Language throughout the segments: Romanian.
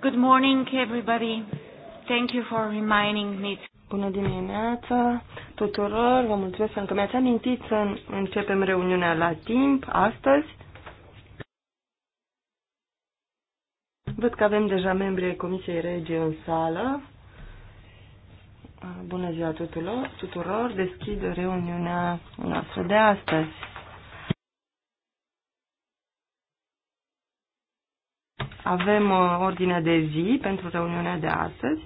Good morning, everybody. Thank you for reminding me. Bună dimineața tuturor, vă mulțumesc pentru că mi-ați amintit să începem reuniunea la timp astăzi. Văd că avem deja membrii Comisiei Rege în sală. Bună ziua tuturor, tuturor. deschid reuniunea noastră de astăzi. Avem uh, ordinea de zi pentru reuniunea de astăzi.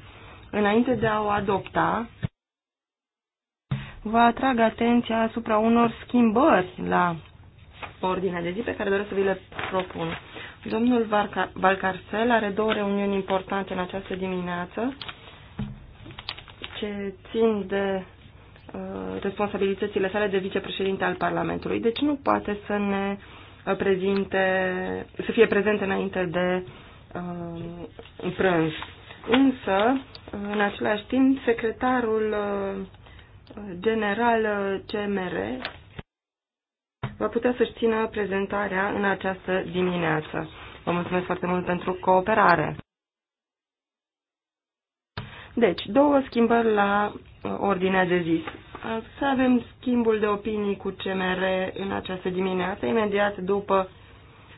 Înainte de a o adopta, vă atrag atenția asupra unor schimbări la ordinea de zi pe care doresc să vi le propun. Domnul Valcarcel are două reuniuni importante în această dimineață ce țin de uh, responsabilitățile sale de vicepreședinte al Parlamentului, deci nu poate să ne uh, Uh, prezinte, să fie prezente înainte de uh, prânz. Însă, în același timp, secretarul uh, general uh, CMR va putea să-și țină prezentarea în această dimineață. Vă mulțumesc foarte mult pentru cooperare. Deci, două schimbări la ordinea de zi să avem schimbul de opinii cu CMR în această dimineață, imediat după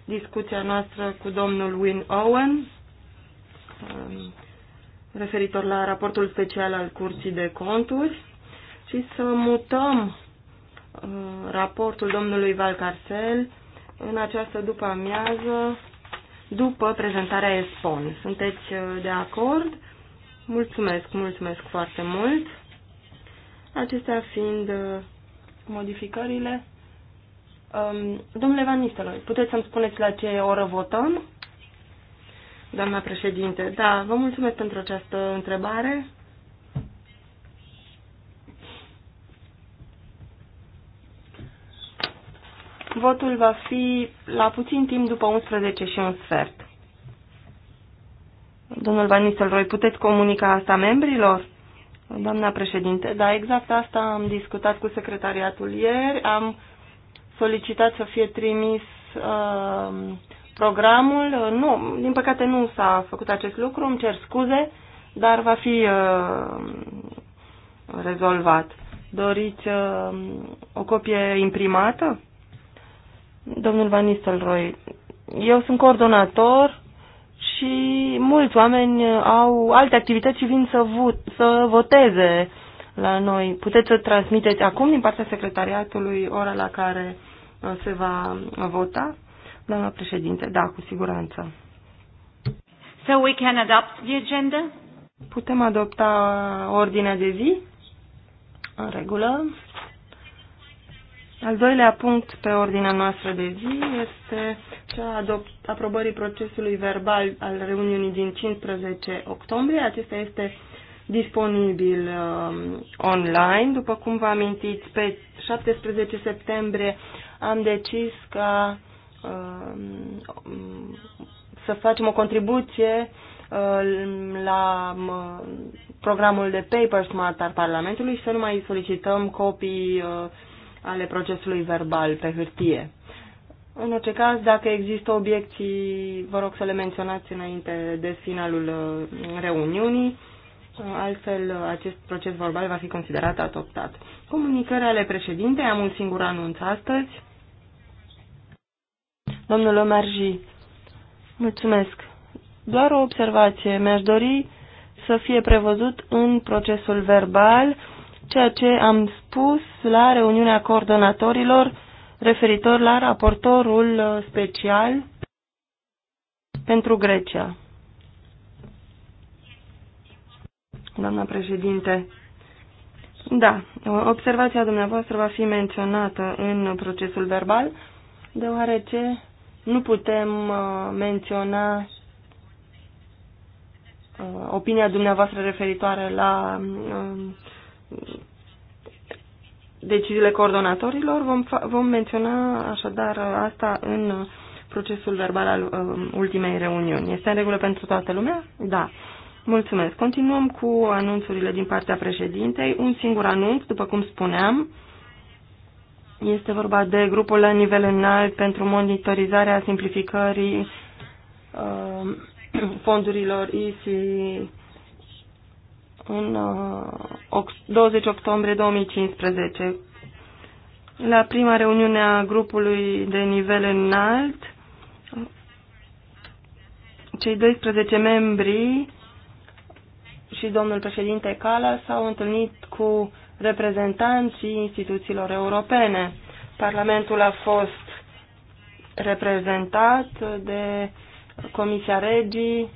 discuția noastră cu domnul Win Owen, um, referitor la raportul special al Curții de Conturi, și să mutăm uh, raportul domnului Valcarcel în această după amiază, după prezentarea ESPON. Sunteți uh, de acord? Mulțumesc, mulțumesc foarte mult! Acestea fiind uh, modificările. Um, domnule Van Nistelrooy, puteți să-mi spuneți la ce oră votăm? Doamna președinte, da, vă mulțumesc pentru această întrebare. Votul va fi la puțin timp după 11 și un sfert. Domnul Van Nistelrooy, puteți comunica asta membrilor? Doamna președinte, da, exact asta am discutat cu secretariatul ieri. Am solicitat să fie trimis uh, programul. Uh, nu, din păcate nu s-a făcut acest lucru, îmi cer scuze, dar va fi uh, rezolvat. Doriți uh, o copie imprimată? Domnul Van Nistelrooy, eu sunt coordonator și mulți oameni au alte activități și vin să, vo- să voteze la noi. Puteți să transmiteți acum din partea secretariatului ora la care uh, se va uh, vota? Doamna președinte, da, cu siguranță. So we can adopt the agenda? Putem adopta ordinea de zi? În regulă. Al doilea punct pe ordinea noastră de zi este cea aprobării procesului verbal al reuniunii din 15 octombrie. Acesta este disponibil um, online. După cum vă amintiți, pe 17 septembrie am decis ca um, să facem o contribuție um, la um, programul de Paper Smart al Parlamentului și să nu mai solicităm copii uh, ale procesului verbal pe hârtie. În orice caz, dacă există obiecții, vă rog să le menționați înainte de finalul uh, reuniunii, altfel uh, acest proces verbal va fi considerat adoptat. Comunicări ale președintei, am un singur anunț astăzi. Domnul Omarji, mulțumesc. Doar o observație. Mi-aș dori să fie prevăzut în procesul verbal ceea ce am spus la reuniunea coordonatorilor referitor la raportorul uh, special pentru Grecia. Doamna președinte, da, observația dumneavoastră va fi menționată în procesul verbal, deoarece nu putem uh, menționa uh, opinia dumneavoastră referitoare la deciziile coordonatorilor. Vom, vom menționa așadar asta în procesul verbal al uh, ultimei reuniuni. Este în regulă pentru toată lumea? Da. Mulțumesc. Continuăm cu anunțurile din partea președintei. Un singur anunț, după cum spuneam, este vorba de grupul la nivel înalt pentru monitorizarea simplificării uh, fondurilor ISI în 20 uh, octombrie 2015. La prima reuniune a grupului de nivel înalt, cei 12 membri și domnul președinte Cala s-au întâlnit cu reprezentanții instituțiilor europene. Parlamentul a fost reprezentat de Comisia Regii,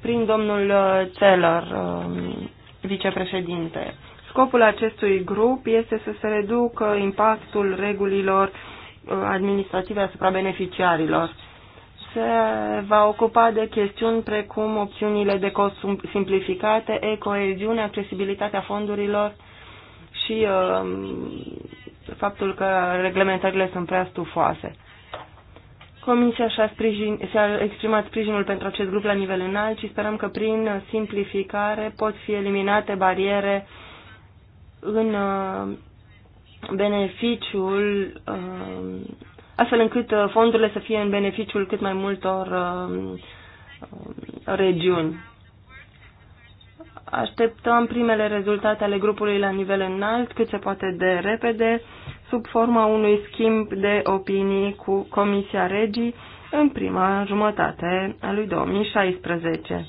prin domnul Teller, uh, uh, vicepreședinte. Scopul acestui grup este să se reducă impactul regulilor uh, administrative asupra beneficiarilor. Se va ocupa de chestiuni precum opțiunile de cost simplificate, ecoeziune, accesibilitatea fondurilor și uh, faptul că reglementările sunt prea stufoase. Comisia și-a, sprijin, și-a exprimat sprijinul pentru acest grup la nivel înalt și sperăm că prin simplificare pot fi eliminate bariere în uh, beneficiul, uh, astfel încât uh, fondurile să fie în beneficiul cât mai multor regiuni. Așteptăm primele rezultate ale grupului la nivel înalt, cât se poate de repede sub forma unui schimb de opinii cu Comisia Regii în prima jumătate a lui 2016.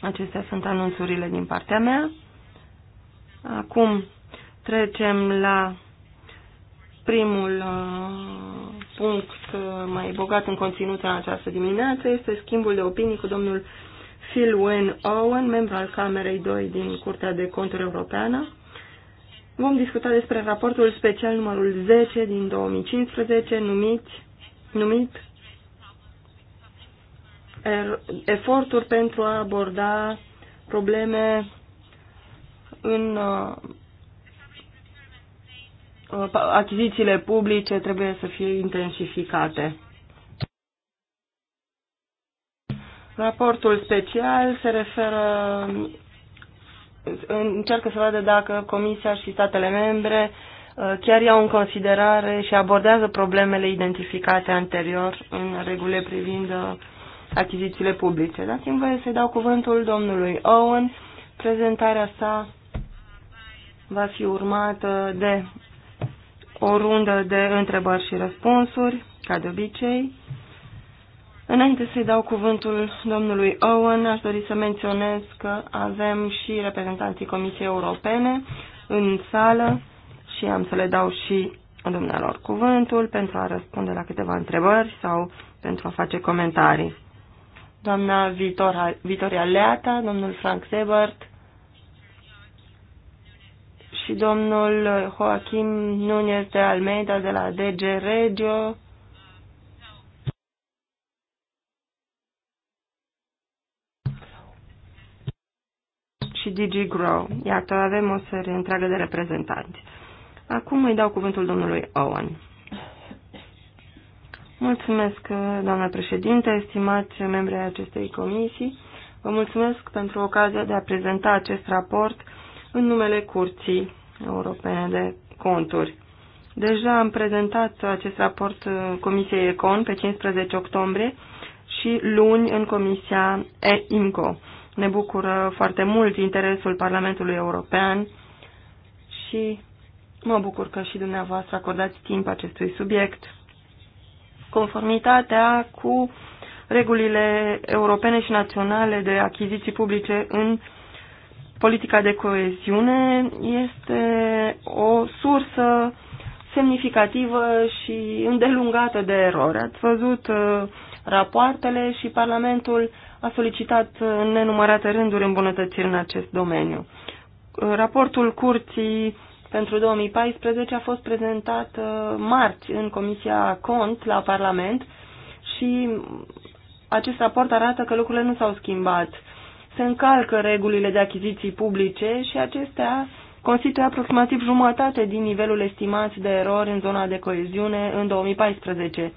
Acestea sunt anunțurile din partea mea. Acum trecem la primul uh, punct uh, mai bogat în conținut în această dimineață. Este schimbul de opinii cu domnul Phil Wayne Owen, membru al Camerei 2 din Curtea de Conturi Europeană Vom discuta despre raportul special numărul 10 din 2015, numit, numit er, Eforturi pentru a aborda probleme în uh, uh, achizițiile publice trebuie să fie intensificate. Raportul special se referă încearcă să vadă dacă Comisia și statele membre uh, chiar iau în considerare și abordează problemele identificate anterior în regulile privind uh, achizițiile publice. Dați-mi voie să dau cuvântul domnului Owen. Prezentarea sa va fi urmată de o rundă de întrebări și răspunsuri, ca de obicei. Înainte să-i dau cuvântul domnului Owen, aș dori să menționez că avem și reprezentanții Comisiei Europene în sală și am să le dau și domnilor cuvântul pentru a răspunde la câteva întrebări sau pentru a face comentarii. Doamna Vitora, Vitoria Leata, domnul Frank Sebert și domnul Joachim Nunez de Almeida de la DG Regio și DG Grow. Iată, avem o serie întreagă de reprezentanți. Acum îi dau cuvântul domnului Owen. Mulțumesc, doamna președinte, estimați membri ai acestei comisii. Vă mulțumesc pentru ocazia de a prezenta acest raport în numele Curții Europene de Conturi. Deja am prezentat acest raport Comisiei Econ pe 15 octombrie și luni în Comisia EIMCO. Ne bucură foarte mult interesul Parlamentului European și mă bucur că și dumneavoastră acordați timp acestui subiect. Conformitatea cu regulile europene și naționale de achiziții publice în politica de coeziune este o sursă semnificativă și îndelungată de erori. Ați văzut uh, rapoartele și Parlamentul a solicitat în nenumărate rânduri îmbunătățiri în acest domeniu. Raportul curții pentru 2014 a fost prezentat uh, marți în Comisia Cont la Parlament și acest raport arată că lucrurile nu s-au schimbat. Se încalcă regulile de achiziții publice și acestea constituie aproximativ jumătate din nivelul estimat de erori în zona de coeziune în 2014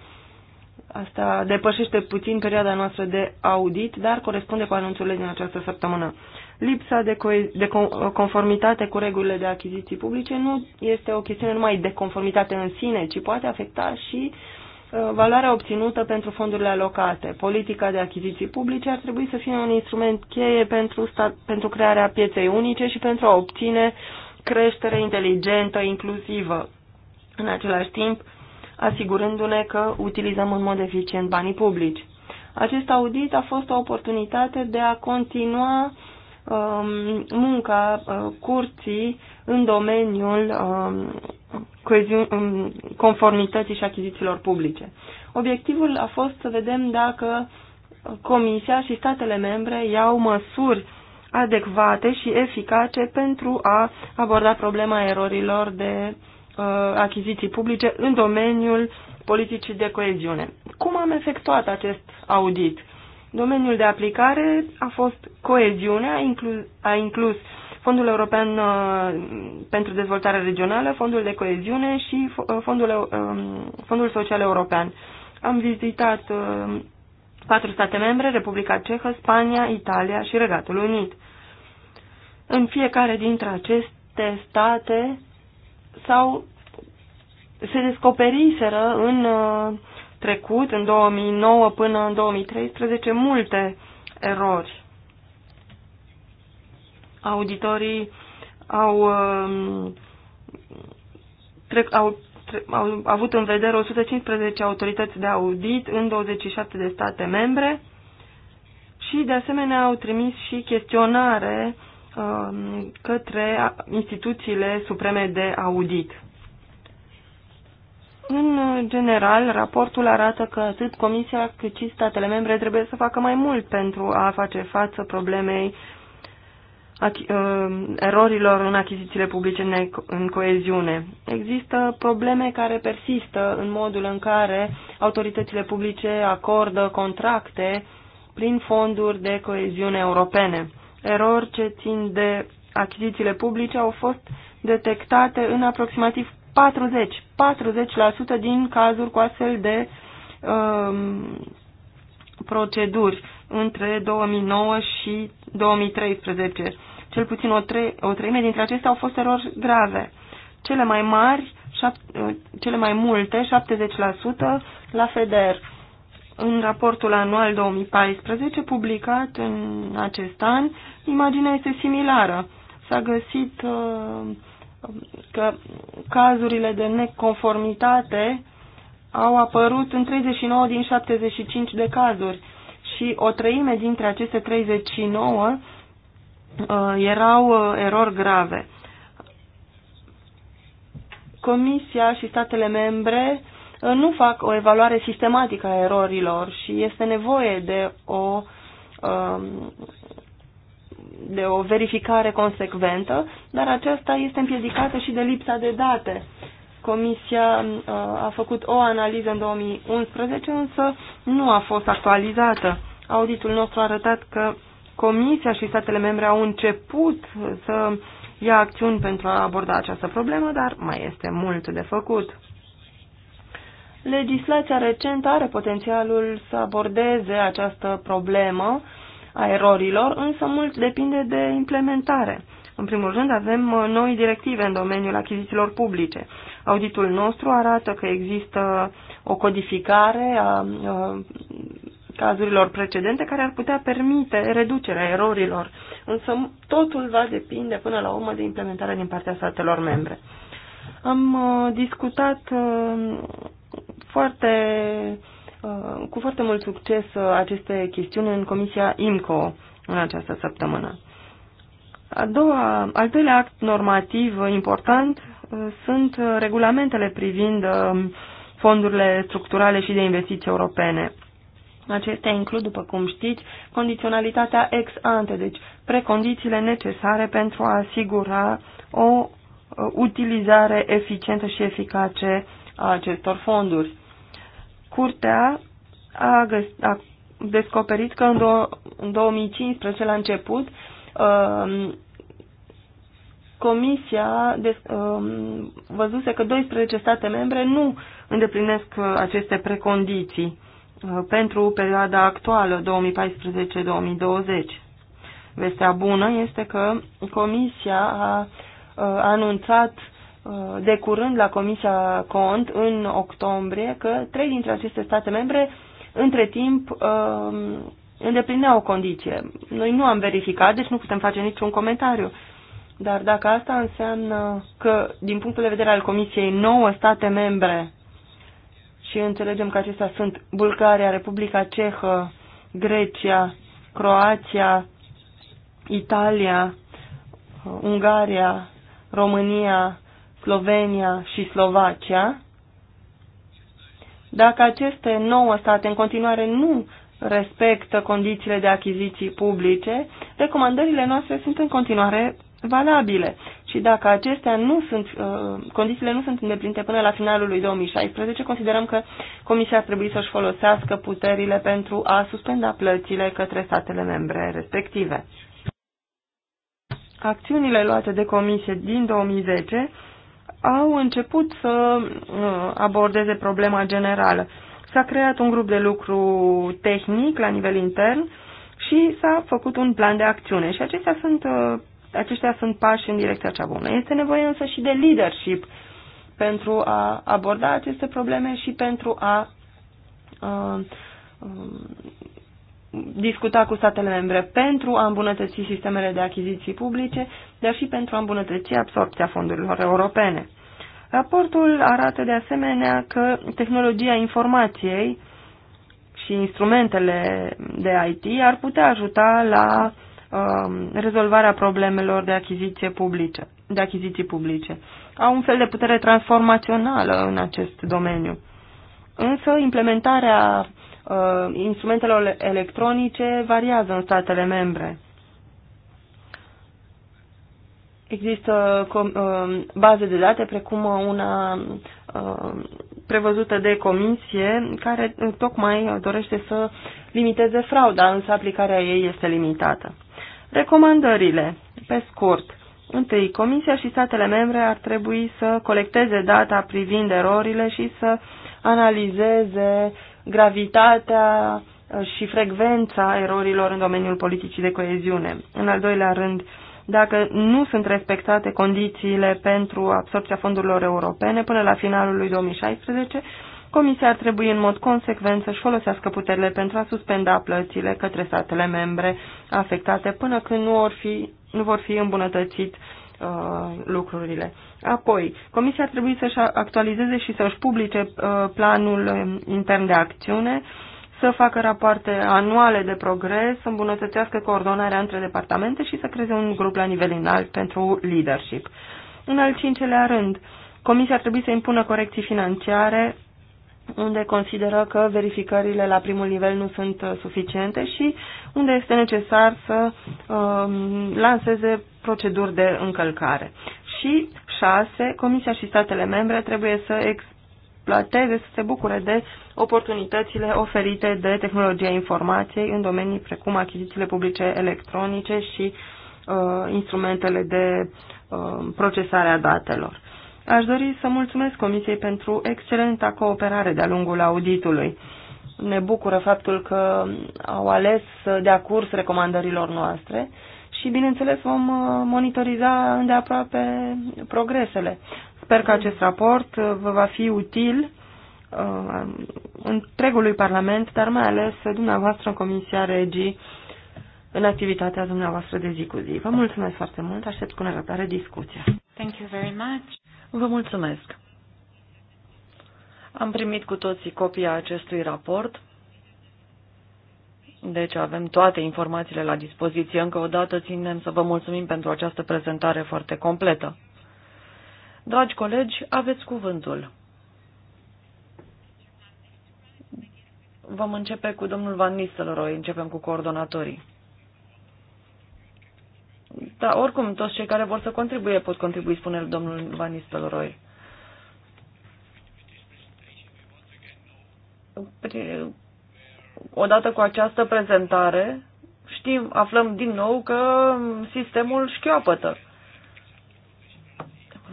Asta depășește puțin perioada noastră de audit, dar corespunde cu anunțurile din această săptămână. Lipsa de, co- de conformitate cu regulile de achiziții publice nu este o chestiune numai de conformitate în sine, ci poate afecta și uh, valoarea obținută pentru fondurile alocate. Politica de achiziții publice ar trebui să fie un instrument cheie pentru, stat, pentru crearea pieței unice și pentru a obține creștere inteligentă, inclusivă. În același timp, asigurându-ne că utilizăm în mod eficient banii publici. Acest audit a fost o oportunitate de a continua um, munca uh, curții în domeniul um, conformității și achizițiilor publice. Obiectivul a fost să vedem dacă Comisia și statele membre iau măsuri adecvate și eficace pentru a aborda problema erorilor de Uh, achiziții publice în domeniul politicii de coeziune. Cum am efectuat acest audit? Domeniul de aplicare a fost coeziunea, a inclus, a inclus Fondul European uh, pentru Dezvoltare Regională, Fondul de Coeziune și uh, Fondul, um, Fondul Social European. Am vizitat patru state membre, Republica Cehă, Spania, Italia și Regatul Unit. În fiecare dintre aceste state sau se descoperiseră în uh, trecut, în 2009 până în 2013, multe erori. Auditorii au, um, trec, au, tre, au avut în vedere 115 autorități de audit în 27 de state membre și, de asemenea, au trimis și chestionare Um, către instituțiile supreme de audit. În general, raportul arată că atât Comisia cât și statele membre trebuie să facă mai mult pentru a face față problemei um, erorilor în achizițiile publice în coeziune. Există probleme care persistă în modul în care autoritățile publice acordă contracte prin fonduri de coeziune europene erori ce țin de achizițiile publice au fost detectate în aproximativ 40, 40% din cazuri cu astfel de um, proceduri între 2009 și 2013. Cel puțin o, tre o treime dintre acestea au fost erori grave. Cele mai mari, cele mai multe, 70% la FEDER în raportul anual 2014, publicat în acest an, imaginea este similară. S-a găsit uh, că cazurile de neconformitate au apărut în 39 din 75 de cazuri și o treime dintre aceste 39 uh, erau uh, erori grave. Comisia și statele membre nu fac o evaluare sistematică a erorilor și este nevoie de o, um, de o verificare consecventă, dar aceasta este împiedicată și de lipsa de date. Comisia uh, a făcut o analiză în 2011, însă nu a fost actualizată. Auditul nostru a arătat că Comisia și statele membre au început să ia acțiuni pentru a aborda această problemă, dar mai este mult de făcut. Legislația recentă are potențialul să abordeze această problemă a erorilor, însă mult depinde de implementare. În primul rând, avem uh, noi directive în domeniul achizițiilor publice. Auditul nostru arată că există o codificare a uh, cazurilor precedente care ar putea permite reducerea erorilor, însă totul va depinde până la urmă de implementarea din partea statelor membre. Am uh, discutat foarte, uh, cu foarte mult succes uh, aceste chestiuni în Comisia IMCO în această săptămână. A doua, al doilea act normativ important uh, sunt regulamentele privind fondurile structurale și de investiții europene. Acestea includ, după cum știți, condiționalitatea ex ante, deci precondițiile necesare pentru a asigura o utilizare eficientă și eficace a acestor fonduri. Curtea a, găs- a descoperit că în, do- în 2015, la început, uh, Comisia des, uh, văzuse că 12 state membre nu îndeplinesc uh, aceste precondiții uh, pentru perioada actuală 2014-2020. Vestea bună este că Comisia a uh, anunțat Uh, de curând la Comisia Cont în octombrie că trei dintre aceste state membre între timp um, îndeplineau o condiție. Noi nu am verificat, deci nu putem face niciun comentariu. Dar dacă asta înseamnă că, din punctul de vedere al Comisiei, nouă state membre și înțelegem că acestea sunt Bulgaria, Republica Cehă, Grecia, Croația, Italia, Ungaria, România, Slovenia și Slovacia, dacă aceste nouă state în continuare nu respectă condițiile de achiziții publice, recomandările noastre sunt în continuare valabile. Și dacă acestea nu sunt, uh, condițiile nu sunt îndeplinite până la finalul lui 2016, considerăm că Comisia ar trebui să-și folosească puterile pentru a suspenda plățile către statele membre respective. Acțiunile luate de Comisie din 2010 au început să uh, abordeze problema generală. S-a creat un grup de lucru tehnic la nivel intern și s-a făcut un plan de acțiune și acestea sunt, uh, aceștia sunt pași în direcția cea bună. Este nevoie însă și de leadership pentru a aborda aceste probleme și pentru a a uh, um, discuta cu statele membre pentru a îmbunătăți sistemele de achiziții publice, dar și pentru a îmbunătăți absorpția fondurilor europene. Raportul arată de asemenea că tehnologia informației și instrumentele de IT ar putea ajuta la um, rezolvarea problemelor de achiziție publice, de achiziții publice. Au un fel de putere transformațională în acest domeniu. Însă implementarea uh, instrumentelor electronice variază în statele membre. Există uh, baze de date precum una uh, prevăzută de comisie care tocmai dorește să limiteze frauda, însă aplicarea ei este limitată. Recomandările, pe scurt. Întâi, Comisia și statele membre ar trebui să colecteze data privind erorile și să analizeze gravitatea și frecvența erorilor în domeniul politicii de coeziune. În al doilea rând, uh, dacă nu sunt respectate condițiile pentru absorpția fondurilor europene până la finalul lui 2016, Comisia ar trebui în mod consecvent să-și folosească puterile pentru a suspenda plățile către statele membre afectate până când nu, or fi, nu vor fi îmbunătățit uh, lucrurile. Apoi, Comisia ar trebui să-și actualizeze și să-și publice uh, planul um, intern de acțiune uh, să facă rapoarte anuale de progres, să îmbunătățească coordonarea între departamente și să creeze un grup la nivel înalt pentru leadership. În al cincelea rând, Comisia trebuie să impună corecții financiare unde consideră că verificările la primul nivel nu sunt uh, suficiente și unde este necesar să um, lanseze proceduri de încălcare. Și 6. Comisia și statele membre trebuie să ex exploateze, să se bucure de oportunitățile oferite de tehnologia informației în domenii precum achizițiile publice electronice și uh, instrumentele de uh, procesare a datelor. Aș dori să mulțumesc Comisiei pentru excelenta cooperare de-a lungul auditului. Ne bucură faptul că au ales de acurs curs recomandărilor noastre și, bineînțeles, vom uh, monitoriza îndeaproape progresele. Sper că acest raport uh, vă va fi util uh, întregului Parlament, dar mai ales dumneavoastră în Comisia Regii, în activitatea dumneavoastră de zi cu zi. Vă mulțumesc foarte mult, aștept cu nerăbdare discuția. Thank you very much. Vă mulțumesc. Am primit cu toții copia acestui raport. Deci avem toate informațiile la dispoziție. Încă o dată ținem să vă mulțumim pentru această prezentare foarte completă. Dragi colegi, aveți cuvântul. Vom începe cu domnul Van Nistelrooy, începem cu coordonatorii. Da, oricum, toți cei care vor să contribuie pot contribui, spune domnul Van Nistelrooy. Odată cu această prezentare, știm, aflăm din nou că sistemul șchioapătă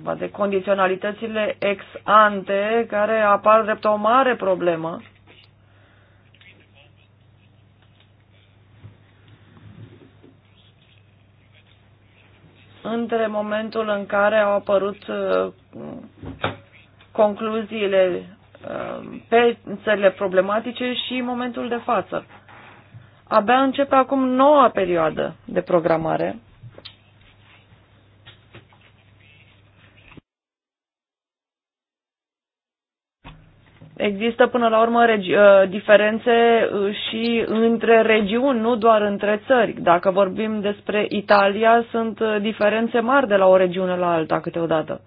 vorba de condiționalitățile ex ante, care apar drept o mare problemă. Între momentul în care au apărut uh, concluziile uh, pe țările problematice și momentul de față. Abia începe acum noua perioadă de programare. Există până la urmă uh, diferențe uh, și între regiuni, nu doar între țări. Dacă vorbim despre Italia, sunt uh, diferențe mari de la o regiune la alta câteodată.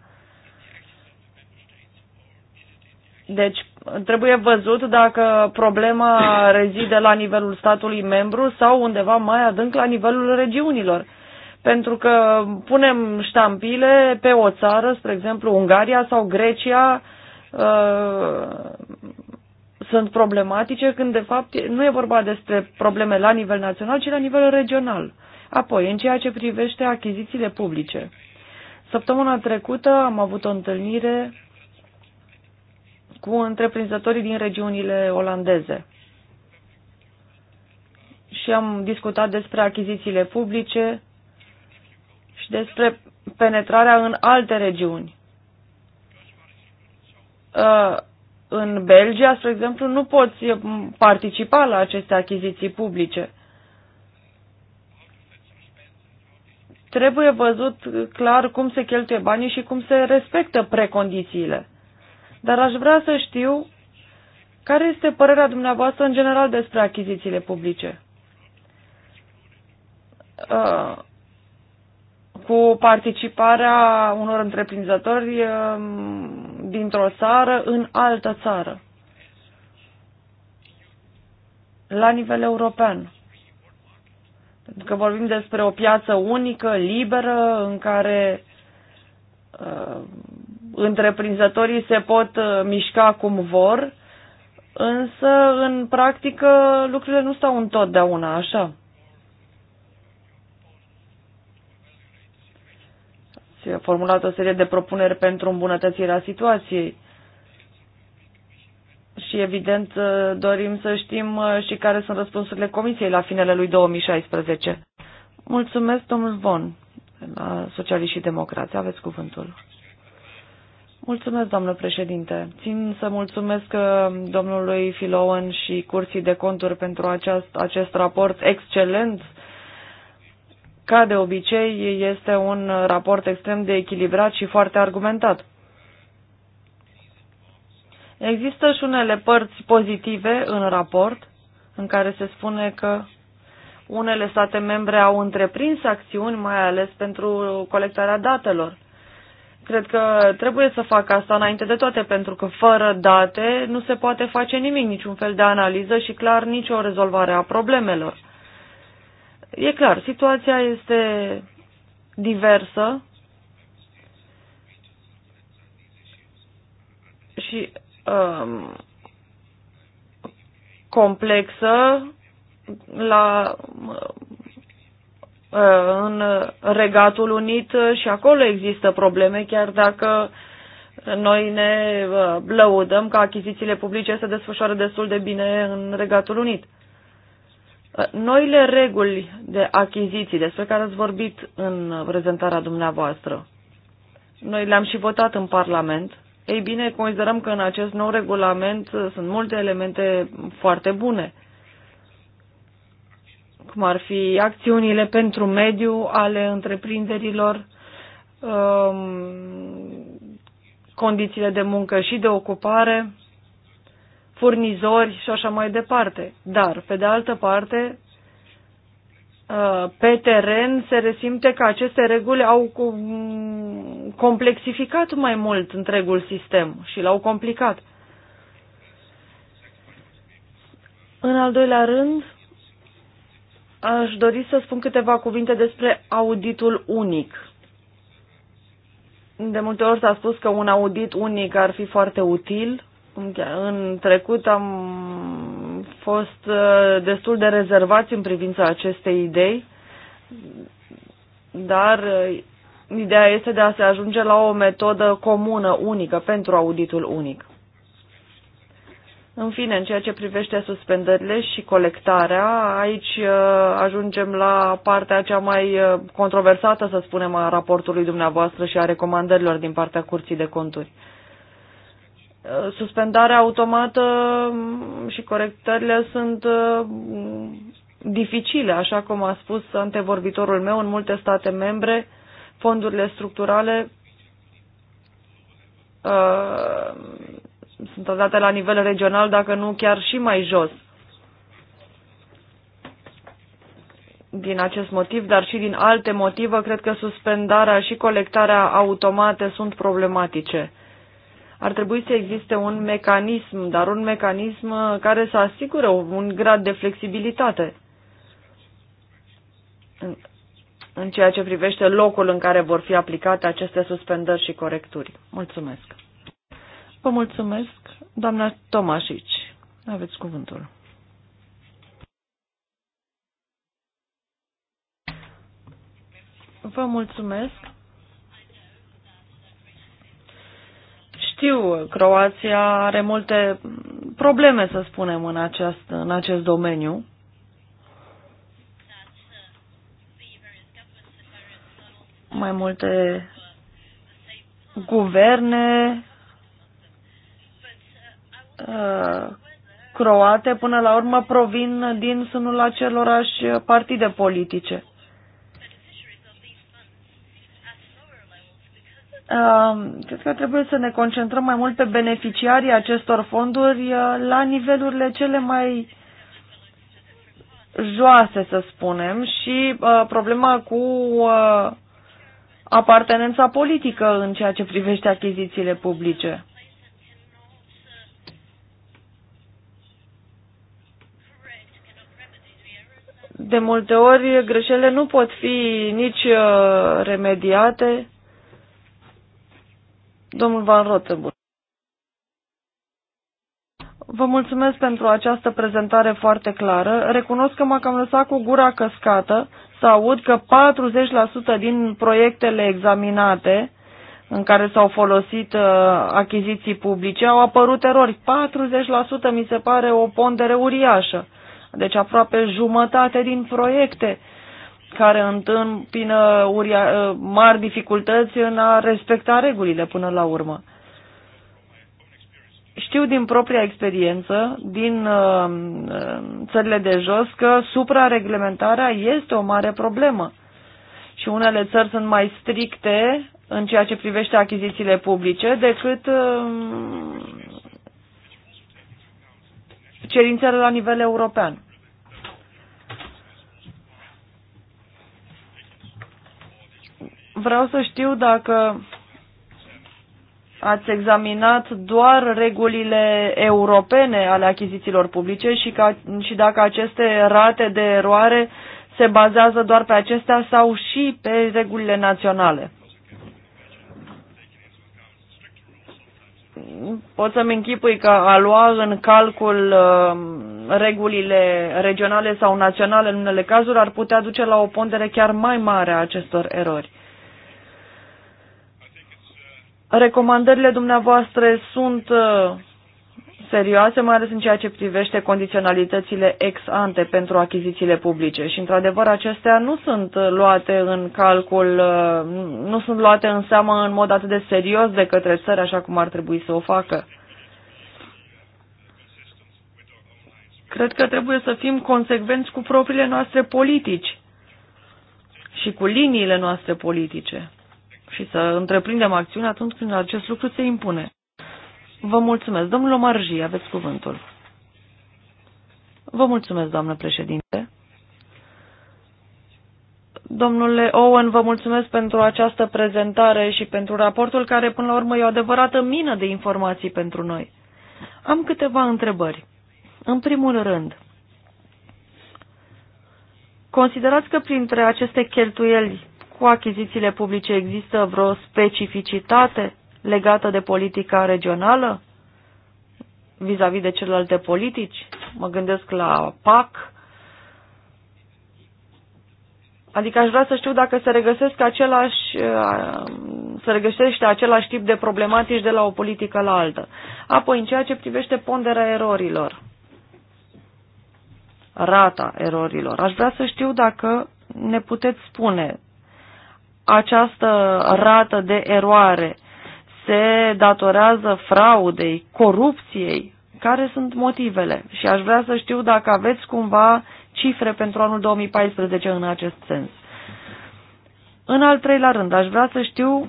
Deci trebuie văzut dacă problema rezide la nivelul statului membru sau undeva mai adânc la nivelul regiunilor. Pentru că punem ștampile pe o țară, spre exemplu Ungaria sau Grecia, Uh, sunt problematice, când de fapt nu e vorba despre probleme la nivel național, ci la nivel regional. Apoi, în ceea ce privește achizițiile publice. Săptămâna trecută am avut o întâlnire cu întreprinzătorii din regiunile olandeze și am discutat despre achizițiile publice și despre penetrarea în alte regiuni. Uh, în Belgia, spre exemplu, nu poți participa la aceste achiziții publice. Trebuie văzut clar cum se cheltuie banii și cum se respectă precondițiile. Dar aș vrea să știu care este părerea dumneavoastră în general despre achizițiile publice. Uh, cu participarea unor întreprinzători um, dintr-o țară în altă țară, la nivel european. Pentru că vorbim despre o piață unică, liberă, în care uh, întreprinzătorii se pot uh, mișca cum vor, însă, în practică, lucrurile nu stau întotdeauna așa. ați formulat o serie de propuneri pentru îmbunătățirea situației. Și evident dorim să știm uh, și care sunt răspunsurile Comisiei la finele lui 2016. Mulțumesc, domnul Von, la Socialiști și Democrați. Aveți cuvântul. Mulțumesc, doamnă președinte. Țin să mulțumesc uh, domnului Filouen și Curții de Conturi pentru acest acest raport excelent ca de obicei, este un raport extrem de echilibrat și foarte argumentat. Există și unele părți pozitive în raport, în care se spune că unele state membre au întreprins acțiuni, mai ales pentru colectarea datelor. Cred că trebuie să fac asta înainte de toate, pentru că fără date nu se poate face nimic, niciun fel de analiză și clar nicio rezolvare a problemelor. E clar, situația este diversă și um, complexă la uh, în Regatul Unit și acolo există probleme, chiar dacă noi ne uh, lăudăm că achizițiile publice se desfășoară destul de bine în Regatul Unit noile reguli de achiziții despre care ați vorbit în prezentarea dumneavoastră. Noi le-am și votat în Parlament. Ei bine, considerăm că în acest nou regulament sunt multe elemente foarte bune, cum ar fi acțiunile pentru mediu ale întreprinderilor, um, condițiile de muncă și de ocupare, furnizori și așa mai departe. Dar, pe de altă parte, ă, pe teren se resimte că aceste reguli au complexificat mai mult întregul sistem și l-au complicat. În al doilea rând, aș dori să spun câteva cuvinte despre auditul unic. De multe ori s-a spus că un audit unic ar fi foarte util în trecut am fost uh, destul de rezervați în privința acestei idei, dar uh, ideea este de a se ajunge la o metodă comună, unică, pentru auditul unic. În fine, în ceea ce privește suspendările și colectarea, aici uh, ajungem la partea cea mai controversată, să spunem, a raportului dumneavoastră și a recomandărilor din partea Curții de Conturi. Uh, suspendarea automată um, și corectările sunt uh, dificile, așa cum a spus antevorbitorul meu, în multe state membre, fondurile structurale uh, sunt date la nivel regional, dacă nu chiar și mai jos. Din acest motiv, dar și din alte motive, cred că suspendarea și colectarea automate sunt problematice ar trebui să existe un mecanism, dar un mecanism care să asigure un grad de flexibilitate în, în ceea ce privește locul în care vor fi aplicate aceste suspendări și corecturi. Mulțumesc. Vă mulțumesc, doamna Tomașici. Aveți cuvântul. Vă mulțumesc. știu, Croația are multe probleme, să spunem, în, aceast, în acest domeniu. Mai multe guverne uh, croate până la urmă provin din sânul acelorași partide politice. Cred că trebuie să ne concentrăm mai mult pe beneficiarii acestor fonduri uh, la nivelurile cele mai joase, să spunem, și uh, problema cu uh, apartenența politică în ceea ce privește achizițiile publice. De multe ori greșelile nu pot fi nici remediate. Domnul Van Rotenburg. Vă mulțumesc pentru această prezentare foarte clară. Recunosc că m-a cam lăsat cu gura căscată să aud că 40% din proiectele examinate în care s-au folosit uh, achiziții publice au apărut erori. 40% mi se pare o pondere uriașă, deci aproape jumătate din proiecte care întâmpină uria, ă, mari dificultăți în a respecta regulile până la urmă. Știu din propria experiență, din ă, ă, țările de jos, că suprareglementarea este o mare problemă. Și unele țări sunt mai stricte în ceea ce privește achizițiile publice decât cerințele la nivel european. vreau să știu dacă ați examinat doar regulile europene ale achizițiilor publice și, ca, și dacă aceste rate de eroare se bazează doar pe acestea sau și pe regulile naționale. Pot să-mi închipui că a lua în calcul uh, regulile regionale sau naționale în unele cazuri ar putea duce la o pondere chiar mai mare a acestor erori. Recomandările dumneavoastră sunt uh, serioase, mai ales în ceea ce privește condiționalitățile ex ante pentru achizițiile publice și, într-adevăr, acestea nu sunt luate în calcul, uh, nu sunt luate în seamă în mod atât de serios de către țări, așa cum ar trebui să o facă. Cred că trebuie să fim consecvenți cu propriile noastre politici și cu liniile noastre politice și să întreprindem acțiune atunci când acest lucru se impune. Vă mulțumesc. Domnul Omarji, aveți cuvântul. Vă mulțumesc, doamnă președinte. Domnule Owen, vă mulțumesc pentru această prezentare și pentru raportul care, până la urmă, e o adevărată mină de informații pentru noi. Am câteva întrebări. În primul rând, considerați că printre aceste cheltuieli cu achizițiile publice există vreo specificitate legată de politica regională vis-a-vis -vis de celelalte politici? Mă gândesc la PAC. Adică aș vrea să știu dacă se regăsesc același, uh, se regăsește același tip de problematici de la o politică la altă. Apoi, în ceea ce privește ponderea erorilor, rata erorilor, aș vrea să știu dacă ne puteți spune această rată de eroare se datorează fraudei, corupției, care sunt motivele? Și aș vrea să știu dacă aveți cumva cifre pentru anul 2014 în acest sens. În al treilea rând, aș vrea să știu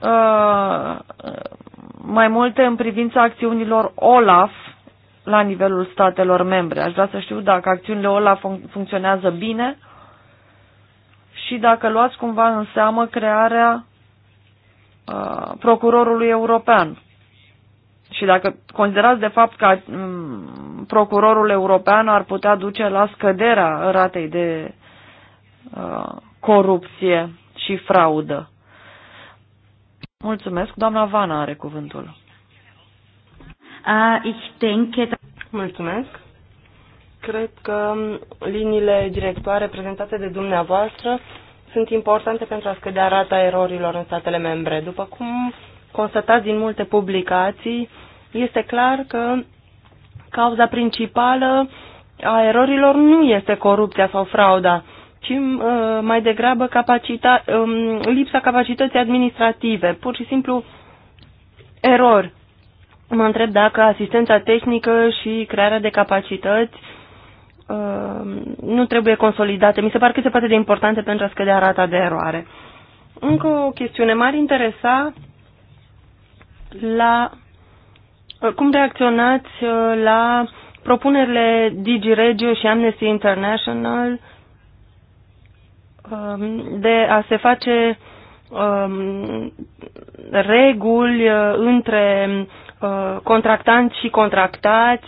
uh, mai multe în privința acțiunilor OLAF la nivelul statelor membre. Aș vrea să știu dacă acțiunile OLAF fun funcționează bine și dacă luați cumva în seamă crearea uh, procurorului european. Și dacă considerați de fapt că um, procurorul european ar putea duce la scăderea ratei de uh, corupție și fraudă. Mulțumesc. Doamna Vana are cuvântul. Uh, ich da- Mulțumesc. Cred că liniile directoare prezentate de dumneavoastră sunt importante pentru a scădea rata erorilor în statele membre. După cum constatați din multe publicații, este clar că cauza principală a erorilor nu este corupția sau frauda, ci uh, mai degrabă capacita, um, lipsa capacității administrative, pur și simplu erori. Mă întreb dacă asistența tehnică și crearea de capacități Uh, nu trebuie consolidate. Mi se pare că se poate de importante pentru a scădea rata de eroare. Încă o chestiune. M-ar interesa la uh, cum reacționați uh, la propunerile DigiRegio și Amnesty International um, de a se face um, reguli între contractanți și contractați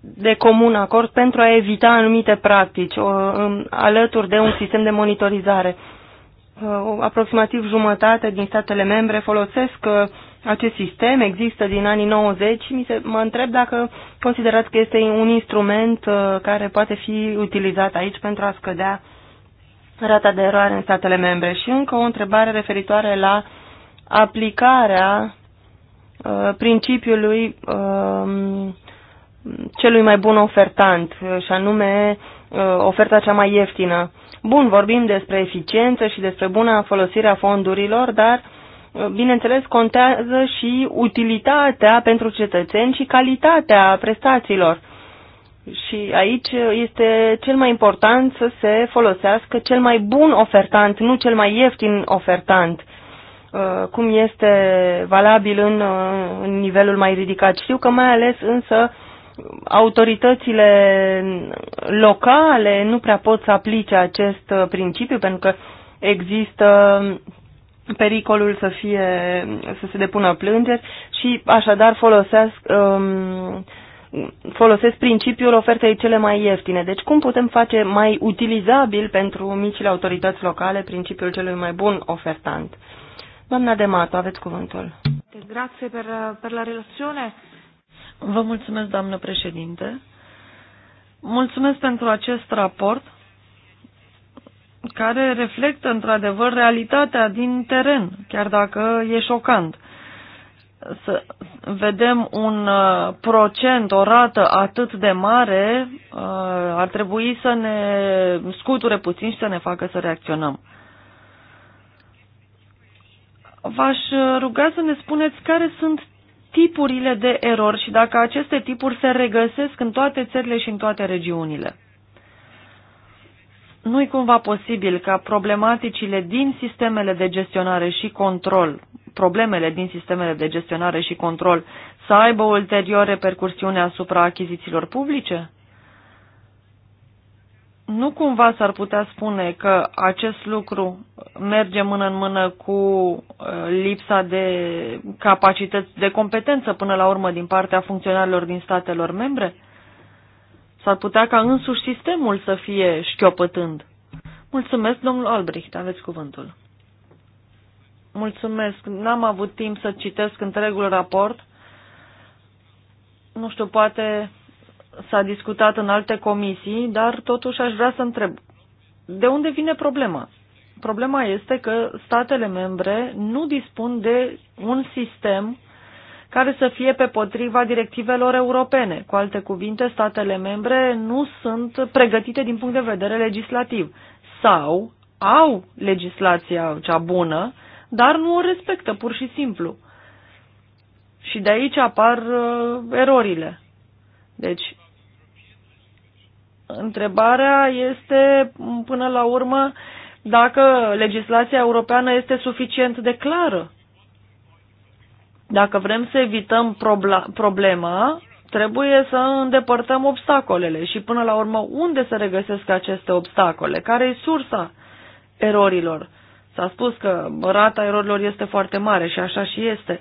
de comun acord pentru a evita anumite practici, o, um, alături de un sistem de monitorizare. Uh, aproximativ jumătate din statele membre folosesc uh, acest sistem, există din anii 90 și mi se, mă întreb dacă considerați că este un instrument uh, care poate fi utilizat aici pentru a scădea rata de eroare în statele membre. Și încă o întrebare referitoare la aplicarea principiului uh, celui mai bun ofertant, și anume uh, oferta cea mai ieftină. Bun, vorbim despre eficiență și despre buna folosire a fondurilor, dar, uh, bineînțeles, contează și utilitatea pentru cetățeni și calitatea prestațiilor. Și aici este cel mai important să se folosească cel mai bun ofertant, nu cel mai ieftin ofertant, uh, cum este valabil în, în nivelul mai ridicat. Știu că mai ales însă autoritățile locale nu prea pot să aplice acest principiu pentru că există pericolul să fie să se depună plângeri și așadar folosesc um, folosesc principiul ofertei cele mai ieftine. Deci cum putem face mai utilizabil pentru micile autorități locale principiul celui mai bun ofertant? Doamna Demato, aveți cuvântul. Grazie per, per la relazione. Vă mulțumesc, doamnă președinte. Mulțumesc pentru acest raport care reflectă într-adevăr realitatea din teren, chiar dacă e șocant. Să vedem un uh, procent, o rată atât de mare, uh, ar trebui să ne scuture puțin și să ne facă să reacționăm. V-aș ruga să ne spuneți care sunt tipurile de erori și dacă aceste tipuri se regăsesc în toate țările și în toate regiunile. Nu-i cumva posibil ca problematicile din sistemele de gestionare și control, problemele din sistemele de gestionare și control, să aibă ulterior repercursiune asupra achizițiilor publice? nu cumva s-ar putea spune că acest lucru merge mână în mână cu uh, lipsa de capacități, de competență până la urmă din partea funcționarilor din statelor membre? S-ar putea ca însuși sistemul să fie șchiopătând. Mulțumesc, domnul Albrecht, aveți cuvântul. Mulțumesc, n-am avut timp să citesc întregul raport. Nu știu, poate s-a discutat în alte comisii, dar totuși aș vrea să întreb, de unde vine problema? Problema este că statele membre nu dispun de un sistem care să fie pe potriva directivelor europene. Cu alte cuvinte, statele membre nu sunt pregătite din punct de vedere legislativ sau au legislația cea bună, dar nu o respectă pur și simplu. Și de aici apar uh, erorile. Deci, Întrebarea este, până la urmă, dacă legislația europeană este suficient de clară. Dacă vrem să evităm problema, trebuie să îndepărtăm obstacolele și până la urmă unde se regăsesc aceste obstacole, care e sursa erorilor. S-a spus că rata erorilor este foarte mare și așa și este.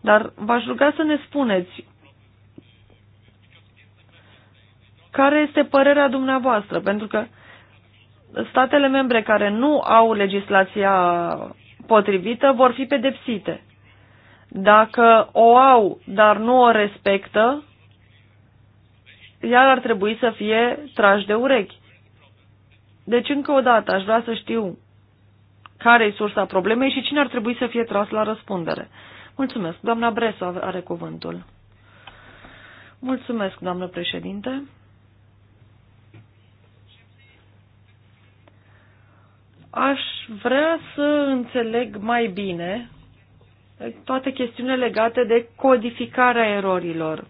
Dar v-aș ruga să ne spuneți Care este părerea dumneavoastră? Pentru că statele membre care nu au legislația potrivită vor fi pedepsite. Dacă o au, dar nu o respectă, iar ar trebui să fie trași de urechi. Deci, încă o dată, aș vrea să știu care e sursa problemei și cine ar trebui să fie tras la răspundere. Mulțumesc. Doamna Bresu are cuvântul. Mulțumesc, doamnă președinte. Aș vrea să înțeleg mai bine toate chestiunile legate de codificarea erorilor.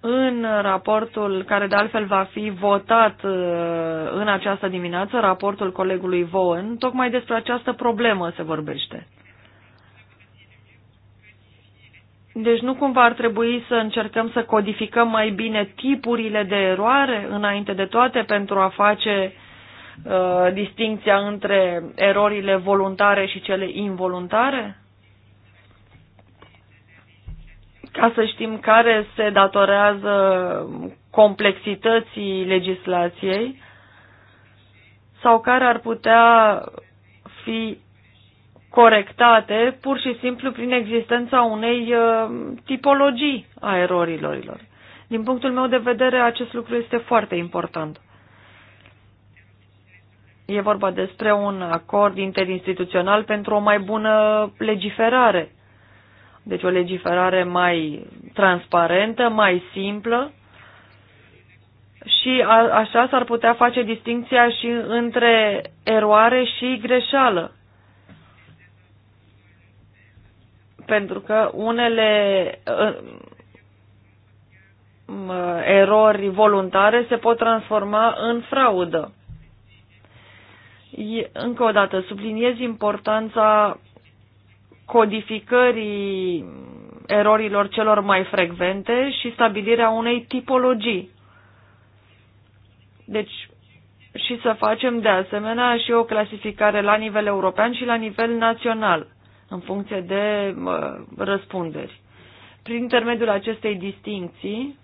În raportul, care de altfel va fi votat uh, în această dimineață, raportul colegului Vaughan, tocmai despre această problemă se vorbește. Deci nu cumva ar trebui să încercăm să codificăm mai bine tipurile de eroare înainte de toate pentru a face uh, distinția între erorile voluntare și cele involuntare? Ca să știm care se datorează complexității legislației sau care ar putea fi corectate pur și simplu prin existența unei uh, tipologii a erorilor. Din punctul meu de vedere, acest lucru este foarte important. E vorba despre un acord interinstituțional pentru o mai bună legiferare. Deci o legiferare mai transparentă, mai simplă și a, așa s-ar putea face distinția și între eroare și greșeală. pentru că unele uh, erori voluntare se pot transforma în fraudă. Încă o dată, subliniez importanța codificării erorilor celor mai frecvente și stabilirea unei tipologii. Deci, și să facem de asemenea și o clasificare la nivel european și la nivel național în funcție de uh, răspunderi. Prin intermediul acestei distinții,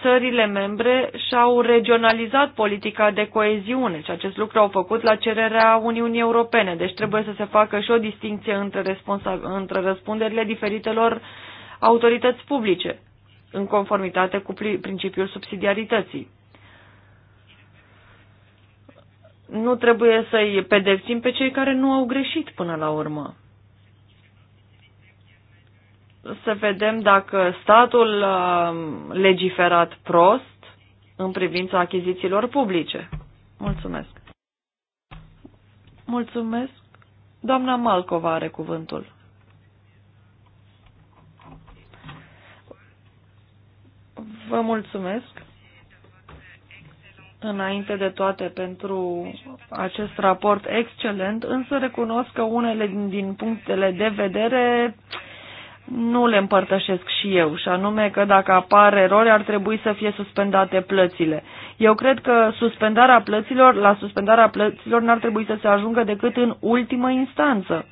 țările membre și-au regionalizat politica de coeziune și acest lucru au făcut la cererea Uniunii Europene. Deci trebuie să se facă și o distinție între, între răspunderile diferitelor autorități publice, în conformitate cu principiul subsidiarității. nu trebuie să-i pedepsim pe cei care nu au greșit până la urmă. Să vedem dacă statul a legiferat prost în privința achizițiilor publice. Mulțumesc. Mulțumesc. Doamna Malcova are cuvântul. Vă mulțumesc înainte de toate pentru acest raport excelent, însă recunosc că unele din punctele de vedere nu le împărtășesc și eu, și anume că dacă apar erori ar trebui să fie suspendate plățile. Eu cred că suspendarea plăților, la suspendarea plăților n-ar trebui să se ajungă decât în ultimă instanță.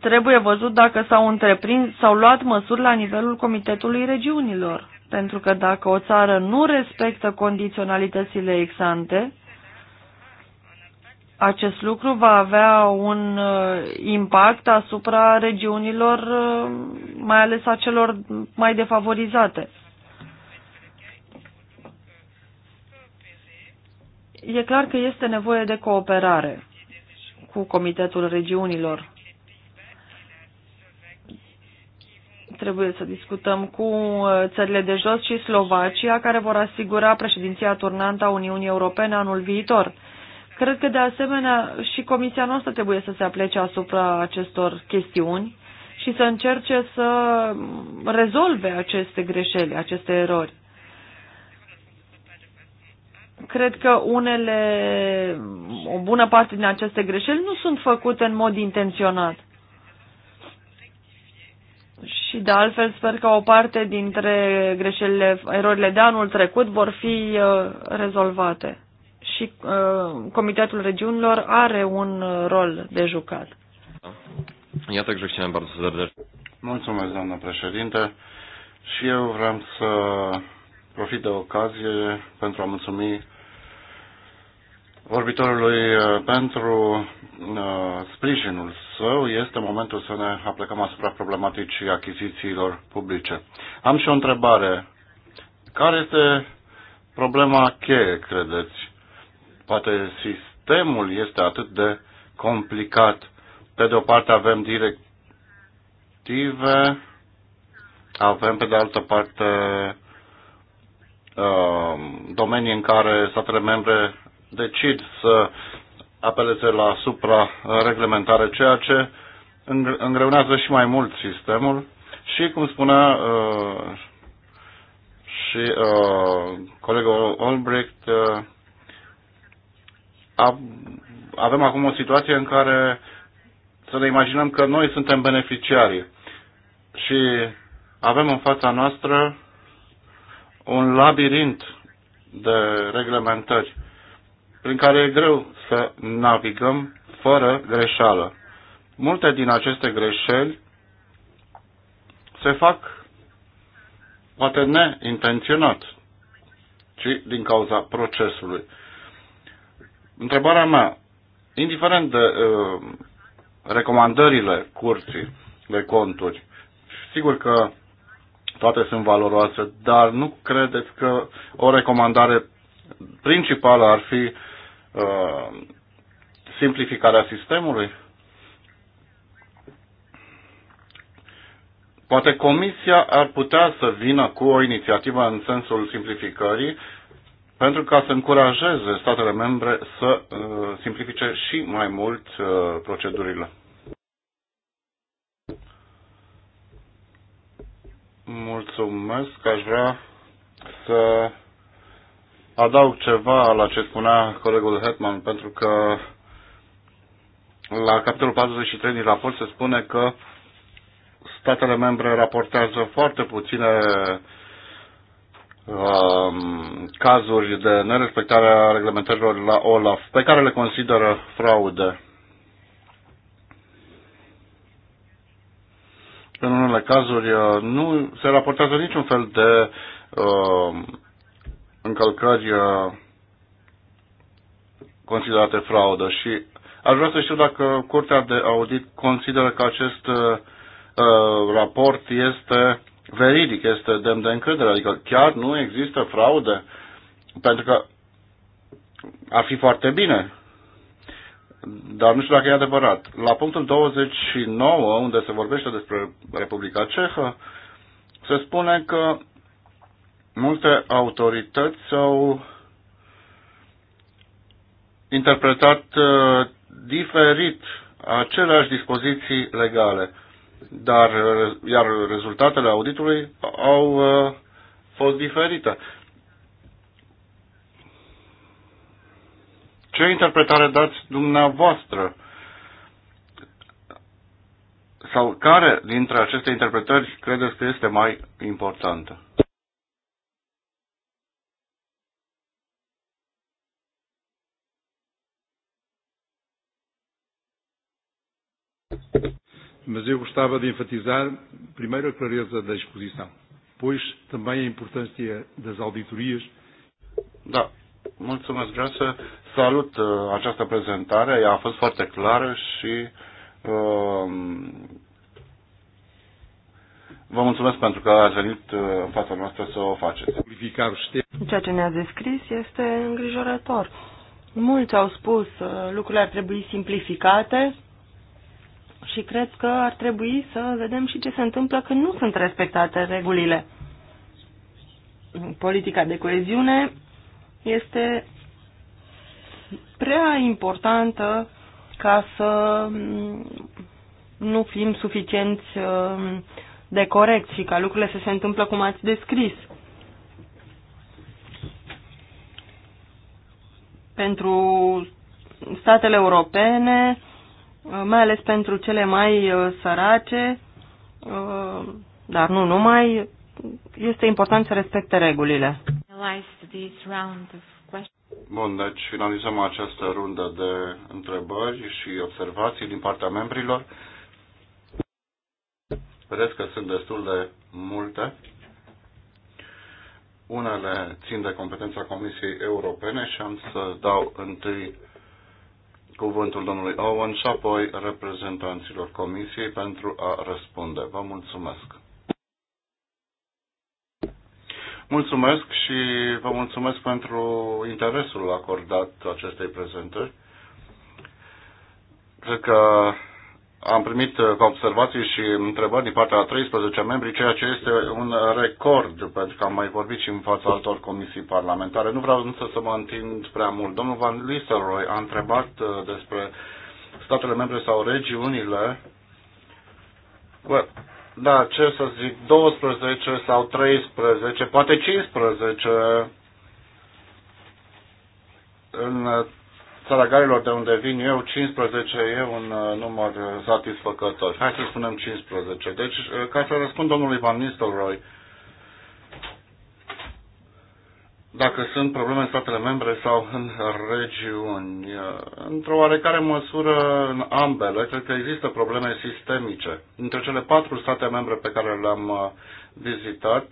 Trebuie văzut dacă s-au întreprins, s-au luat măsuri la nivelul Comitetului Regiunilor pentru că dacă o țară nu respectă condiționalitățile exante, acest lucru va avea un uh, impact asupra regiunilor, uh, mai ales a celor mai defavorizate. E clar că este nevoie de cooperare cu Comitetul Regiunilor. Trebuie să discutăm cu uh, țările de jos și Slovacia, care vor asigura președinția turnantă a Uniunii Europene anul viitor. Cred că, de asemenea, și Comisia noastră trebuie să se aplece asupra acestor chestiuni și să încerce să rezolve aceste greșeli, aceste erori. Cred că unele, o bună parte din aceste greșeli nu sunt făcute în mod intenționat. Și de altfel sper că o parte dintre greșelile, erorile de anul trecut vor fi uh, rezolvate. Și uh, Comitetul Regiunilor are un uh, rol de jucat. Ja także chciałem bardzo Mulțumesc, doamnă președinte. Și eu vreau să profit de ocazie pentru a mulțumi vorbitorului uh, pentru uh, sprijinul său. Este momentul să ne aplicăm asupra problematicii achizițiilor publice. Am și o întrebare. Care este problema cheie, credeți? Poate sistemul este atât de complicat. Pe de o parte avem directive, avem pe de altă parte uh, domenii în care statele membre decid să apeleze la supra-reglementare, ceea ce îngreunează și mai mult sistemul și, cum spunea uh, și uh, colegul Olbrecht, uh, avem acum o situație în care să ne imaginăm că noi suntem beneficiarii și avem în fața noastră un labirint de reglementări prin care e greu să navigăm fără greșeală. Multe din aceste greșeli se fac poate neintenționat, ci din cauza procesului. Întrebarea mea, indiferent de uh, recomandările curții de conturi, sigur că toate sunt valoroase, dar nu credeți că o recomandare principală ar fi Uh, simplificarea sistemului? Poate Comisia ar putea să vină cu o inițiativă în sensul simplificării pentru ca să încurajeze statele membre să uh, simplifice și mai mult uh, procedurile. Mulțumesc, aș vrea să adaug ceva la ce spunea colegul Hetman, pentru că la capitolul 43 din raport se spune că statele membre raportează foarte puține um, cazuri de nerespectare a reglementărilor la OLAF, pe care le consideră fraude. În unele cazuri uh, nu se raportează niciun fel de uh, încălcări uh, considerate fraudă și aș vrea să știu dacă Curtea de Audit consideră că acest uh, uh, raport este veridic, este demn de încredere, adică chiar nu există fraude, pentru că ar fi foarte bine, dar nu știu dacă e adevărat. La punctul 29, unde se vorbește despre Republica Cehă, se spune că multe autorități au interpretat uh, diferit aceleași dispoziții legale, dar uh, iar rezultatele auditului au uh, fost diferite. Ce interpretare dați dumneavoastră? Sau care dintre aceste interpretări credeți că este mai importantă? Mas eu gostava de enfatizar, primeiro, a clareza da exposição, pois também a importância das auditorias. Da, mulțumesc. Vreau să salut uh, această prezentare. Ea a fost foarte clară și uh, vă mulțumesc pentru că ați venit uh, în fața noastră să o faceți. Ceea ce ne-a descris este îngrijorător. Mulți au spus uh, lucrurile ar trebui simplificate și cred că ar trebui să vedem și ce se întâmplă când nu sunt respectate regulile. Politica de coeziune este prea importantă ca să nu fim suficienți uh, de corect și ca lucrurile să se întâmplă cum ați descris. Pentru statele europene, mai ales pentru cele mai uh, sărace, uh, dar nu numai, este important să respecte regulile. Bun, deci finalizăm această rundă de întrebări și observații din partea membrilor. Vedeți că sunt destul de multe. Unele țin de competența Comisiei Europene și am să dau întâi cuvântul domnului Owen și apoi reprezentanților Comisiei pentru a răspunde. Vă mulțumesc! Mulțumesc și vă mulțumesc pentru interesul acordat acestei prezentări. Cred că am primit uh, ca observații și întrebări din partea a 13 membri, ceea ce este un record, pentru că am mai vorbit și în fața altor comisii parlamentare. Nu vreau însă să mă întind prea mult. Domnul Van Lisseroy a întrebat uh, despre statele membre sau regiunile. da, ce să zic, 12 sau 13, poate 15 în țara Galilor, de unde vin eu, 15 e un uh, număr satisfăcător. Hai să spunem 15. Deci, uh, ca să răspund domnului Van Nistelrooy, dacă sunt probleme în statele membre sau în regiuni. Uh, într-o oarecare măsură, în ambele, cred că există probleme sistemice. Între cele patru state membre pe care le-am vizitat,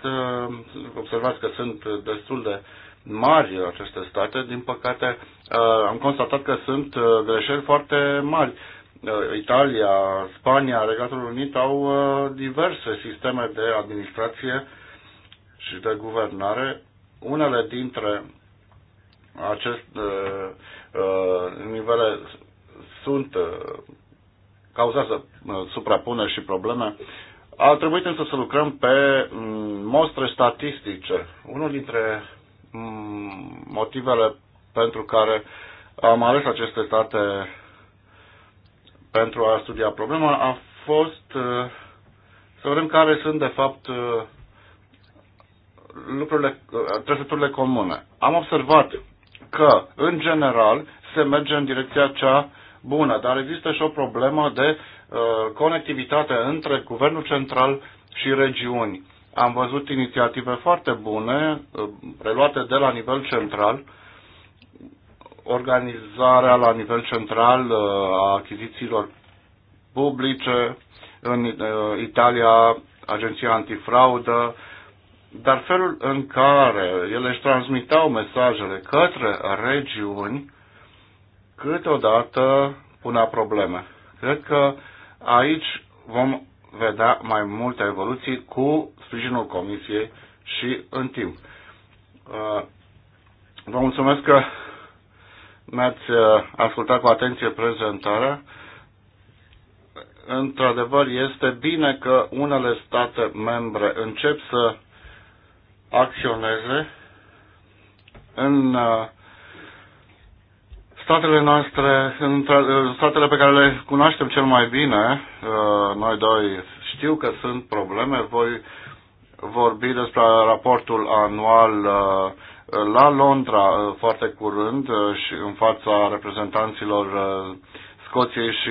observați că sunt destul de mari aceste state. Din păcate, uh, am constatat că sunt uh, greșeli foarte mari. Uh, Italia, Spania, Regatul Unit au diverse sisteme de administrație și de guvernare. Unele dintre aceste nivele sunt cauzează suprapuneri și probleme. A trebuit însă să lucrăm pe mm, mostre statistice. Unul dintre motivele pentru care am ales aceste state pentru a studia problema a fost uh, să vedem care sunt de fapt uh, lucrurile, uh, trăsăturile comune. Am observat că, în general, se merge în direcția cea bună, dar există și o problemă de uh, conectivitate între guvernul central și regiuni am văzut inițiative foarte bune uh, preluate de la nivel central, organizarea la nivel central uh, a achizițiilor publice, în uh, Italia Agenția Antifraudă, dar felul în care ele își transmitau mesajele către regiuni, câteodată punea probleme. Cred că aici vom vedea mai multe evoluții cu sprijinul Comisiei și în timp. Uh, vă mulțumesc că mi-ați uh, ascultat cu atenție prezentarea. Într-adevăr, este bine că unele state membre încep să acționeze în uh, Statele noastre, uh, statele pe care le cunoaștem cel mai bine, uh, noi doi știu că sunt probleme, voi vorbi despre raportul anual uh, la Londra foarte curând și în fața reprezentanților Scoției și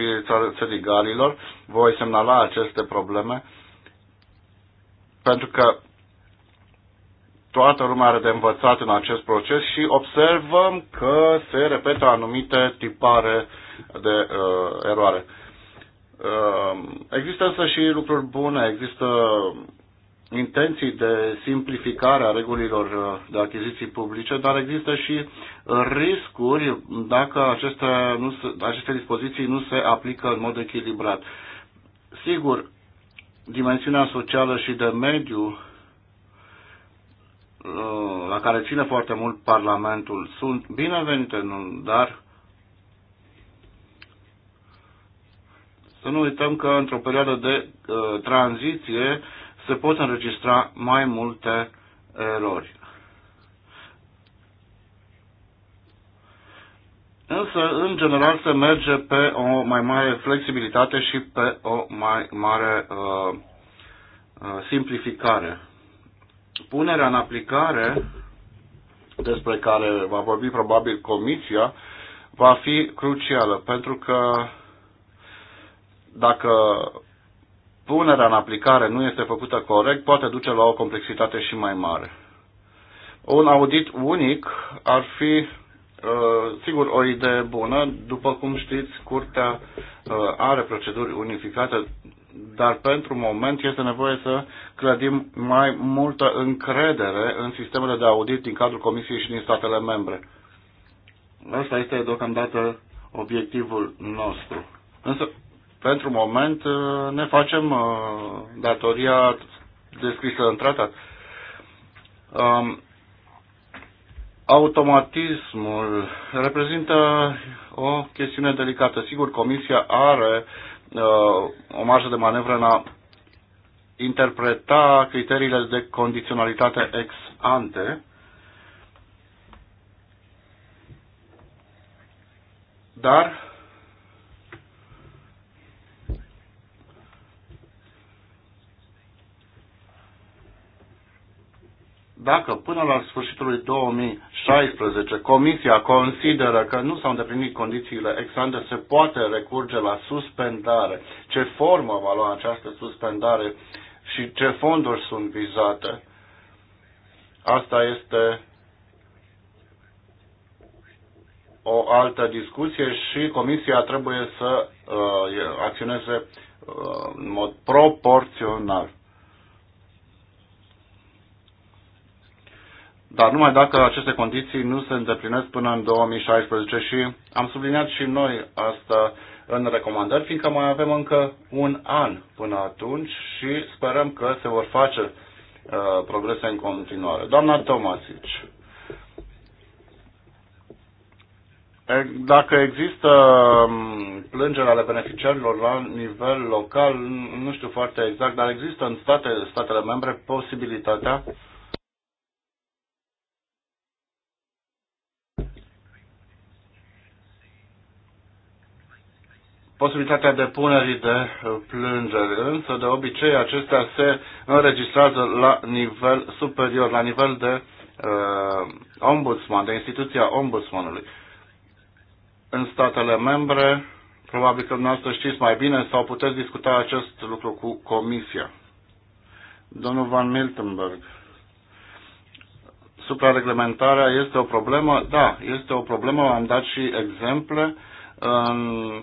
țării Galilor. Voi semnala aceste probleme pentru că toată lumea are de învățat în acest proces și observăm că se repetă anumite tipare de uh, eroare. Uh, există însă și lucruri bune, există intenții de simplificare a regulilor uh, de achiziții publice, dar există și riscuri dacă aceste, nu se, aceste dispoziții nu se aplică în mod echilibrat. Sigur, dimensiunea socială și de mediu la care ține foarte mult Parlamentul sunt binevenite, nu? dar să nu uităm că într-o perioadă de uh, tranziție se pot înregistra mai multe erori. Însă, în general, se merge pe o mai mare flexibilitate și pe o mai mare uh, uh simplificare punerea în aplicare despre care va vorbi probabil Comisia va fi crucială, pentru că dacă punerea în aplicare nu este făcută corect, poate duce la o complexitate și mai mare. Un audit unic ar fi uh, sigur, o idee bună. După cum știți, curtea uh, are proceduri unificate dar pentru moment este nevoie să clădim mai multă încredere în sistemele de audit din cadrul Comisiei și din statele membre. Asta este deocamdată obiectivul nostru. Însă, pentru moment, uh, ne facem uh, datoria descrisă în tratat. Um, automatismul reprezintă o chestiune delicată. Sigur, Comisia are Uh, o marjă de manevră în a interpreta criteriile de condiționalitate ex ante, dar Dacă până la sfârșitul 2016 Comisia consideră că nu s-au îndeplinit condițiile ex se poate recurge la suspendare. Ce formă va lua această suspendare și ce fonduri sunt vizate? Asta este o altă discuție și Comisia trebuie să uh, acționeze uh, în mod proporțional. dar numai dacă aceste condiții nu se îndeplinesc până în 2016 și am subliniat și noi asta în recomandări, fiindcă mai avem încă un an până atunci și sperăm că se vor face uh, progrese în continuare. Doamna Tomasici, dacă există um, plângeri ale beneficiarilor la nivel local, nu știu foarte exact, dar există în state, statele membre posibilitatea posibilitatea depunerii de uh, plângeri, însă de obicei acestea se înregistrează la nivel superior, la nivel de uh, ombudsman, de instituția ombudsmanului. În statele membre, probabil că dumneavoastră știți mai bine sau puteți discuta acest lucru cu Comisia. Domnul Van Miltenberg, suprareglementarea este o problemă? Da, este o problemă, am dat și exemple. Uh,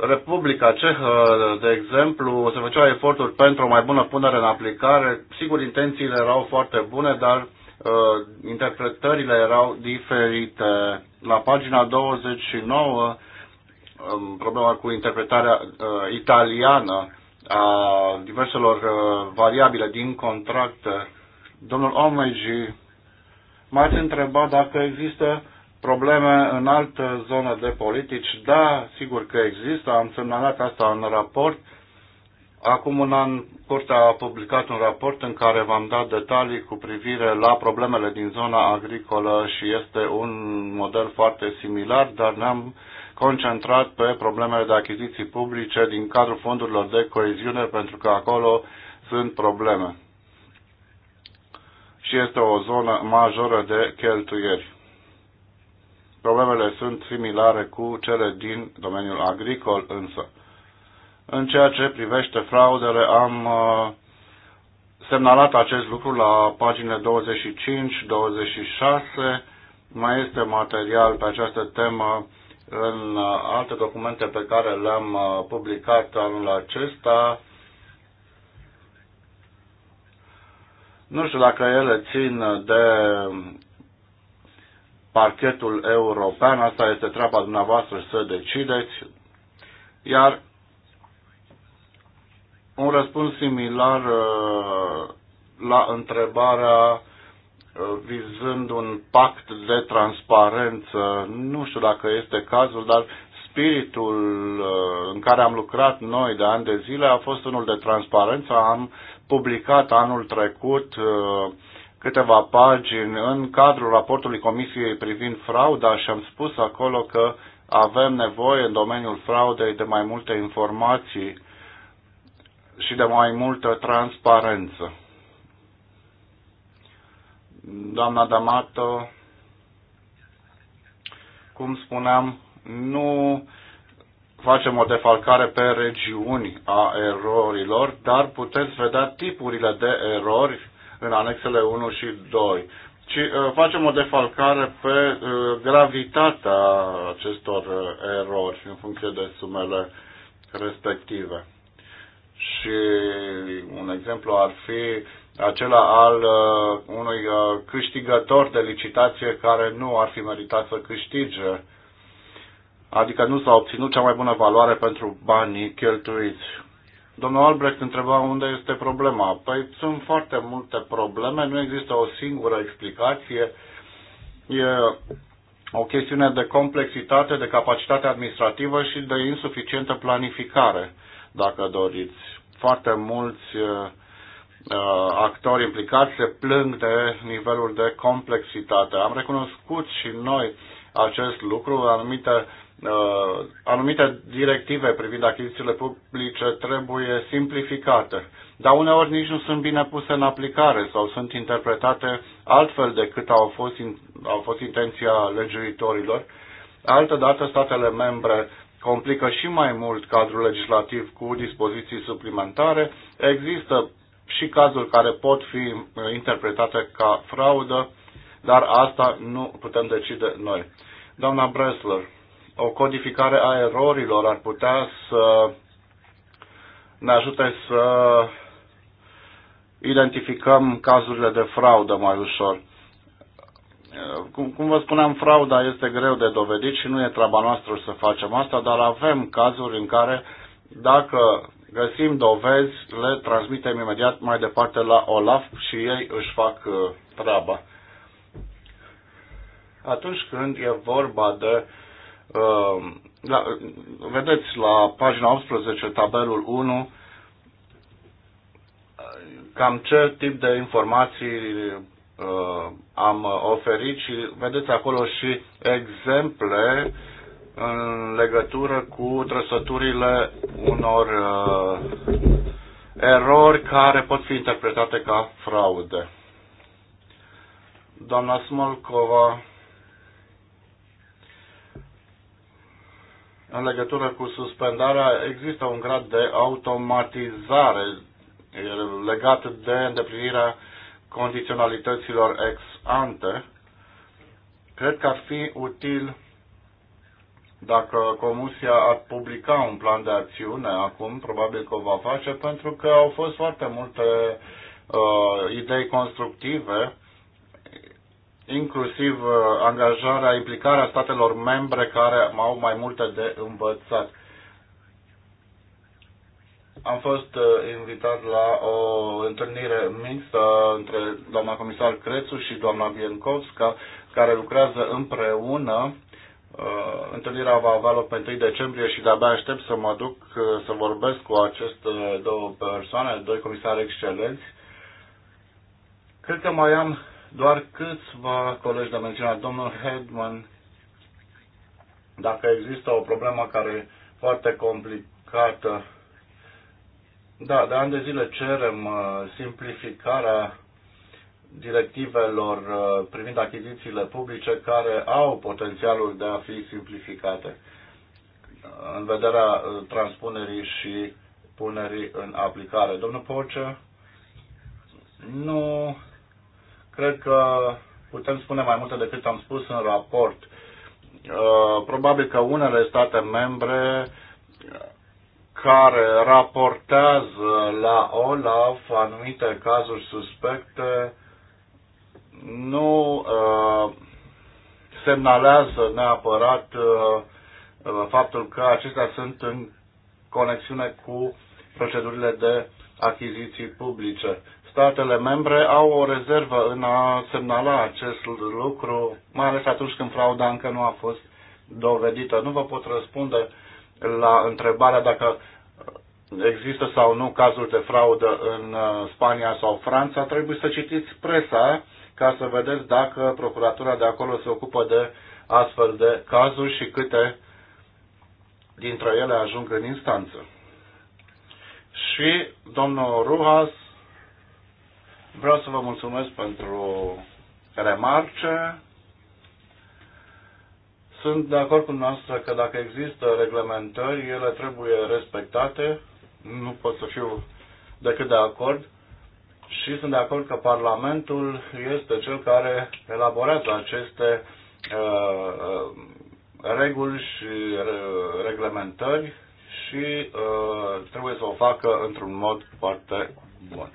Republica Cehă, de exemplu, se făceau eforturi pentru o mai bună punere în aplicare. Sigur, intențiile erau foarte bune, dar uh, interpretările erau diferite. La pagina 29, um, problema cu interpretarea uh, italiană a diverselor uh, variabile din contract, domnul Omegi m-ați întrebat dacă există uh, probleme în altă zonă de politici. Da, sigur că există, am semnalat asta în raport. Acum un an, Curtea a publicat un raport în care v-am dat detalii cu privire la problemele din zona agricolă și este un model foarte similar, dar ne-am concentrat pe problemele de achiziții publice din cadrul fondurilor de coeziune, pentru că acolo sunt probleme. Și este o zonă majoră de cheltuieri problemele sunt similare cu cele din domeniul agricol însă. În ceea ce privește fraudele, am uh, semnalat acest lucru la pagine 25-26. Mai este material pe această temă în uh, alte documente pe care le-am uh, publicat anul acesta. Nu știu dacă ele țin de parchetul european, asta este treaba dumneavoastră să decideți, iar un răspuns similar uh, la întrebarea uh, vizând un pact de transparență. Nu știu dacă este cazul, dar spiritul uh, în care am lucrat noi de ani de zile a fost unul de transparență. Am publicat anul trecut câteva pagini în cadrul raportului Comisiei privind frauda și am spus acolo că avem nevoie în domeniul fraudei de mai multe informații și de mai multă transparență. Doamna D'Amato, cum spuneam, nu facem o defalcare pe regiuni a erorilor, dar puteți vedea tipurile de erori în anexele 1 și 2, ci uh, facem o defalcare pe uh, gravitatea acestor uh, erori în funcție de sumele respective. Și un exemplu ar fi acela al uh, unui uh, câștigător de licitație care nu ar fi meritat să câștige, adică nu s-a obținut cea mai bună valoare pentru banii cheltuiți. Domnul Albrecht întreba unde este problema. Păi sunt foarte multe probleme, nu există o singură explicație. E o chestiune de complexitate, de capacitate administrativă și de insuficientă planificare, dacă doriți. Foarte mulți uh, actori implicați se plâng de nivelul de complexitate. Am recunoscut și noi acest lucru, anumite Uh, anumite directive privind achizițiile publice trebuie simplificate, dar uneori nici nu sunt bine puse în aplicare sau sunt interpretate altfel decât au fost, au fost intenția legiuitorilor. Altădată statele membre complică și mai mult cadrul legislativ cu dispoziții suplimentare. Există și cazuri care pot fi uh, interpretate ca fraudă, dar asta nu putem decide noi. Doamna Bresler, o codificare a erorilor ar putea să ne ajute să identificăm cazurile de fraudă mai ușor. Cum, cum vă spuneam, frauda este greu de dovedit și nu e treaba noastră să facem asta, dar avem cazuri în care dacă găsim dovezi, le transmitem imediat mai departe la OLAF și ei își fac uh, treaba. Atunci când e vorba de uh, Um, la, vedeți la pagina 18, tabelul 1, cam ce tip de informații uh, am oferit și vedeți acolo și exemple în legătură cu trăsăturile unor uh, erori care pot fi interpretate ca fraude. Doamna Smolkova în legătură cu suspendarea, există un grad de automatizare legat de îndeplinirea condiționalităților ex ante. Cred că ar fi util dacă Comisia ar publica un plan de acțiune acum, probabil că o va face, pentru că au fost foarte multe uh, idei constructive inclusiv uh, angajarea, implicarea statelor membre care au mai multe de învățat. Am fost uh, invitat la o întâlnire mixtă între doamna comisar Crețu și doamna Biencovska, care lucrează împreună. Uh, întâlnirea va avea loc pe 1 decembrie și de-abia aștept să mă duc să vorbesc cu aceste două persoane, doi comisari excelenți. Cred că mai am doar câțiva colegi de menționat, domnul Hedman, dacă există o problemă care e foarte complicată, da, de ani de zile cerem uh, simplificarea directivelor uh, privind achizițiile publice care au potențialul de a fi simplificate în vederea uh, transpunerii și punerii în aplicare. Domnul Porcea, nu Cred că putem spune mai multe decât am spus în raport. Uh, probabil că unele state membre care raportează la OLAF anumite cazuri suspecte nu uh, semnalează neapărat uh, faptul că acestea sunt în conexiune cu procedurile de achiziții publice statele membre au o rezervă în a semnala acest lucru, mai ales atunci când frauda încă nu a fost dovedită. Nu vă pot răspunde la întrebarea dacă există sau nu cazuri de fraudă în uh, Spania sau Franța. Trebuie să citiți presa ca să vedeți dacă procuratura de acolo se ocupă de astfel de cazuri și câte dintre ele ajung în instanță. Și domnul Ruhas Vreau să vă mulțumesc pentru remarce. Sunt de acord cu noastră că dacă există reglementări, ele trebuie respectate. Nu pot să fiu decât de acord. Și sunt de acord că Parlamentul este cel care elaborează aceste uh, uh reguli și uh, reglementări și uh, trebuie să o facă într-un mod foarte bun.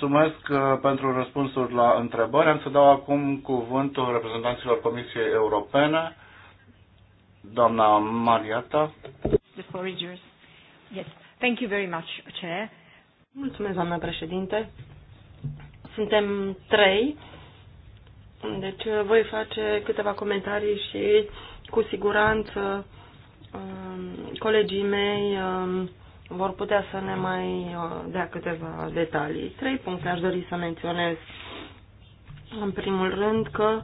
Mulțumesc uh, pentru răspunsuri la întrebări. Am să dau acum cuvântul reprezentanților Comisiei Europene, doamna Mariata. The foragers. Yes. Thank you very much, Chair. Mulțumesc, doamna președinte. Suntem trei, deci uh, voi face câteva comentarii și cu siguranță um, colegii mei um, vor putea să ne mai uh, dea câteva detalii. Trei puncte aș dori să menționez. În primul rând că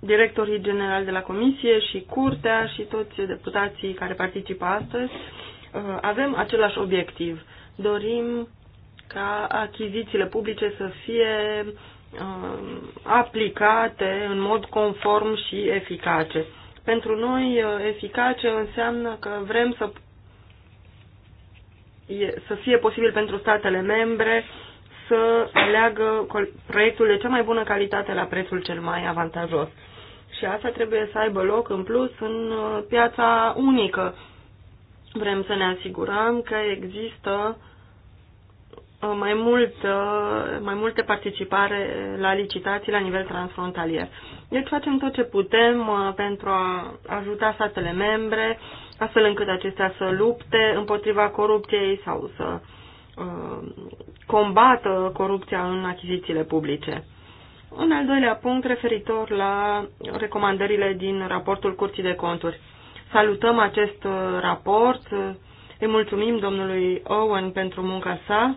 directorii generali de la Comisie și Curtea și toți deputații care participă astăzi uh, avem același obiectiv. Dorim ca achizițiile publice să fie uh, aplicate în mod conform și eficace. Pentru noi, uh, eficace înseamnă că vrem să, să fie posibil pentru statele membre să aleagă proiectul de cea mai bună calitate la prețul cel mai avantajos. Și asta trebuie să aibă loc în plus în uh, piața unică. Vrem să ne asigurăm că există uh, mai, mult, mai multe participare la licitații la nivel transfrontalier. Deci facem tot ce putem uh, pentru a ajuta statele membre, astfel încât acestea să lupte împotriva corupției sau să uh, combată corupția în achizițiile publice. Un al doilea punct referitor la recomandările din raportul Curții de Conturi. Salutăm acest uh, raport, îi mulțumim domnului Owen pentru munca sa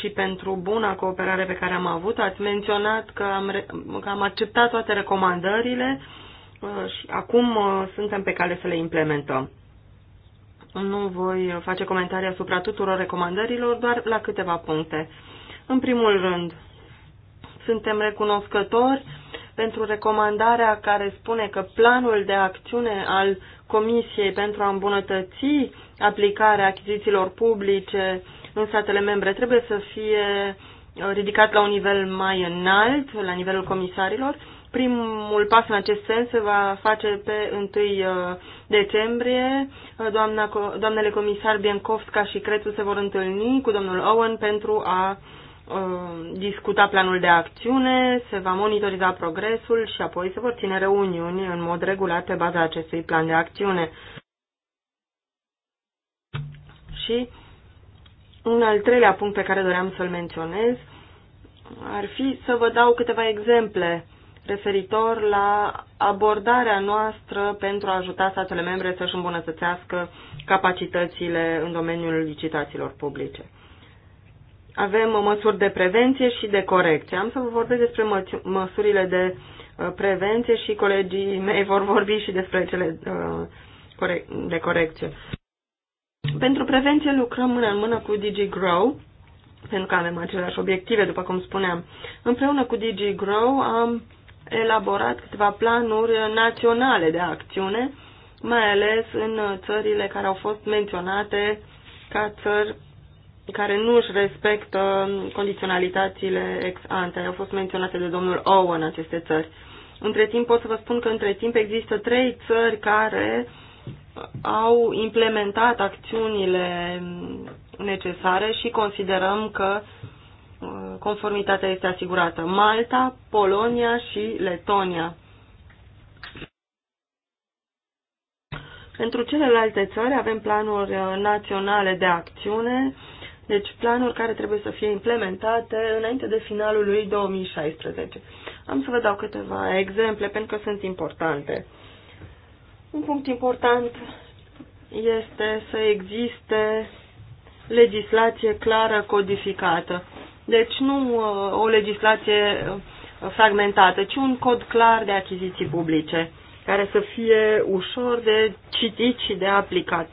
și pentru buna cooperare pe care am avut. Ați menționat că am, că am acceptat toate recomandările uh, și acum uh, suntem pe cale să le implementăm. Nu voi face comentarii asupra tuturor recomandărilor, doar la câteva puncte. În primul rând, suntem recunoscători pentru recomandarea care spune că planul de acțiune al Comisiei pentru a îmbunătăți aplicarea achizițiilor publice în statele membre trebuie să fie uh, ridicat la un nivel mai înalt, la nivelul comisarilor. Primul pas în acest sens se va face pe 1 uh, decembrie. Uh, doamna, doamnele comisar Biancovska și Crețu se vor întâlni cu domnul Owen pentru a discuta planul de acțiune, se va monitoriza progresul și apoi se vor ține reuniuni în mod regulat pe baza acestui plan de acțiune. Și un al treilea punct pe care doream să-l menționez ar fi să vă dau câteva exemple referitor la abordarea noastră pentru a ajuta statele membre să-și îmbunătățească capacitățile în domeniul licitațiilor publice. Avem măsuri de prevenție și de corecție. Am să vă vorbesc despre măsurile de uh, prevenție și colegii mei vor vorbi și despre cele uh, de corecție. Pentru prevenție lucrăm mână în mână cu Grow pentru că avem aceleași obiective, după cum spuneam. Împreună cu Grow am elaborat câteva planuri naționale de acțiune, mai ales în țările care au fost menționate ca țări care nu își respectă condiționalitățile ex ante. Au fost menționate de domnul Owen aceste țări. Între timp pot să vă spun că între timp există trei țări care uh, au implementat acțiunile necesare și considerăm că uh, conformitatea este asigurată. Malta, Polonia și Letonia. Pentru celelalte țări avem planuri uh, naționale de acțiune, deci planuri care trebuie să fie implementate înainte de finalul lui 2016. Am să vă dau câteva exemple pentru că sunt importante. Un punct important este să existe legislație clară codificată. Deci nu uh, o legislație uh, fragmentată, ci un cod clar de achiziții publice, care să fie ușor de citit și de aplicat.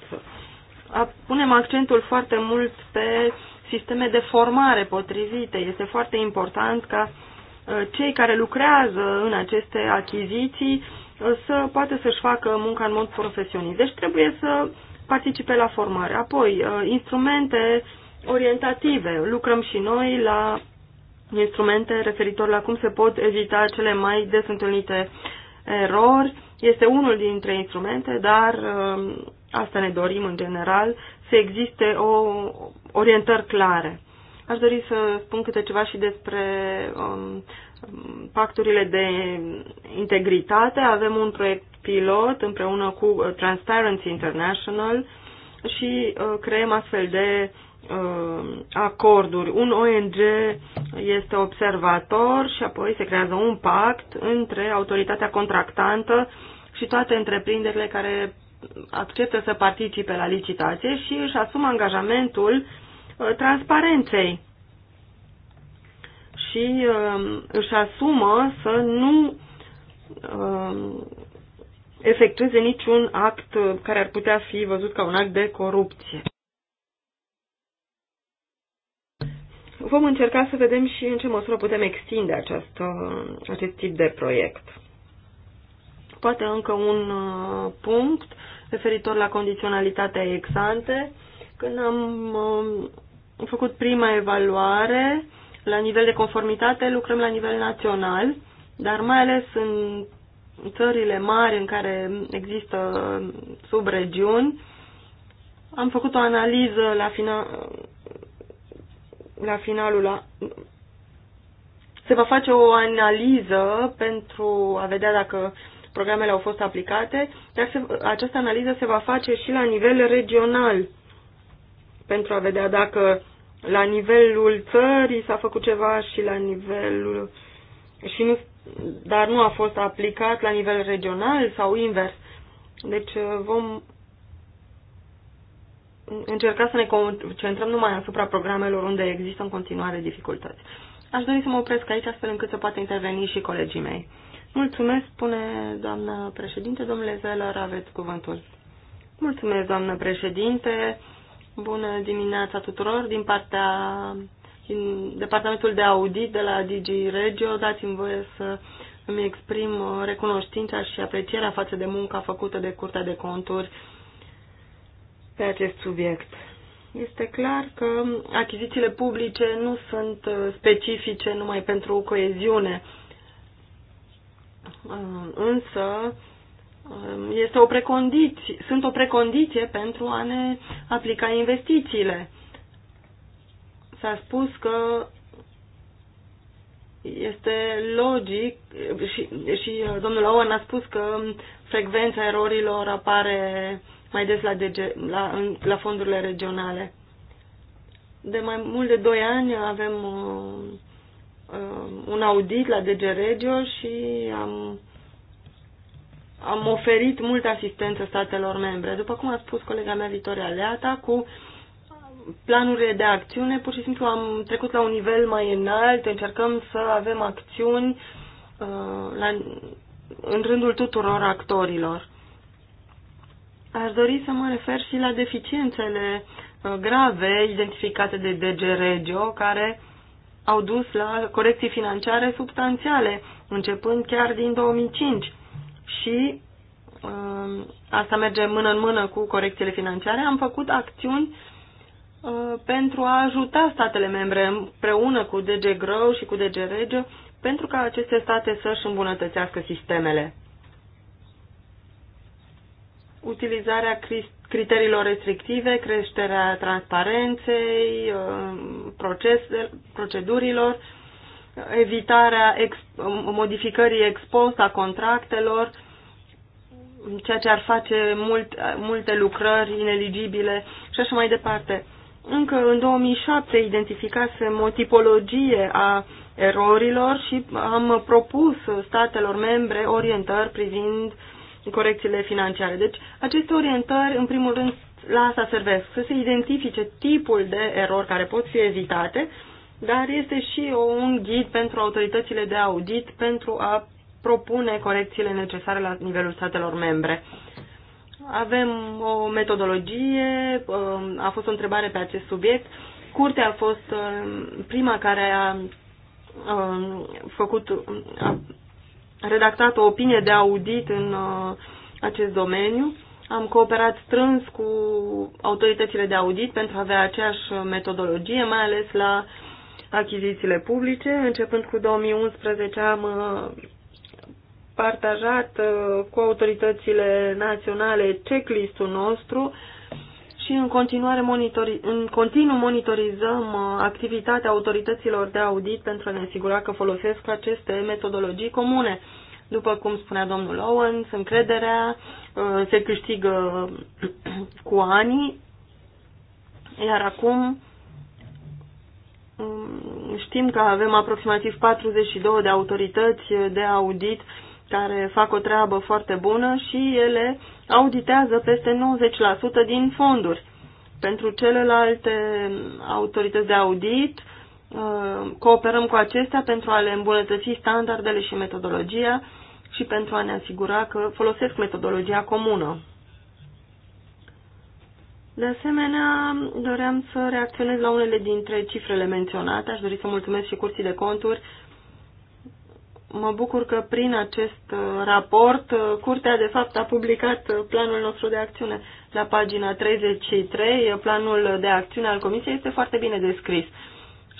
Punem accentul foarte mult pe sisteme de formare potrivite. Este foarte important ca uh, cei care lucrează în aceste achiziții să poată să-și facă munca în mod profesionist. Deci trebuie să participe la formare. Apoi, uh, instrumente orientative. Lucrăm și noi la instrumente referitor la cum se pot evita cele mai des întâlnite erori. Este unul dintre instrumente, dar uh, asta ne dorim în general, să existe o orientări clare. Aș dori să spun câte ceva și despre um, pacturile de integritate. Avem un proiect pilot împreună cu uh, Transparency International și uh, creăm astfel de uh, acorduri. Un ONG este observator și apoi se creează un pact între autoritatea contractantă și toate întreprinderile care acceptă să participe la licitație și își asumă angajamentul transparenței și uh, își asumă să nu uh, efectueze niciun act uh, care ar putea fi văzut ca un act de corupție. Vom încerca să vedem și în ce măsură putem extinde această, acest tip de proiect. Poate încă un uh, punct referitor la condiționalitatea exante. Când am uh, făcut prima evaluare, la nivel de conformitate lucrăm la nivel național, dar mai ales în țările mari în care există subregiuni. Am făcut o analiză la, final, la finalul la, se va face o analiză pentru a vedea dacă programele au fost aplicate, dar se, această analiză se va face și la nivel regional pentru a vedea dacă la nivelul țării s-a făcut ceva și la nivelul și nu, dar nu a fost aplicat la nivel regional sau invers. Deci uh, vom încerca să ne concentrăm numai asupra programelor unde există în continuare dificultăți. Aș dori să mă opresc aici astfel încât să poată interveni și colegii mei. Mulțumesc, spune doamna președinte. Domnule Zeller, aveți cuvântul. Mulțumesc, doamnă președinte. Bună dimineața tuturor din partea din departamentul de audit de la DG Regio. Dați-mi voie să îmi exprim uh, recunoștința și aprecierea față de munca făcută de Curtea de Conturi pe acest subiect. Este clar că achizițiile publice nu sunt uh, specifice numai pentru coeziune, uh, însă Um, este o precondiție, sunt o precondiție pentru a ne aplica investițiile. S-a spus că este logic și, și uh, domnul Owen a spus că frecvența erorilor apare mai des la, DG, la, la fondurile regionale. De mai mult de 2 ani avem uh, uh, un audit la DG Regio și am am oferit multă asistență statelor membre. După cum a spus colega mea Vitoria, Leata, cu planurile de acțiune, pur și simplu am trecut la un nivel mai înalt, încercăm să avem acțiuni uh, la, în rândul tuturor actorilor. Aș dori să mă refer și la deficiențele uh, grave identificate de DG Regio, care au dus la corecții financiare substanțiale, începând chiar din 2005 și um, asta merge mână în mână cu corecțiile financiare, am făcut acțiuni uh, pentru a ajuta statele membre împreună cu DG Grow și cu DG Regio pentru ca aceste state să-și îmbunătățească sistemele. Utilizarea criteriilor restrictive, creșterea transparenței, uh, proces, procedurilor, evitarea ex, modificării ex post a contractelor, ceea ce ar face mult, multe lucrări ineligibile și așa mai departe. Încă în 2007 identificasem o tipologie a erorilor și am propus statelor membre orientări privind corecțiile financiare. Deci aceste orientări, în primul rând, la asta servesc, să se identifice tipul de erori care pot fi evitate dar este și un ghid pentru autoritățile de audit pentru a propune corecțiile necesare la nivelul statelor membre. Avem o metodologie, um, a fost o întrebare pe acest subiect. Curtea a fost um, prima care a um, făcut, a redactat o opinie de audit în uh, acest domeniu. Am cooperat strâns cu autoritățile de audit pentru a avea aceeași metodologie, mai ales la uh, achizițiile publice. Începând cu 2011 am uh, partajat uh, cu autoritățile naționale checklist-ul nostru și în, continuare monitori, în continuu monitorizăm uh, activitatea autorităților de audit pentru a ne asigura că folosesc aceste metodologii comune. După cum spunea domnul Owens, încrederea se câștigă cu ani, iar acum Um, știm că avem aproximativ 42 de autorități de audit care fac o treabă foarte bună și ele auditează peste 90% din fonduri. Pentru celelalte autorități de audit, uh, cooperăm cu acestea pentru a le îmbunătăți standardele și metodologia și pentru a ne asigura că folosesc metodologia comună. De asemenea, doream să reacționez la unele dintre cifrele menționate. Aș dori să mulțumesc și curții de conturi. Mă bucur că prin acest uh, raport, uh, curtea de fapt a publicat uh, planul nostru de acțiune. La pagina 33, planul de acțiune al Comisiei este foarte bine descris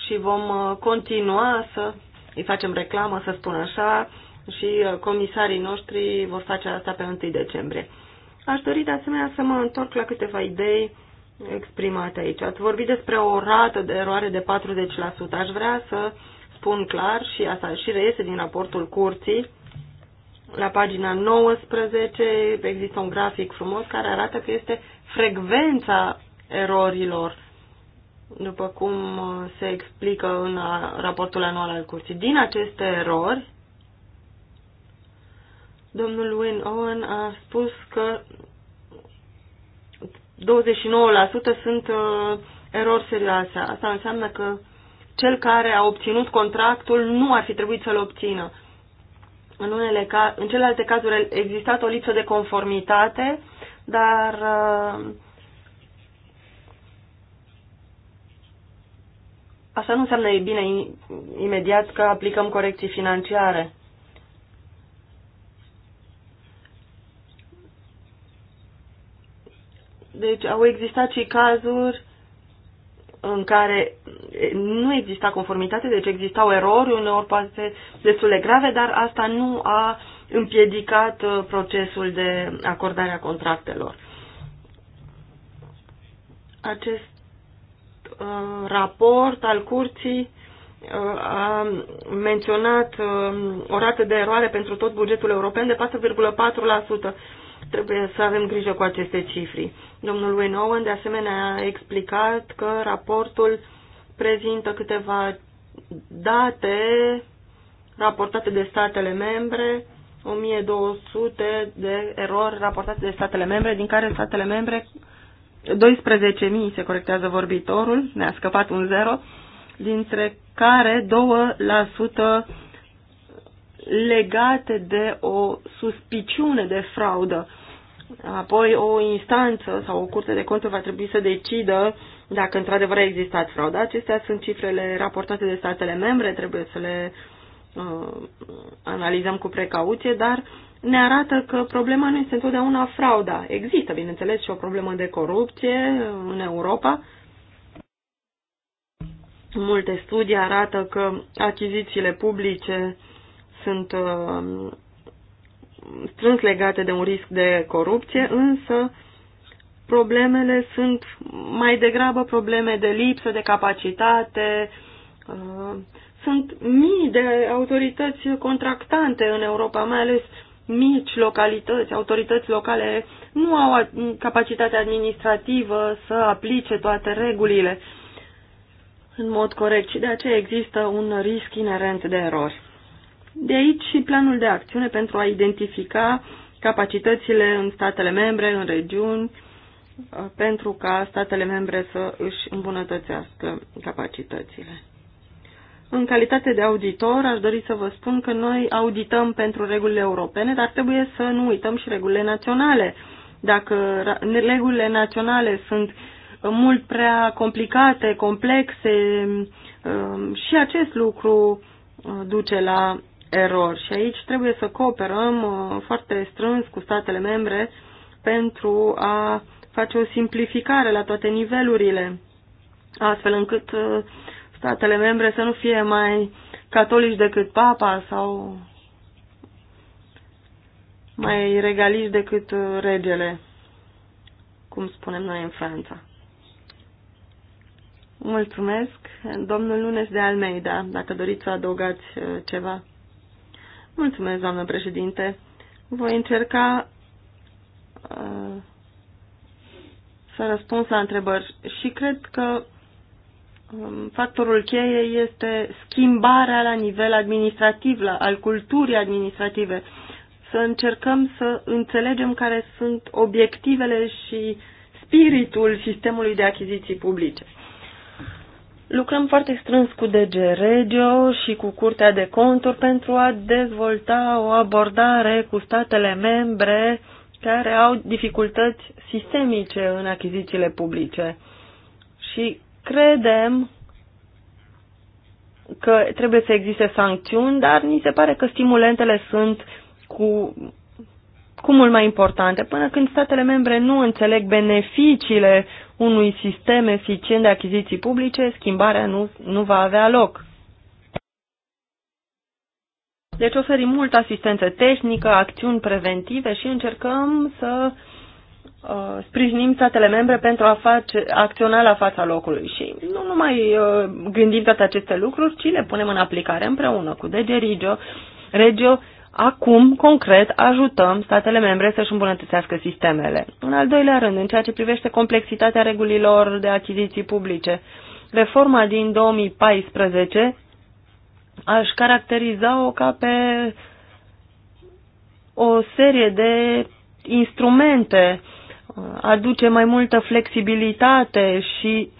și vom continua să îi facem reclamă, să spun așa, și comisarii noștri vor face asta pe 1 decembrie. Aș dori de asemenea să mă întorc la câteva idei exprimate aici. Ați vorbit despre o rată de eroare de 40%. Aș vrea să spun clar și asta și reiese din raportul curții. La pagina 19 există un grafic frumos care arată că este frecvența erorilor, după cum se explică în raportul anual al curții. Din aceste erori, Domnul Wayne Owen a spus că 29% sunt uh, erori serioase. Asta înseamnă că cel care a obținut contractul nu ar fi trebuit să-l obțină. În, unele ca, în celelalte cazuri a existat o lipsă de conformitate, dar uh, asta nu înseamnă e bine imediat că aplicăm corecții financiare. Deci au existat și cazuri în care nu exista conformitate, deci existau erori, uneori poate destul de grave, dar asta nu a împiedicat uh, procesul de acordare a contractelor. Acest uh, raport al curții uh, a menționat uh, o rată de eroare pentru tot bugetul european de 4,4%. Trebuie să avem grijă cu aceste cifri. Domnul Wayne Owen, de asemenea, a explicat că raportul prezintă câteva date raportate de statele membre, 1200 de erori raportate de statele membre, din care statele membre 12.000 se corectează vorbitorul, ne-a scăpat un zero, dintre care 2% legate de o suspiciune de fraudă. Apoi o instanță sau o curte de conturi va trebui să decidă dacă într-adevăr a existat fraudă. Acestea sunt cifrele raportate de statele membre, trebuie să le uh, analizăm cu precauție, dar ne arată că problema nu este întotdeauna frauda. Există, bineînțeles, și o problemă de corupție în Europa. Multe studii arată că achizițiile publice sunt uh, strâns legate de un risc de corupție, însă problemele sunt mai degrabă probleme de lipsă de capacitate. Uh, sunt mii de autorități contractante în Europa, mai ales mici localități, autorități locale nu au capacitatea administrativă să aplice toate regulile în mod corect și de aceea există un risc inerent de erori. De aici și planul de acțiune pentru a identifica capacitățile în statele membre, în regiuni, uh, pentru ca statele membre să își îmbunătățească capacitățile. În calitate de auditor, aș dori să vă spun că noi audităm pentru regulile europene, dar trebuie să nu uităm și regulile naționale. Dacă regulile naționale sunt mult prea complicate, complexe, um, și acest lucru uh, duce la erori și aici trebuie să cooperăm uh, foarte strâns cu statele membre pentru a face o simplificare la toate nivelurile, astfel încât uh, statele membre să nu fie mai catolici decât papa sau mai regaliști decât uh, regele, cum spunem noi în Franța. Mulțumesc. Domnul Lunes de Almeida, dacă doriți să adăugați ceva. Mulțumesc, doamnă președinte. Voi încerca uh, să răspund la întrebări și cred că um, factorul cheie este schimbarea la nivel administrativ, la, al culturii administrative. Să încercăm să înțelegem care sunt obiectivele și spiritul sistemului de achiziții publice. Lucrăm foarte strâns cu DG Regio și cu Curtea de Conturi pentru a dezvolta o abordare cu statele membre care au dificultăți sistemice în achizițiile publice. Și credem că trebuie să existe sancțiuni, dar ni se pare că stimulentele sunt cu, cu mult mai importante. Până când statele membre nu înțeleg beneficiile unui sistem eficient de achiziții publice, schimbarea nu, nu va avea loc. Deci oferim mult asistență tehnică, acțiuni preventive și încercăm să uh, sprijinim statele membre pentru a face, acționa la fața locului. Și nu numai uh, gândim toate aceste lucruri, ci le punem în aplicare împreună cu DG Regio, Regio Acum, concret, ajutăm statele membre să-și îmbunătățească sistemele. În al doilea rând, în ceea ce privește complexitatea regulilor de achiziții publice, reforma din 2014 aș caracteriza-o ca pe o serie de instrumente, aduce mai multă flexibilitate și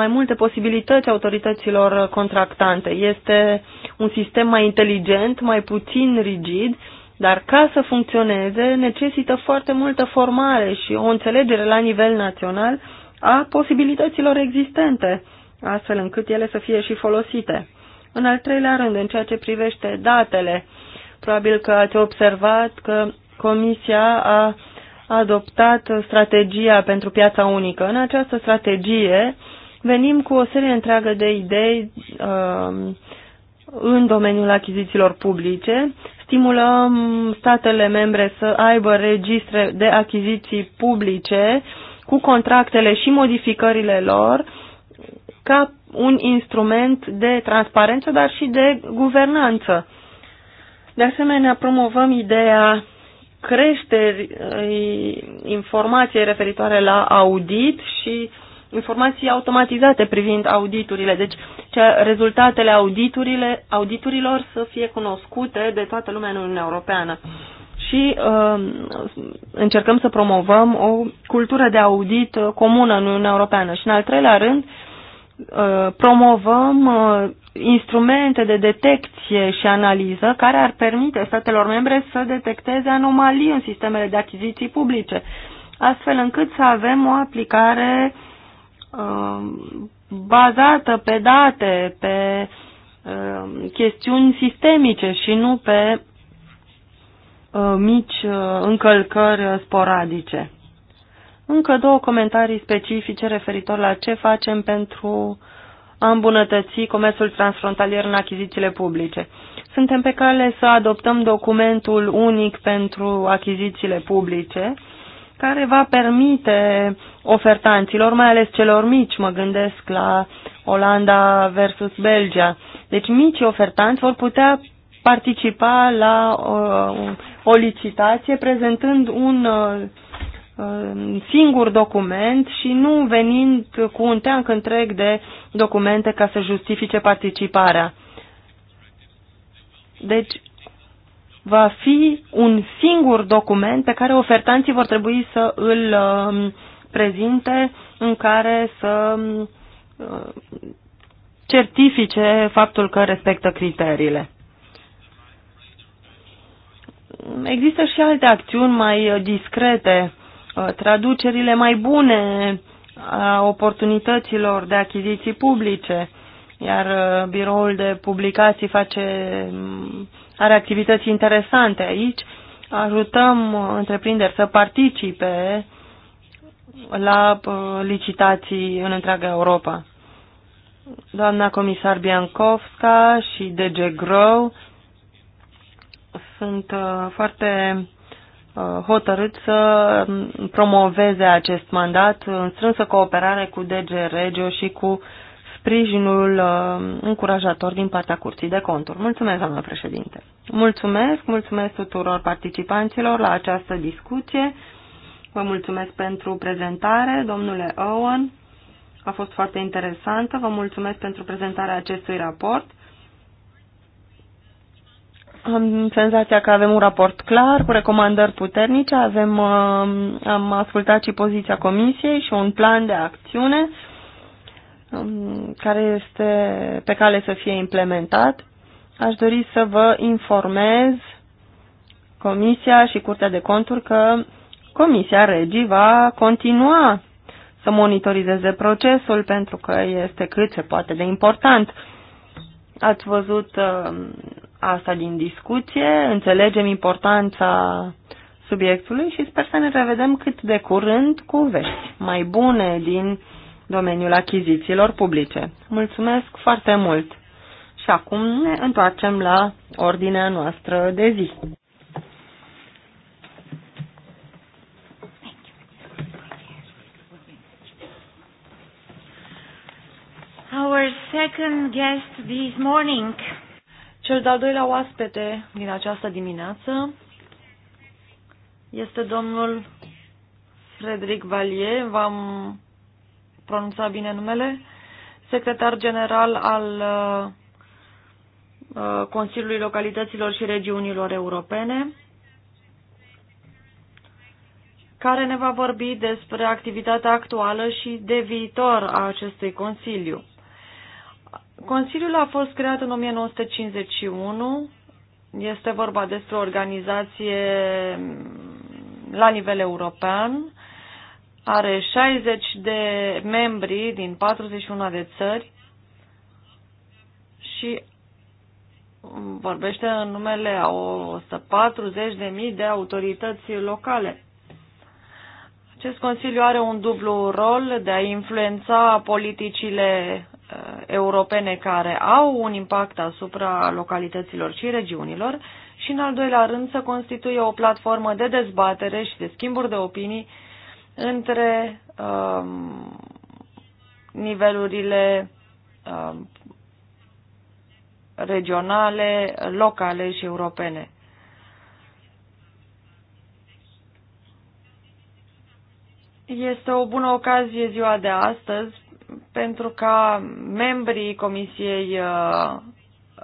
mai multe posibilități autorităților contractante. Este un sistem mai inteligent, mai puțin rigid, dar ca să funcționeze necesită foarte multă formare și o înțelegere la nivel național a posibilităților existente, astfel încât ele să fie și folosite. În al treilea rând, în ceea ce privește datele, probabil că ați observat că Comisia a adoptat strategia pentru piața unică. În această strategie venim cu o serie întreagă de idei uh, în domeniul achizițiilor publice. Stimulăm statele membre să aibă registre de achiziții publice cu contractele și modificările lor ca un instrument de transparență, dar și de guvernanță. De asemenea, promovăm ideea creșterii informației referitoare la audit și uh, informații automatizate privind auditurile, deci ce rezultatele auditurile, auditurilor să fie cunoscute de toată lumea în Uniunea Europeană. Și uh, încercăm să promovăm o cultură de audit uh, comună în Uniunea Europeană. Și în al treilea rând, uh, promovăm uh, instrumente de detecție și analiză care ar permite statelor membre să detecteze anomalii în sistemele de achiziții publice, astfel încât să avem o aplicare uh, Um, bazată pe date, pe um, chestiuni sistemice și nu pe uh, mici uh, încălcări sporadice. Încă două comentarii specifice referitor la ce facem pentru a îmbunătăți comerțul transfrontalier în achizițiile publice. Suntem pe cale să adoptăm documentul unic pentru achizițiile publice, care va permite ofertanților, mai ales celor mici, mă gândesc la Olanda versus Belgia. Deci mici ofertanți vor putea participa la uh, o licitație prezentând un uh, uh, singur document și nu venind cu un teanc întreg de documente ca să justifice participarea. Deci va fi un singur document pe care ofertanții vor trebui să îl um, prezinte în care să um, certifice faptul că respectă criteriile. Există și alte acțiuni mai uh, discrete, uh, traducerile mai bune a oportunităților de achiziții publice, iar uh, biroul de publicații face um, are activități interesante aici. Ajutăm întreprinderi să participe la uh, licitații în întreaga Europa. Doamna comisar Biancovska și DG Grow sunt uh, foarte uh, hotărât să um, promoveze acest mandat în strânsă cooperare cu DG Regio și cu uh, sprijinul uh, încurajator din partea Curții de Conturi. Mulțumesc, doamnă președinte. Mulțumesc, mulțumesc tuturor participanților la această discuție. Vă mulțumesc pentru prezentare, domnule Owen. A fost foarte interesantă. Vă mulțumesc pentru prezentarea acestui raport. Am senzația că avem un raport clar, cu recomandări puternice, avem, uh, am ascultat și poziția Comisiei și un plan de acțiune. Um, care este pe cale să fie implementat. Aș dori să vă informez Comisia și Curtea de Conturi că Comisia Regii va continua să monitorizeze procesul pentru că este cât se poate de important. Ați văzut um, asta din discuție, înțelegem importanța subiectului și sper să ne revedem cât de curând cu vești mai bune din domeniul achizițiilor publice. Mulțumesc foarte mult! Și acum ne întoarcem la ordinea noastră de zi. Our second guest this morning. Cel de-al doilea oaspete din această dimineață este domnul Frederic Valier. V-am pronunța bine numele, secretar general al uh, uh, Consiliului Localităților și Regiunilor Europene, care ne va vorbi despre activitatea actuală și de viitor a acestui Consiliu. Consiliul a fost creat în 1951, este vorba despre o organizație la nivel european are 60 de membri din 41 de țări și vorbește în numele a 140.000 de autorități locale. Acest Consiliu are un dublu rol de a influența politicile uh, europene care au un impact asupra localităților și regiunilor și, în al doilea rând, să constituie o platformă de dezbatere și de schimburi de opinii între um, nivelurile um, regionale, locale și europene. Este o bună ocazie ziua de astăzi pentru ca membrii Comisiei uh,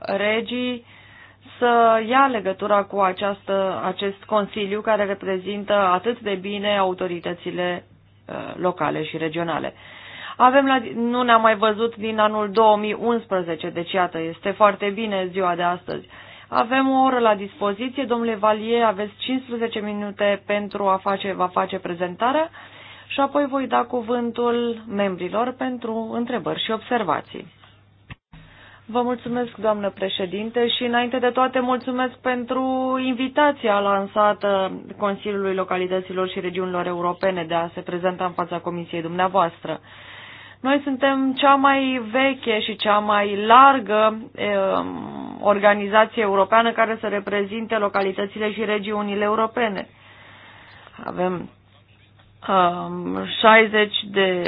Regii să ia legătura cu această, acest Consiliu care reprezintă atât de bine autoritățile uh, locale și regionale. Avem la, nu ne-am mai văzut din anul 2011, deci iată, este foarte bine ziua de astăzi. Avem o oră la dispoziție, domnule Valie, aveți 15 minute pentru a face, va face prezentarea și apoi voi da cuvântul membrilor pentru întrebări și observații. Vă mulțumesc, doamnă președinte, și înainte de toate mulțumesc pentru invitația lansată Consiliului Localităților și Regiunilor Europene de a se prezenta în fața Comisiei dumneavoastră. Noi suntem cea mai veche și cea mai largă e, ehm, organizație europeană care să reprezinte localitățile și regiunile europene. Avem 60 um, de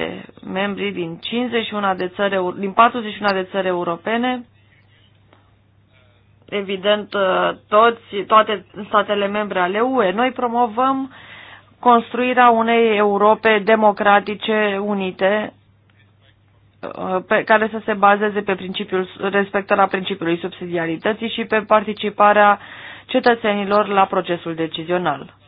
membri din 51 de țări, din 41 de țări europene. Evident, uh, toți, toate statele membre ale UE. Noi promovăm construirea unei Europe democratice unite uh, pe care să se bazeze pe principiul, respectarea principiului subsidiarității și pe participarea cetățenilor la procesul decizional.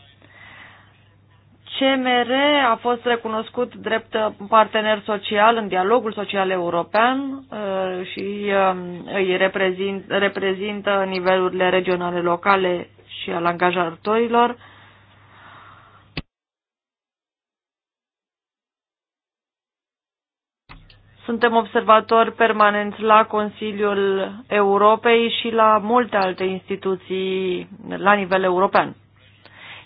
CMR a fost recunoscut drept partener social în dialogul social european uh, și um, îi reprezint, reprezintă nivelurile regionale, locale și al angajatorilor. Suntem observatori permanenți la Consiliul Europei și la multe alte instituții la nivel european.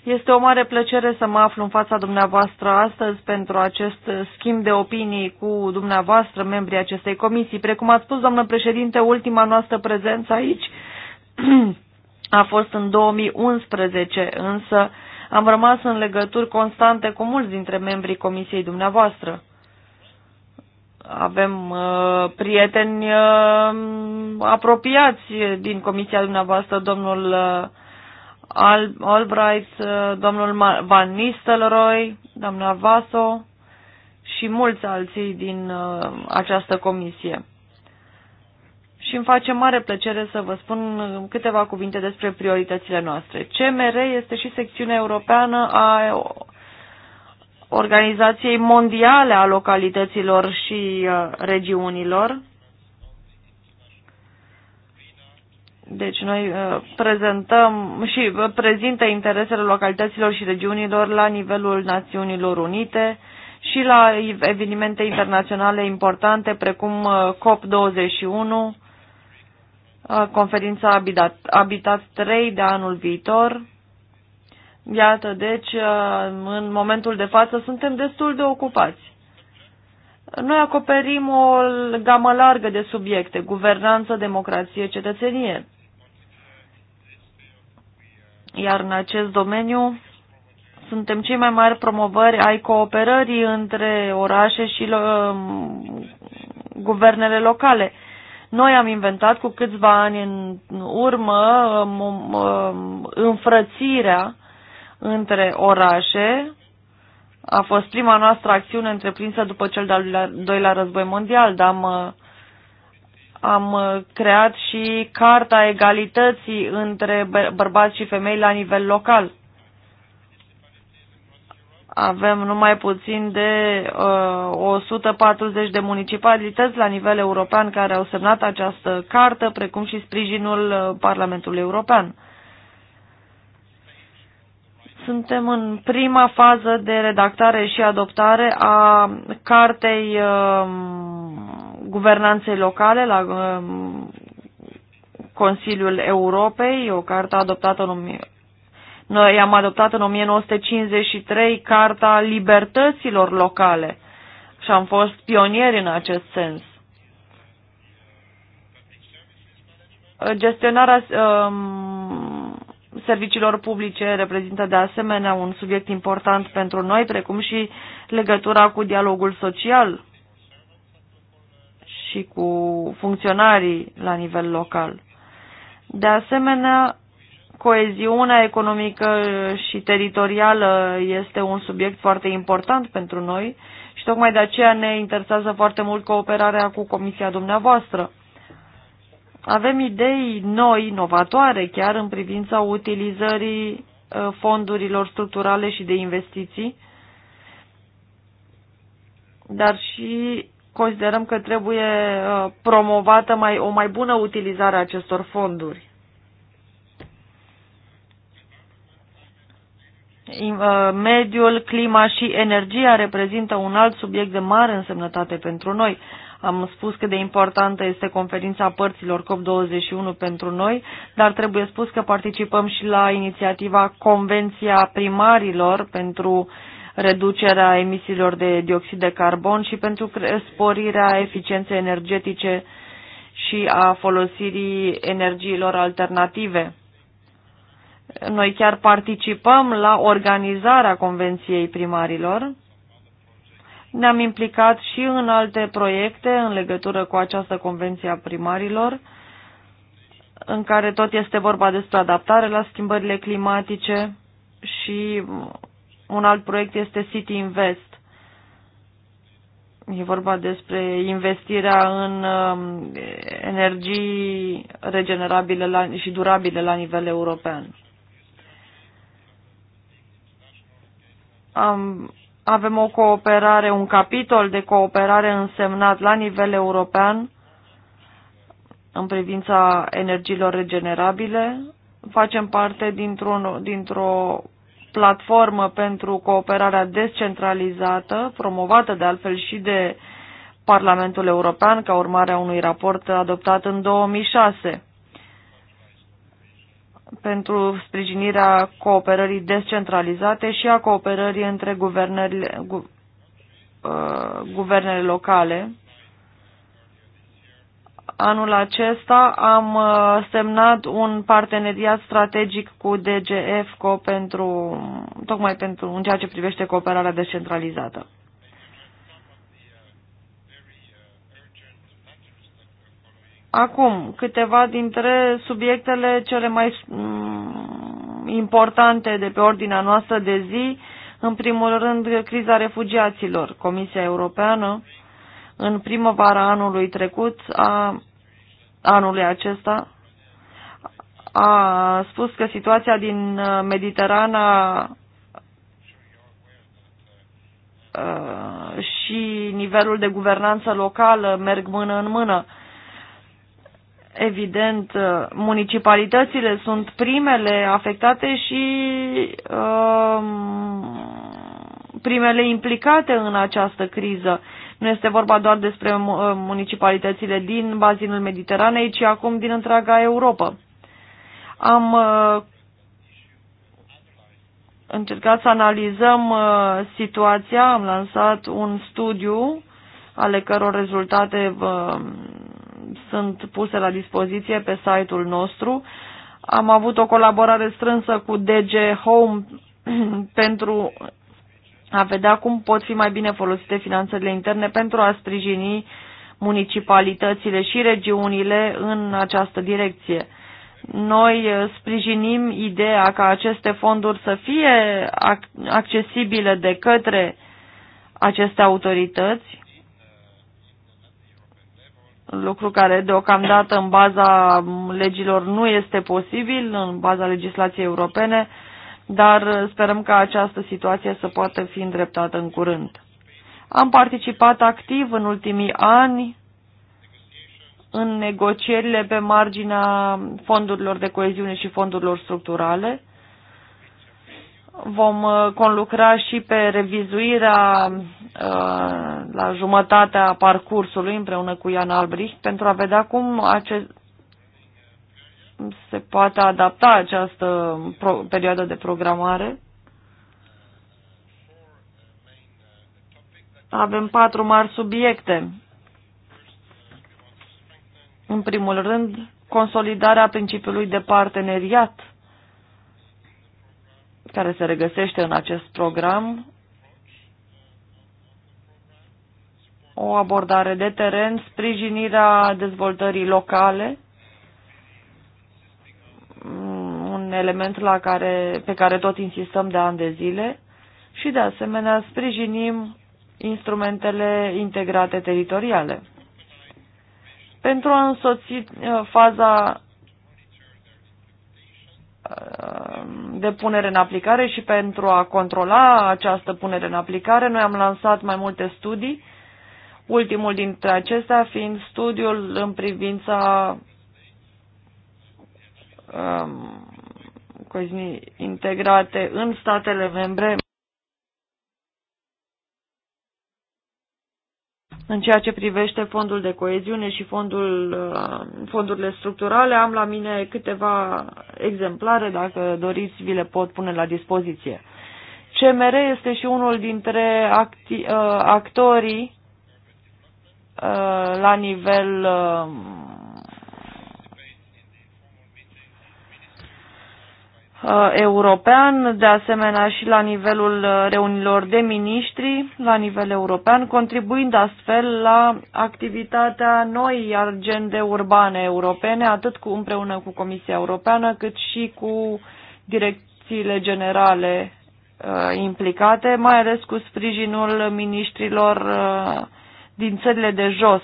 Este o mare plăcere să mă aflu în fața dumneavoastră astăzi pentru acest schimb de opinii cu dumneavoastră, membrii acestei comisii. Precum ați spus, doamnă președinte, ultima noastră prezență aici a fost în 2011, însă am rămas în legături constante cu mulți dintre membrii comisiei dumneavoastră. Avem uh, prieteni uh, apropiați din comisia dumneavoastră, domnul uh, al Albright, uh, domnul Van Nistelrooy, doamna Vaso și mulți alții din uh, această comisie. Și îmi face mare plăcere să vă spun uh, câteva cuvinte despre prioritățile noastre. CMR este și secțiunea europeană a Organizației Mondiale a Localităților și Regiunilor, Deci noi uh, prezentăm și uh, prezintă interesele localităților și regiunilor la nivelul Națiunilor Unite și la evenimente internaționale importante precum uh, COP21, conferința Habitat, Habitat 3 de anul viitor. Iată, deci, în momentul de față suntem destul de ocupați. Noi acoperim o gamă largă de subiecte, guvernanță, democrație, cetățenie. Iar în acest domeniu suntem cei mai mari promovări ai cooperării între orașe și um, guvernele locale. Noi am inventat cu câțiva ani în urmă um, um, înfrățirea între orașe. A fost prima noastră acțiune întreprinsă după cel de-al doilea război mondial, dar am uh, am uh, creat și Carta Egalității între bărbați și femei la nivel local. Avem numai puțin de uh, 140 de municipalități la nivel european care au semnat această cartă, precum și sprijinul uh, Parlamentului European. Suntem în prima fază de redactare și adoptare a cartei um, guvernanței locale la um, Consiliul Europei, o carte adoptată în noi am adoptat în 1953 Carta Libertăților Locale și am fost pionieri în acest sens. Gestionarea um, serviciilor publice reprezintă de asemenea un subiect important pentru noi, precum și legătura cu dialogul social și cu funcționarii la nivel local. De asemenea, coeziunea economică și teritorială este un subiect foarte important pentru noi și tocmai de aceea ne interesează foarte mult cooperarea cu Comisia dumneavoastră. Avem idei noi, inovatoare chiar în privința utilizării ă, fondurilor structurale și de investiții, dar și considerăm că trebuie ă, promovată mai, o mai bună utilizare a acestor fonduri. Ă, mediul, clima și energia reprezintă un alt subiect de mare însemnătate pentru noi. Am spus cât de importantă este conferința părților COP21 pentru noi, dar trebuie spus că participăm și la inițiativa Convenția Primarilor pentru reducerea emisiilor de dioxid de carbon și pentru sporirea eficienței energetice și a folosirii energiilor alternative. Noi chiar participăm la organizarea Convenției Primarilor ne-am implicat și în alte proiecte în legătură cu această convenție a primarilor, în care tot este vorba despre adaptare la schimbările climatice și un alt proiect este City Invest. E vorba despre investirea în um, energii regenerabile și durabile la nivel european. Am avem o cooperare, un capitol de cooperare însemnat la nivel european în privința energiilor regenerabile. Facem parte dintr-o, dintr-o platformă pentru cooperarea descentralizată, promovată de altfel și de Parlamentul European ca urmare a unui raport adoptat în 2006 pentru sprijinirea cooperării descentralizate și a cooperării între guvernările, gu, uh, guvernele locale. Anul acesta am uh, semnat un parteneriat strategic cu DGFCO pentru, tocmai pentru, în ceea ce privește cooperarea descentralizată. Acum, câteva dintre subiectele cele mai mm, importante de pe ordinea noastră de zi, în primul rând criza refugiaților. Comisia Europeană în primăvara anului trecut, a, anului acesta, a spus că situația din uh, Mediterana uh, și nivelul de guvernanță locală merg mână în mână. Evident, uh, municipalitățile sunt primele afectate și um, primele implicate în această criză. Nu este vorba doar despre uh, municipalitățile din bazinul Mediteranei, ci acum din întreaga Europa. Am uh, încercat să analizăm uh, situația, am lansat un studiu ale căror rezultate vă sunt puse la dispoziție pe site-ul nostru. Am avut o colaborare strânsă cu DG Home pentru a vedea cum pot fi mai bine folosite finanțele interne pentru a sprijini municipalitățile și regiunile în această direcție. Noi eh, sprijinim ideea ca aceste fonduri să fie accesibile de către aceste autorități lucru care deocamdată în baza legilor nu este posibil, în baza legislației europene, dar sperăm că această situație să poată fi îndreptată în curând. Am participat activ în ultimii ani în negocierile pe marginea fondurilor de coeziune și fondurilor structurale, Vom uh, conlucra și pe revizuirea uh, la jumătatea parcursului împreună cu Ian Albrecht pentru a vedea cum acest, se poate adapta această perioadă de programare. Avem patru mari subiecte. În primul rând, consolidarea principiului de parteneriat care se regăsește în acest program, o abordare de teren, sprijinirea dezvoltării locale, mm, un element la care, pe care tot insistăm de ani de zile și, de asemenea, sprijinim instrumentele integrate teritoriale. Pentru a însoți uh, faza Uh, de punere în aplicare și pentru a controla această punere în aplicare, noi am lansat mai multe studii, ultimul dintre acestea fiind studiul în privința um, integrate în statele membre. În ceea ce privește fondul de coeziune și fondul, uh, fondurile structurale, am la mine câteva exemplare, dacă doriți, vi le pot pune la dispoziție. CMR este și unul dintre acti, uh, actorii uh, la nivel Uh, european, de asemenea și la nivelul uh, reunilor de miniștri la nivel european, contribuind astfel la activitatea noi agende urbane europene, atât cu, împreună cu Comisia Europeană, cât și cu direcțiile generale uh, implicate, mai ales cu sprijinul miniștrilor uh, din țările de jos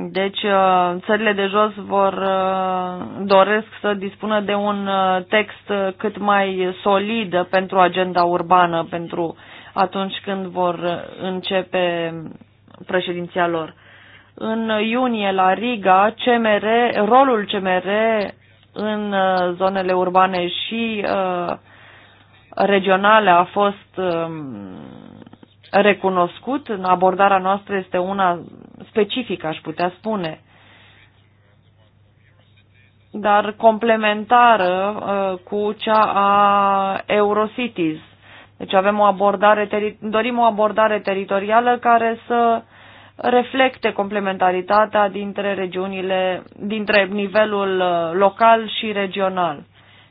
deci uh, țările de jos vor uh, doresc să dispună de un uh, text cât mai solid pentru agenda urbană, pentru atunci când vor începe președinția lor. În iunie la Riga, CMR, rolul CMR în zonele urbane și regionale a fost um, recunoscut. Abordarea noastră este una specifică, aș putea spune, dar complementară uh, cu cea a Eurocities. Deci avem o abordare, dorim o abordare teritorială care să reflecte complementaritatea dintre regiunile, dintre nivelul uh, local și regional.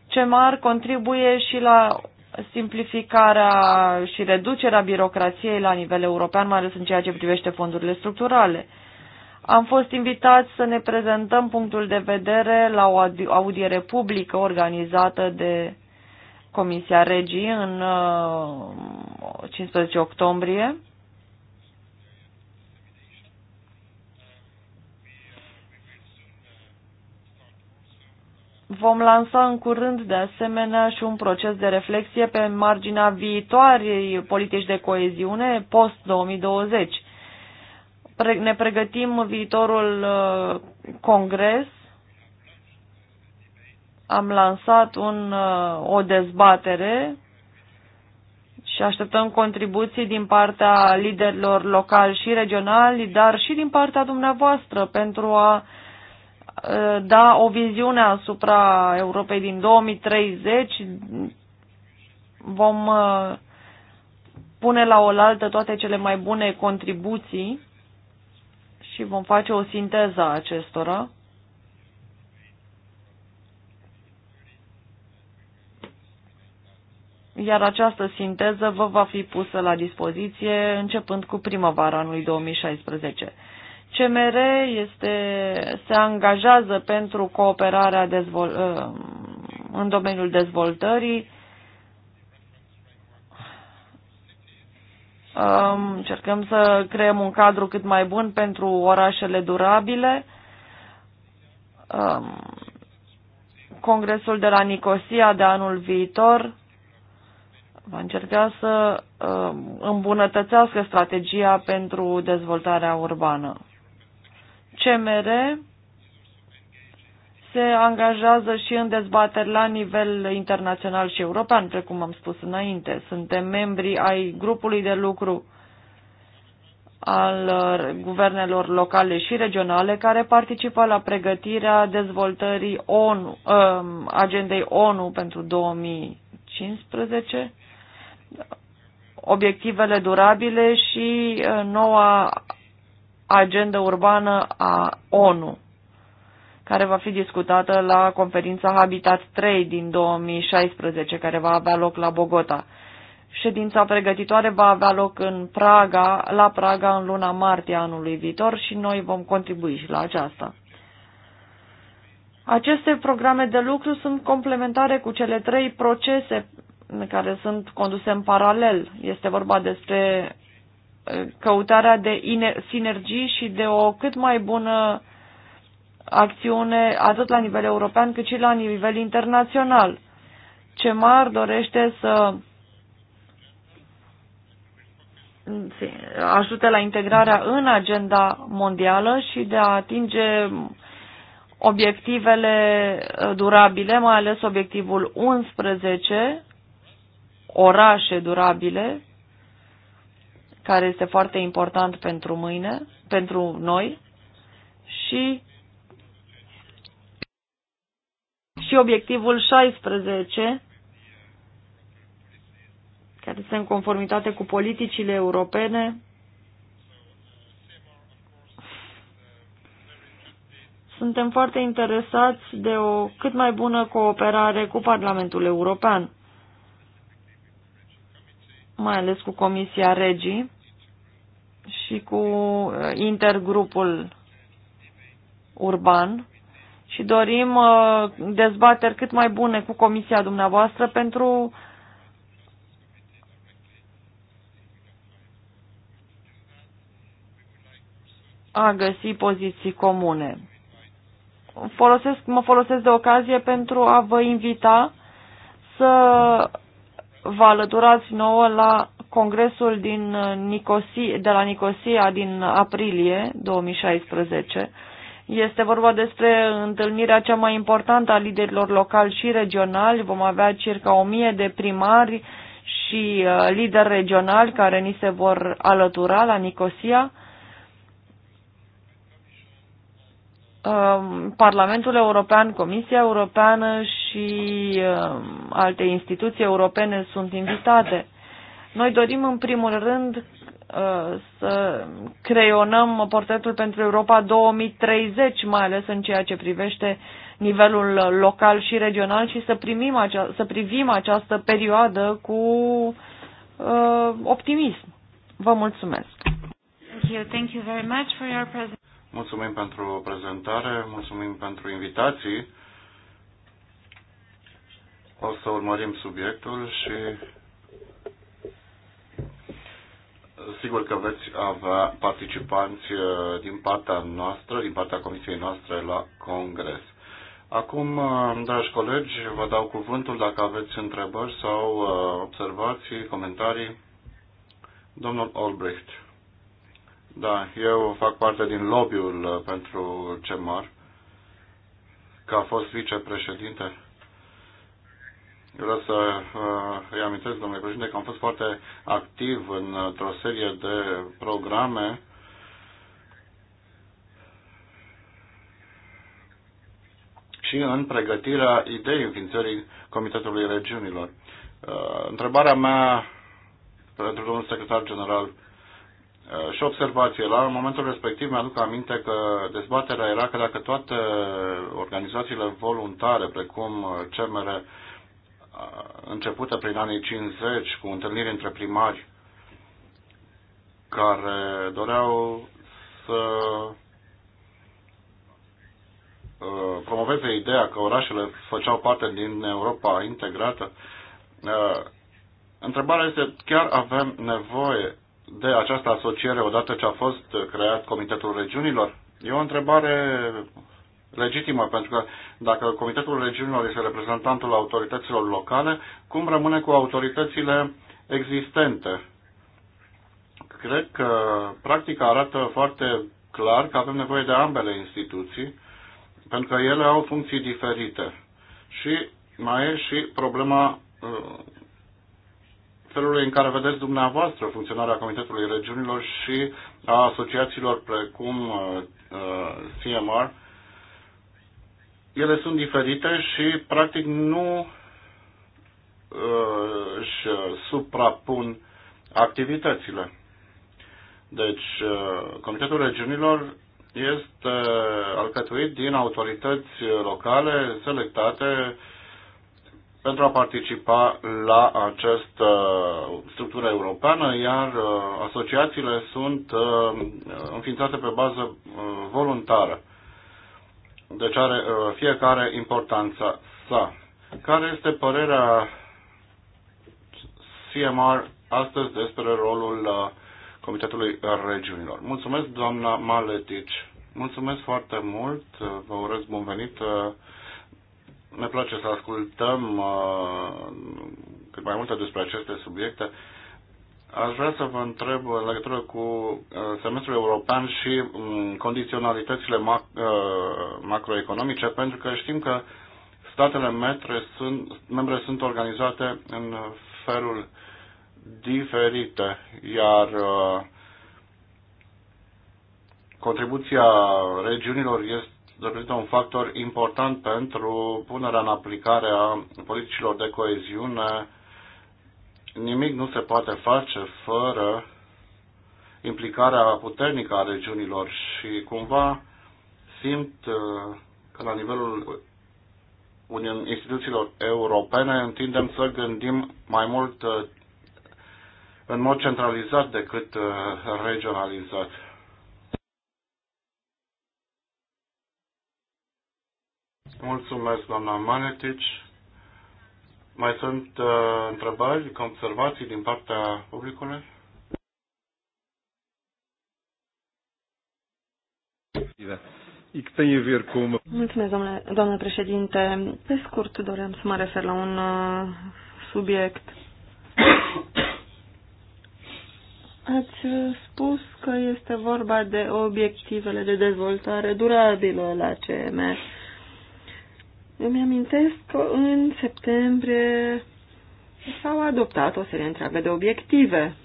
CEMAR contribuie și la simplificarea și reducerea birocrației la nivel european, mai ales în ceea ce privește fondurile structurale. Am fost invitați să ne prezentăm punctul de vedere la o audiere publică organizată de Comisia Regii în 15 uh, octombrie Vom lansa în curând, de asemenea, și un proces de reflexie pe marginea viitoarei politici de coeziune post-2020. Ne pregătim viitorul uh, congres. Am lansat un, uh, o dezbatere și așteptăm contribuții din partea liderilor locali și regionali, dar și din partea dumneavoastră pentru a uh, Eh, da o viziune asupra Europei din 2030. Vom eh, pune la oaltă toate cele mai bune contribuții și vom face o sinteză a acestora. Iar această sinteză vă va fi pusă la dispoziție începând cu primăvara anului 2016. CMR este, se angajează pentru cooperarea dezvol, uh, în domeniul dezvoltării. Um, încercăm să creăm un cadru cât mai bun pentru orașele durabile. Um, Congresul de la Nicosia de anul viitor va încerca să um, îmbunătățească strategia pentru dezvoltarea urbană. CMR se angajează și în dezbateri la nivel internațional și european, precum am spus înainte. Suntem membri ai grupului de lucru al uh, guvernelor locale și regionale care participă la pregătirea dezvoltării ONU, um, agendei ONU pentru 2015, obiectivele durabile și uh, noua agenda urbană a ONU, care va fi discutată la conferința Habitat 3 din 2016, care va avea loc la Bogota. Ședința pregătitoare va avea loc în Praga, la Praga în luna martie anului viitor și noi vom contribui și la aceasta. Aceste programe de lucru sunt complementare cu cele trei procese care sunt conduse în paralel. Este vorba despre căutarea de sinergii și de o cât mai bună acțiune atât la nivel european cât și la nivel internațional. CEMAR dorește să ajute la integrarea în agenda mondială și de a atinge obiectivele uh, durabile, mai ales obiectivul 11, orașe durabile, care este foarte important pentru mâine, pentru noi și și obiectivul 16 care este în conformitate cu politicile europene suntem foarte interesați de o cât mai bună cooperare cu Parlamentul European, mai ales cu Comisia Regii, și cu uh, intergrupul urban și dorim uh, dezbateri cât mai bune cu comisia dumneavoastră pentru a găsi poziții comune. Folosesc, mă folosesc de ocazie pentru a vă invita să vă alăturați nouă la congresul din uh, Nicosia, de la Nicosia din aprilie 2016. Este vorba despre întâlnirea cea mai importantă a liderilor locali și regionali. Vom avea circa o mie de primari și uh, lideri regionali care ni se vor alătura la Nicosia. Um, Parlamentul European, Comisia Europeană și um, alte instituții europene sunt invitate. Noi dorim în primul rând uh, să creionăm portretul pentru Europa 2030, mai ales în ceea ce privește nivelul local și regional și să, primim acea, să privim această perioadă cu uh, optimism. Vă mulțumesc! Thank you. Thank you very much for your Mulțumim pentru prezentare, mulțumim pentru invitații. O să urmărim subiectul și sigur că veți avea participanți uh, din partea noastră, din partea comisiei noastre la congres. Acum, uh, dragi colegi, vă dau cuvântul dacă aveți întrebări sau uh, observații, comentarii. Domnul Albrecht. Da, eu fac parte din lobby-ul uh, pentru CEMAR, ca fost vicepreședinte. Vreau să uh, îi amintesc, domnule președinte, că am fost foarte activ uh, într-o serie de programe și în pregătirea ideii înființării Comitetului Regiunilor. Uh, întrebarea mea pentru domnul secretar general Uh, și observație. La momentul respectiv mi-aduc aminte că dezbaterea era că dacă toate organizațiile voluntare, precum uh, CEMERE, uh, începută prin anii 50 cu întâlniri între primari care doreau să promoveze ideea că orașele făceau parte din Europa integrată, întrebarea este chiar avem nevoie de această asociere odată ce a fost creat Comitetul Regiunilor? E o întrebare legitimă, pentru că dacă Comitetul Regiunilor este reprezentantul autorităților locale, cum rămâne cu autoritățile existente? Cred că practica arată foarte clar că avem nevoie de ambele instituții, pentru că ele au funcții diferite. Și mai e și problema uh, felului în care vedeți dumneavoastră funcționarea Comitetului Regiunilor și a asociațiilor precum uh, uh, CMR. Ele sunt diferite și practic nu uh, își suprapun activitățile. Deci, Comitetul Regiunilor este alcătuit din autorități locale selectate pentru a participa la această structură europeană, iar uh, asociațiile sunt uh, înființate pe bază uh, voluntară. Deci are fiecare importanța sa. Care este părerea CMR astăzi despre rolul Comitetului Regiunilor? Mulțumesc, doamna Maletici. Mulțumesc foarte mult, vă urez bun venit ne place să ascultăm uh, cât mai multe despre aceste subiecte. Aș vrea să vă întreb în legătură cu uh, semestrul european și mm, condiționalitățile uh, macroeconomice, pentru că știm că statele metre sunt, membre sunt organizate în felul diferite, iar contribuția regiunilor este reprezintă un factor important pentru punerea în aplicare a politicilor de coeziune. Nimic nu se poate face fără implicarea puternică a regiunilor și cumva simt uh, că la nivelul instituțiilor europene întindem să gândim mai mult uh, în mod centralizat decât uh, regionalizat. Mulțumesc, doamna Manetici. Mai sunt uh, întrebări, observații din partea publicului? Mulțumesc, doamne, doamnă președinte. Pe scurt, doream să mă refer la un uh, subiect. Ați uh, spus că este vorba de obiectivele de dezvoltare durabilă la CMS îmi amintesc că în septembrie s-au adoptat o serie întreagă de obiective.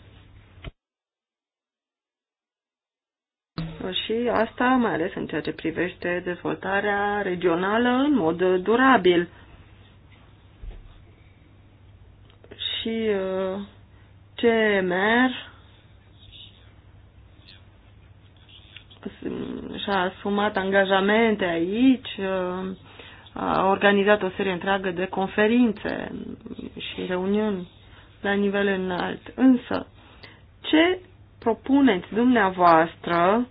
Și asta mai ales în ceea ce privește dezvoltarea regională în mod durabil. Și uh, CMR și-a asumat angajamente aici, uh, a organizat o serie întreagă de conferințe și reuniuni la nivel înalt. Însă, ce propuneți dumneavoastră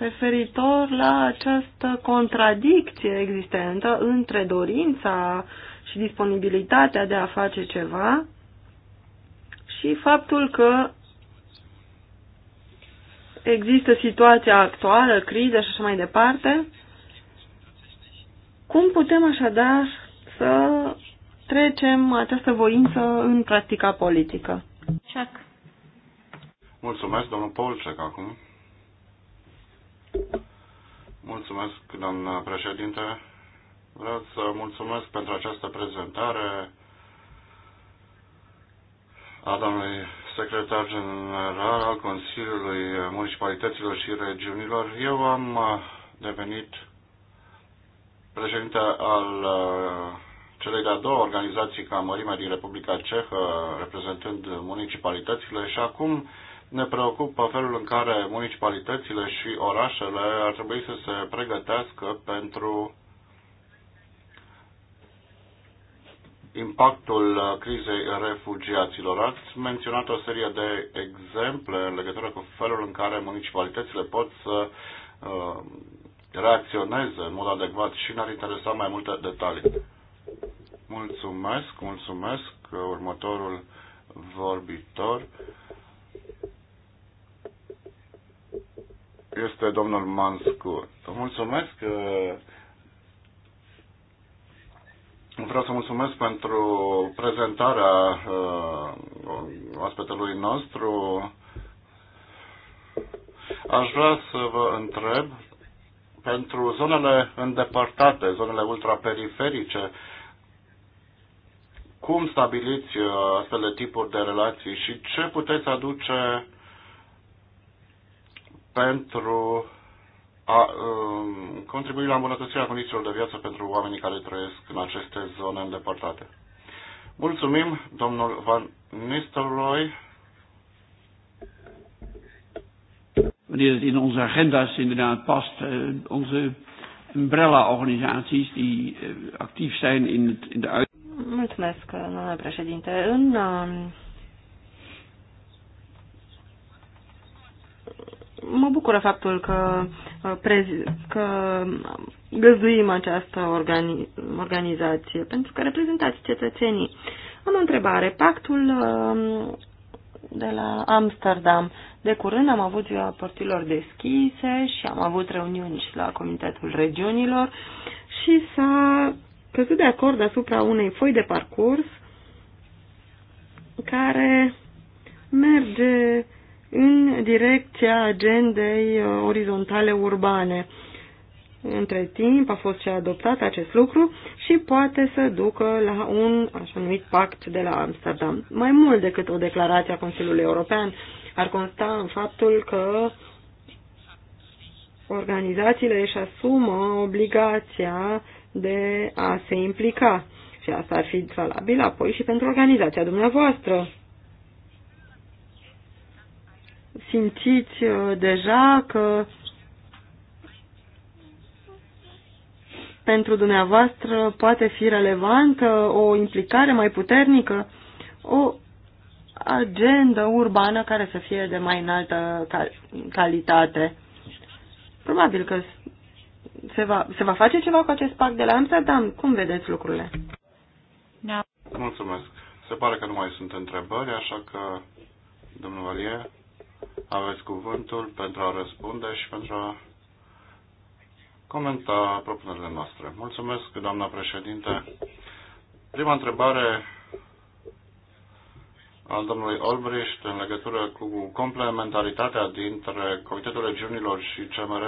referitor la această contradicție existentă între dorința și disponibilitatea de a face ceva și faptul că există situația actuală, criză și așa mai departe, cum putem așadar să trecem această voință în practica politică? Ceac. Mulțumesc, domnul Polcec, acum. Mulțumesc, doamna președinte. Vreau să mulțumesc pentru această prezentare a domnului secretar general al Consiliului Municipalităților și Regiunilor. Eu am uh, devenit președinte al uh, celei de-a doua organizații ca mărime din Republica Cehă, reprezentând municipalitățile și acum ne preocupă felul în care municipalitățile și orașele ar trebui să se pregătească pentru impactul uh, crizei refugiaților. Ați menționat o serie de exemple în legătură cu felul în care municipalitățile pot să uh, reacționeze în mod adecvat și ne-ar interesa mai multe detalii. Mulțumesc, mulțumesc. Următorul vorbitor este domnul Manscu. Mulțumesc. Uh, vreau să mulțumesc pentru prezentarea uh, oaspetelui nostru. Aș vrea să vă întreb pentru zonele îndepărtate, zonele ultraperiferice, cum stabiliți uh, astfel de tipuri de relații și ce puteți aduce pentru a um, contribui la îmbunătățirea condițiilor de viață pentru oamenii care trăiesc în aceste zone îndepărtate. Mulțumim, domnul Van Nistelrooy. wanneer het in onze agenda's inderdaad past. Uh, onze umbrella-organisaties die uh, actief zijn in, het, in de uit. Mulțumesc, domnule președinte. În, uh, mă bucură faptul că, eh, prez, că găzduim această organi, organizație, pentru că reprezentați cetățenii. Am o întrebare. Pactul ehm, de la Amsterdam. De curând am avut ziua portilor deschise și am avut reuniuni și la Comitetul Regiunilor și s-a căzut de acord asupra unei foi de parcurs care merge în direcția agendei uh, orizontale urbane. Între timp a fost și adoptat acest lucru și poate să ducă la un așa numit pact de la Amsterdam. Mai mult decât o declarație a Consiliului European ar consta în faptul că organizațiile își asumă obligația de a se implica. Și asta ar fi valabil apoi și pentru organizația dumneavoastră. Simțiți uh, deja că pentru dumneavoastră poate fi relevantă, o implicare mai puternică, o agendă urbană care să fie de mai înaltă cal calitate. Probabil că se va, se va face ceva cu acest pact de la Amsterdam. Cum vedeți lucrurile? Da. Mulțumesc. Se pare că nu mai sunt întrebări, așa că, domnul Valie, aveți cuvântul pentru a răspunde și pentru a comenta propunerile noastre. Mulțumesc, doamna președinte. Prima întrebare al domnului Olbricht în legătură cu complementaritatea dintre Comitetul Regiunilor și CMR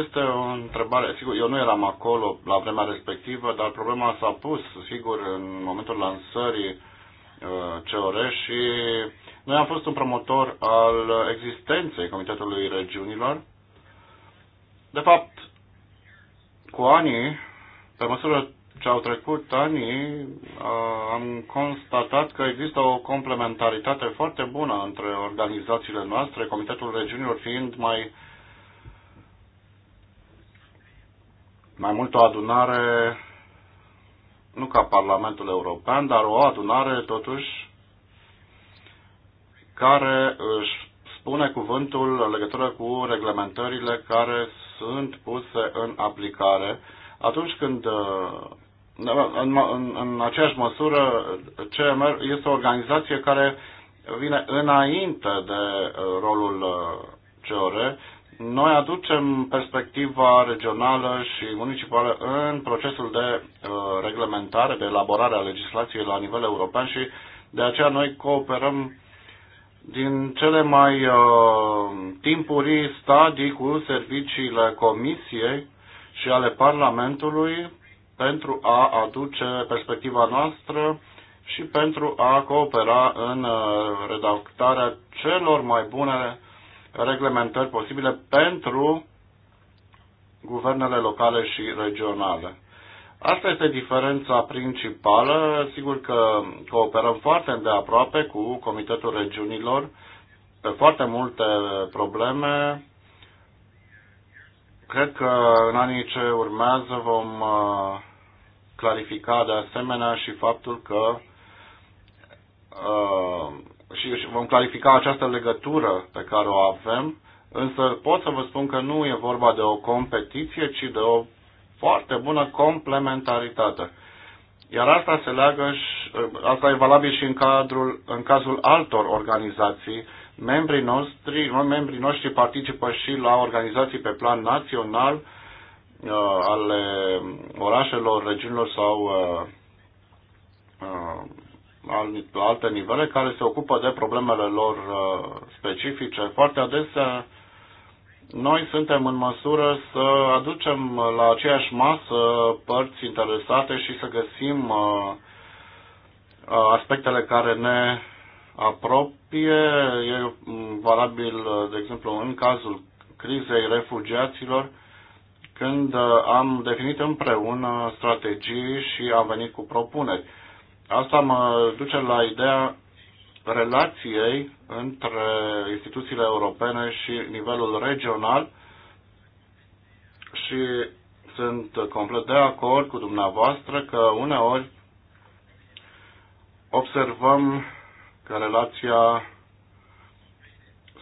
este o întrebare. Sigur, eu nu eram acolo la vremea respectivă, dar problema s-a pus, sigur, în momentul lansării uh, COR și noi am fost un promotor al existenței Comitetului Regiunilor. De fapt, cu anii, pe măsură ce au trecut anii, am constatat că există o complementaritate foarte bună între organizațiile noastre, Comitetul Regiunilor fiind mai mai mult o adunare, nu ca Parlamentul European, dar o adunare totuși care își spune cuvântul în legătură cu reglementările care sunt puse în aplicare atunci când uh, în, în, în aceeași măsură CMR este o organizație care vine înainte de uh, rolul uh, CR, Noi aducem perspectiva regională și municipală în procesul de reglementare, de elaborare a legislației la nivel european și de aceea noi cooperăm din cele mai uh, timpurii stadii cu serviciile Comisiei și ale Parlamentului pentru a aduce perspectiva noastră și pentru a coopera în uh, redactarea celor mai bune reglementări posibile pentru guvernele locale și regionale. Asta este diferența principală. Sigur că cooperăm foarte îndeaproape cu Comitetul Regiunilor pe foarte multe probleme. Cred că în anii ce urmează vom uh, clarifica de asemenea și faptul că uh, și vom clarifica această legătură pe care o avem, însă pot să vă spun că nu e vorba de o competiție, ci de o foarte bună complementaritate. Iar asta se leagă și, asta e valabil și în, cadrul, în cazul altor organizații. Membrii noștri, membrii noștri participă și la organizații pe plan național uh, ale orașelor, regiunilor sau uh, uh, alte nivele care se ocupă de problemele lor uh, specifice. Foarte adesea noi suntem în măsură să aducem la aceeași masă părți interesate și să găsim uh, uh, aspectele care ne apropie. E valabil, de exemplu, în cazul crizei refugiaților, când uh, am definit împreună strategii și am venit cu propuneri. Asta mă duce la ideea relației între instituțiile europene și nivelul regional și sunt complet de acord cu dumneavoastră că uneori observăm că relația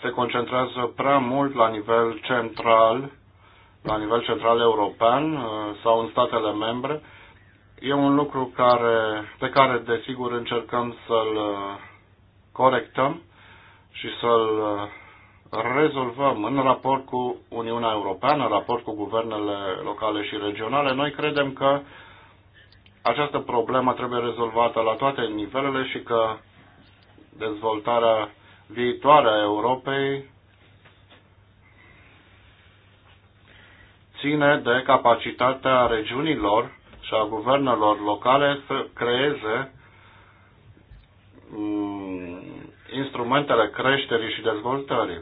se concentrează prea mult la nivel central, la nivel central european uh, sau în statele membre. E un lucru care, pe care, desigur, încercăm să-l uh, corectăm și să-l uh, rezolvăm în raport cu Uniunea Europeană, în raport cu guvernele locale și regionale. Noi credem că această problemă trebuie rezolvată la toate nivelele și că dezvoltarea viitoare a Europei ține de capacitatea regiunilor și a guvernelor locale să creeze Mm, instrumentele creșterii și dezvoltării.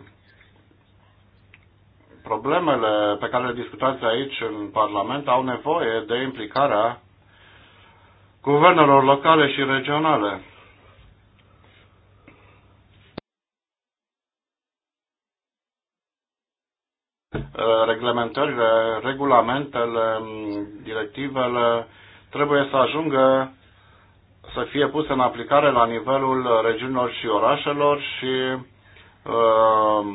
Problemele pe care le discutați aici în Parlament au nevoie de implicarea guvernelor locale și regionale. Reglementările, regulamentele, directivele trebuie să ajungă să fie puse în aplicare la nivelul regiunilor și orașelor și uh,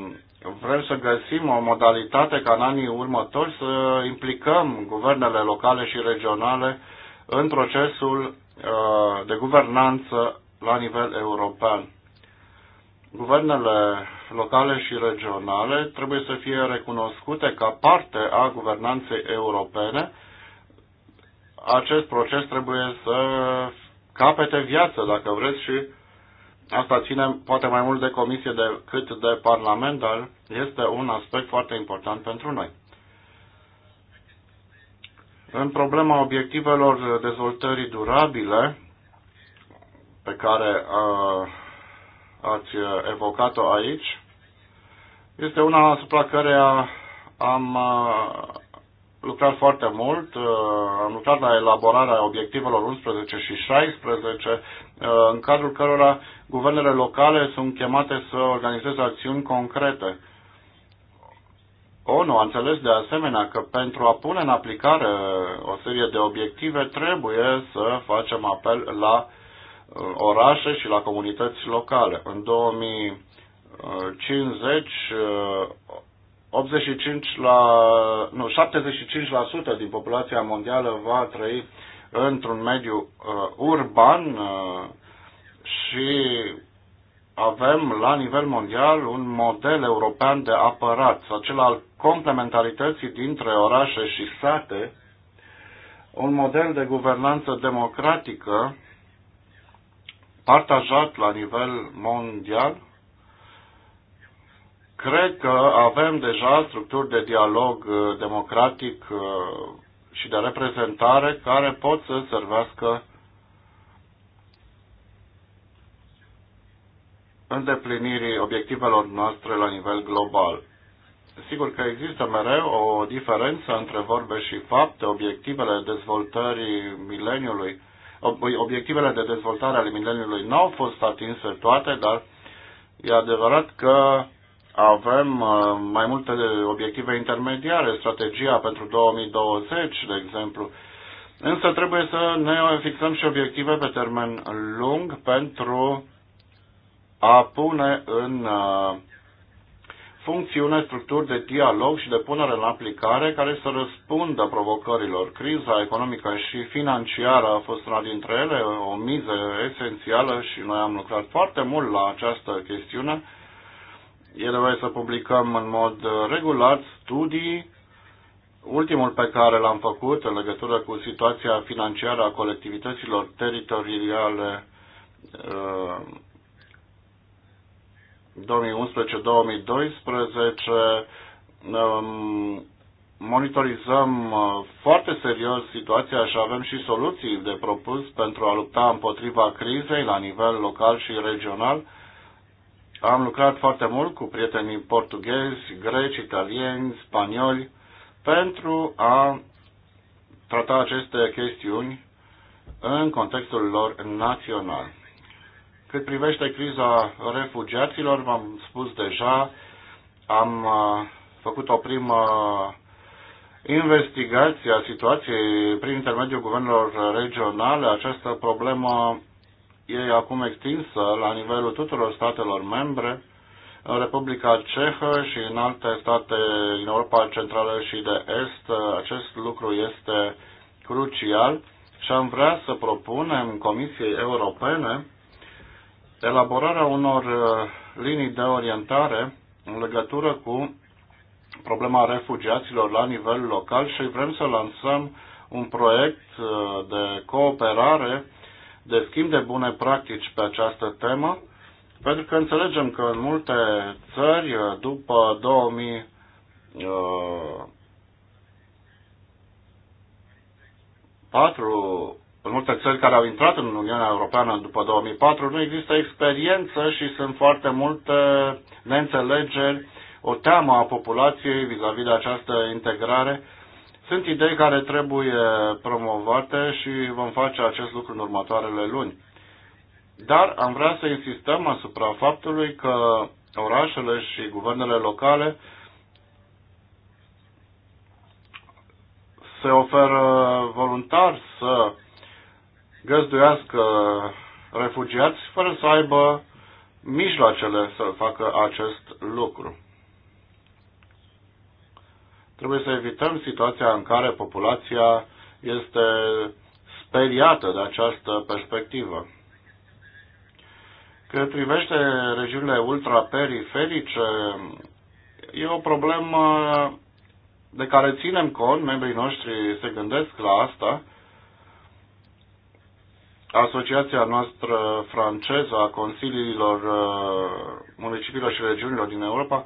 vrem să găsim o modalitate ca în anii următori să implicăm guvernele locale și regionale în procesul uh, de guvernanță la nivel european. Guvernele locale și regionale trebuie să fie recunoscute ca parte a guvernanței europene. Acest proces trebuie să capete viață, dacă vreți, și asta ține poate mai mult de comisie decât de parlament, dar este un aspect foarte important pentru noi. În problema obiectivelor dezvoltării durabile, pe care a, ați evocat-o aici, este una asupra care am lucrat foarte mult, uh, am lucrat la elaborarea obiectivelor 11 și 16, uh, în cadrul cărora guvernele locale sunt chemate să organizeze acțiuni concrete. ONU a înțeles de asemenea că pentru a pune în aplicare o serie de obiective trebuie să facem apel la uh, orașe și la comunități locale. În 2050 85 la, nu, 75% din populația mondială va trăi într-un mediu uh, urban uh, și avem la nivel mondial un model european de apărat, acela al complementarității dintre orașe și sate, un model de guvernanță democratică partajat la nivel mondial, Cred că avem deja structuri de dialog uh, democratic uh, și de reprezentare care pot să servească îndeplinirii obiectivelor noastre la nivel global. Sigur că există mereu o diferență între vorbe și fapte, obiectivele dezvoltării mileniului, obiectivele de dezvoltare ale mileniului n-au fost atinse toate, dar e adevărat că avem uh, mai multe obiective intermediare, strategia pentru 2020, de exemplu, însă trebuie să ne fixăm și obiective pe termen lung pentru a pune în uh, funcțiune structuri de dialog și de punere în aplicare care să răspundă provocărilor. Criza economică și financiară a fost una dintre ele, o miză esențială și noi am lucrat foarte mult la această chestiune e nevoie să publicăm în mod uh, regulat studii. Ultimul pe care l-am făcut în legătură cu situația financiară a colectivităților teritoriale 2011-2012 uh, um, monitorizăm uh, foarte serios situația și avem și soluții de propus pentru a lupta împotriva crizei la nivel local și regional am lucrat foarte mult cu prietenii portughezi, greci, italieni, spanioli pentru a trata aceste chestiuni în contextul lor național. Cât privește criza refugiaților, v-am spus deja, am uh, făcut o primă investigație a situației prin intermediul guvernelor regionale. Această problemă e acum extinsă la nivelul tuturor statelor membre, în Republica Cehă și în alte state din Europa Centrală și de Est. Acest lucru este crucial și am vrea să propunem Comisiei Europene elaborarea unor uh, linii de orientare în legătură cu problema refugiaților la nivel local și vrem să lansăm un proiect uh, de cooperare de schimb de bune practici pe această temă, pentru că înțelegem că în multe țări, după 2000, uh, patru, în multe țări care au intrat în Uniunea Europeană după 2004, nu există experiență și sunt foarte multe neînțelegeri, o teamă a populației vis-a-vis -vis de această integrare sunt idei care trebuie promovate și vom face acest lucru în următoarele luni. Dar am vrea să insistăm asupra faptului că orașele și guvernele locale se oferă voluntar să găzduiască refugiați fără să aibă mijloacele să facă acest lucru. Trebuie să evităm situația în care populația este speriată de această perspectivă. Cât privește regiunile ultraperiferice, e o problemă de care ținem cont, membrii noștri se gândesc la asta. Asociația noastră franceză a Consiliilor uh, Municipiilor și Regiunilor din Europa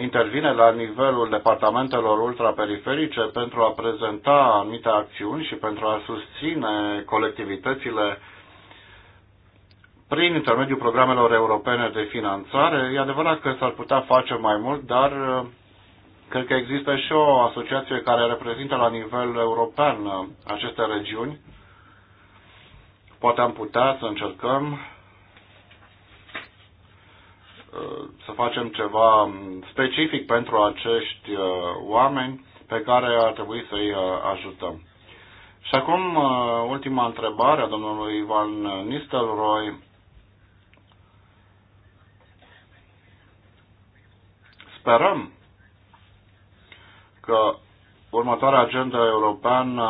intervine la nivelul departamentelor ultraperiferice pentru a prezenta anumite acțiuni și pentru a susține colectivitățile prin intermediul programelor europene de finanțare. E adevărat că s-ar putea face mai mult, dar uh, cred că există și o asociație care reprezintă la nivel european uh, aceste regiuni. Poate am putea să încercăm Uh, să facem ceva specific pentru acești uh, oameni pe care ar trebui să-i uh, ajutăm. Și acum, ultima întrebare a domnului Ivan Nistelroy, Sperăm că următoarea agenda europeană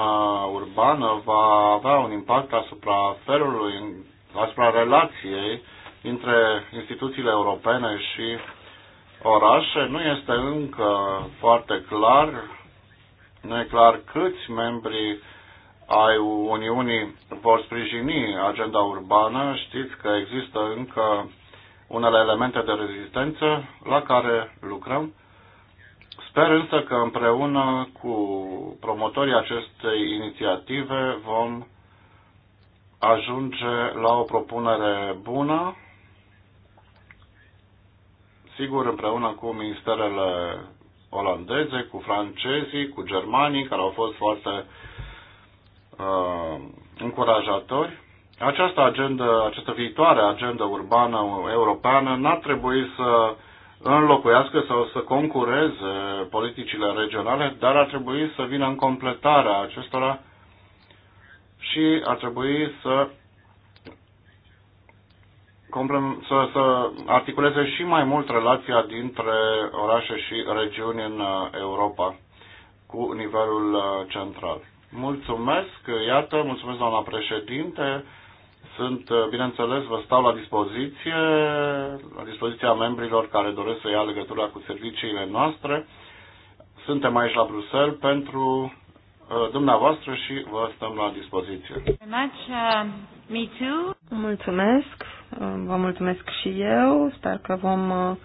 urbană va avea un impact asupra felului, asupra relației între instituțiile europene și orașe nu este încă foarte clar. Nu e clar câți membri ai Uniunii vor sprijini agenda urbană. Știți că există încă unele elemente de rezistență la care lucrăm. Sper însă că împreună cu promotorii acestei inițiative vom ajunge la o propunere bună sigur împreună cu ministerele olandeze, cu francezii, cu germanii, care au fost foarte uh, încurajatori. Această agenda, această viitoare agenda urbană europeană n-ar trebui să înlocuiască sau să concureze politicile regionale, dar ar trebui să vină în completarea acestora și ar trebui să să, să articuleze și mai mult relația dintre orașe și regiuni în uh, Europa cu nivelul uh, central. Mulțumesc, iată, mulțumesc doamna președinte. Sunt, uh, bineînțeles, vă stau la dispoziție, la dispoziția membrilor care doresc să ia legătura cu serviciile noastre. Suntem aici la Bruxelles pentru dumneavoastră și vă stăm la dispoziție. Mulțumesc vă mulțumesc și eu. Sper că vom uh,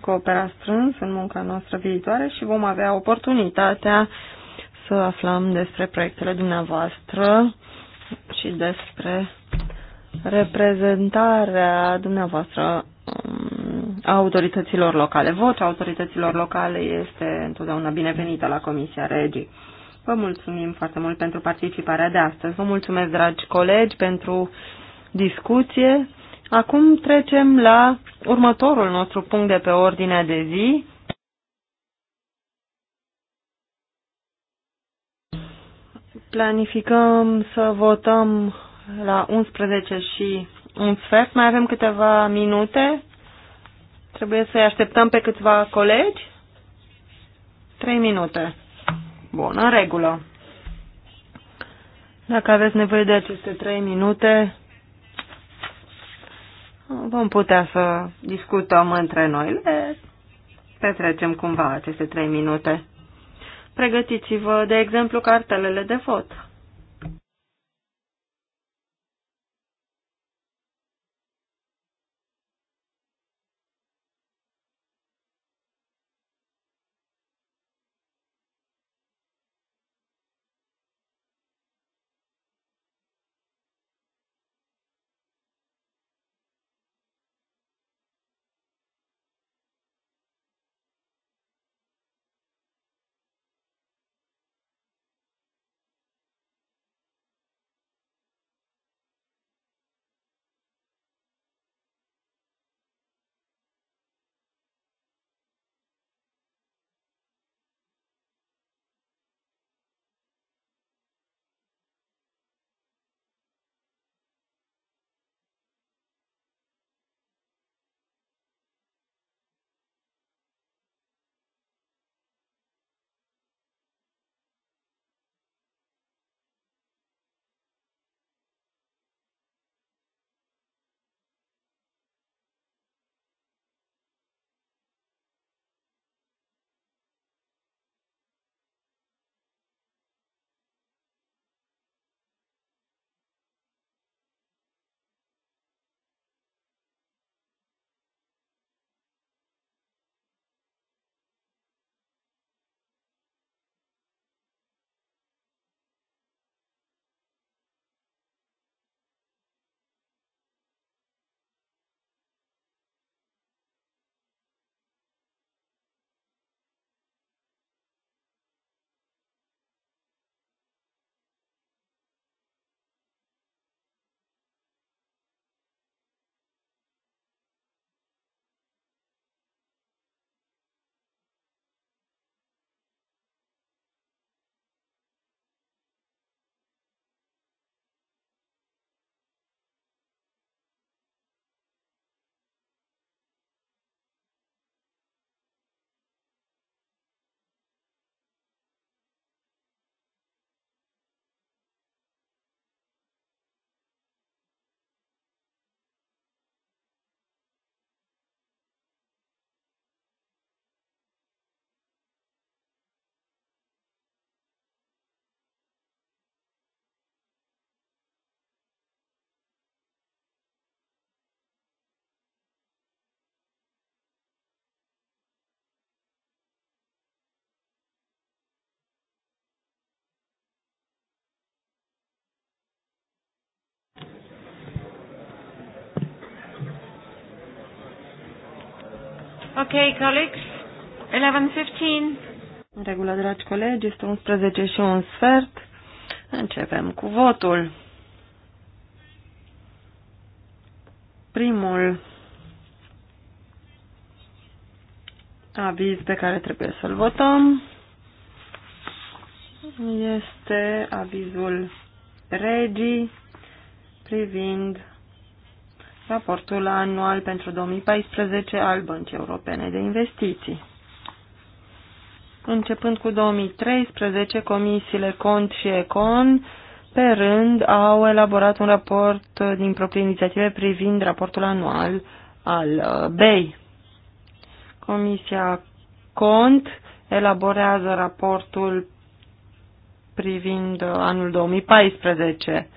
coopera strâns în munca noastră viitoare și vom avea oportunitatea să aflăm despre proiectele dumneavoastră și despre reprezentarea dumneavoastră um, a autorităților locale. Vocea autorităților locale este întotdeauna binevenită la Comisia Regii. Vă mulțumim foarte mult pentru participarea de astăzi. Vă mulțumesc, dragi colegi, pentru discuție. Acum trecem la următorul nostru punct de pe ordinea de zi. Planificăm să votăm la 11 și un sfert. Mai avem câteva minute. Trebuie să-i așteptăm pe câțiva colegi. Trei minute. Bun, în regulă. Dacă aveți nevoie de aceste trei minute, vom putea să discutăm între noi. Le petrecem cumva aceste trei minute. Pregătiți-vă, de exemplu, cartelele de vot. Ok, colleagues, 11.15. În regulă, dragi colegi, este 11 și un sfert. Începem cu votul. Primul aviz pe care trebuie să-l votăm este avizul regii privind raportul anual pentru 2014 al Băncii Europene de Investiții. Începând cu 2013, comisiile CONT și ECON pe rând au elaborat un raport din proprie inițiative privind raportul anual al uh, BEI. Comisia CONT elaborează raportul privind uh, anul 2014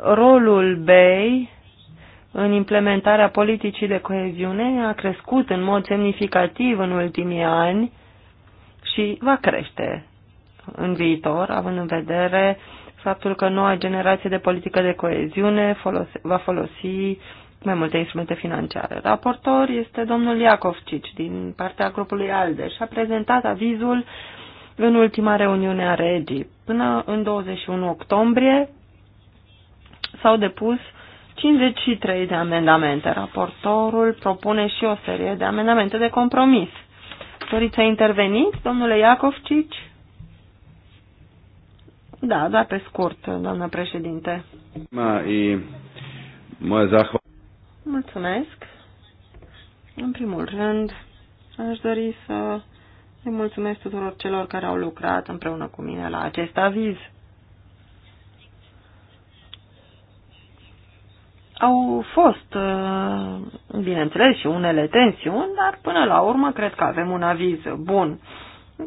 rolul BEI în implementarea politicii de coeziune a crescut în mod semnificativ în ultimii ani și va crește în viitor, având în vedere faptul că noua generație de politică de coeziune folose, va folosi mai multe instrumente financiare. Raportor este domnul Iacovcic din partea grupului ALDE și a prezentat avizul în ultima reuniune a regii. Până în 21 octombrie s-au depus 53 de amendamente. Raportorul propune și o serie de amendamente de compromis. Doriți să interveniți, domnule Iacovcici? Da, da, pe scurt, doamnă președinte. Mulțumesc. În primul rând, aș dori să îi mulțumesc tuturor celor care au lucrat împreună cu mine la acest aviz. Au fost, uh, bineînțeles, și unele tensiuni, dar până la urmă cred că avem un aviz bun.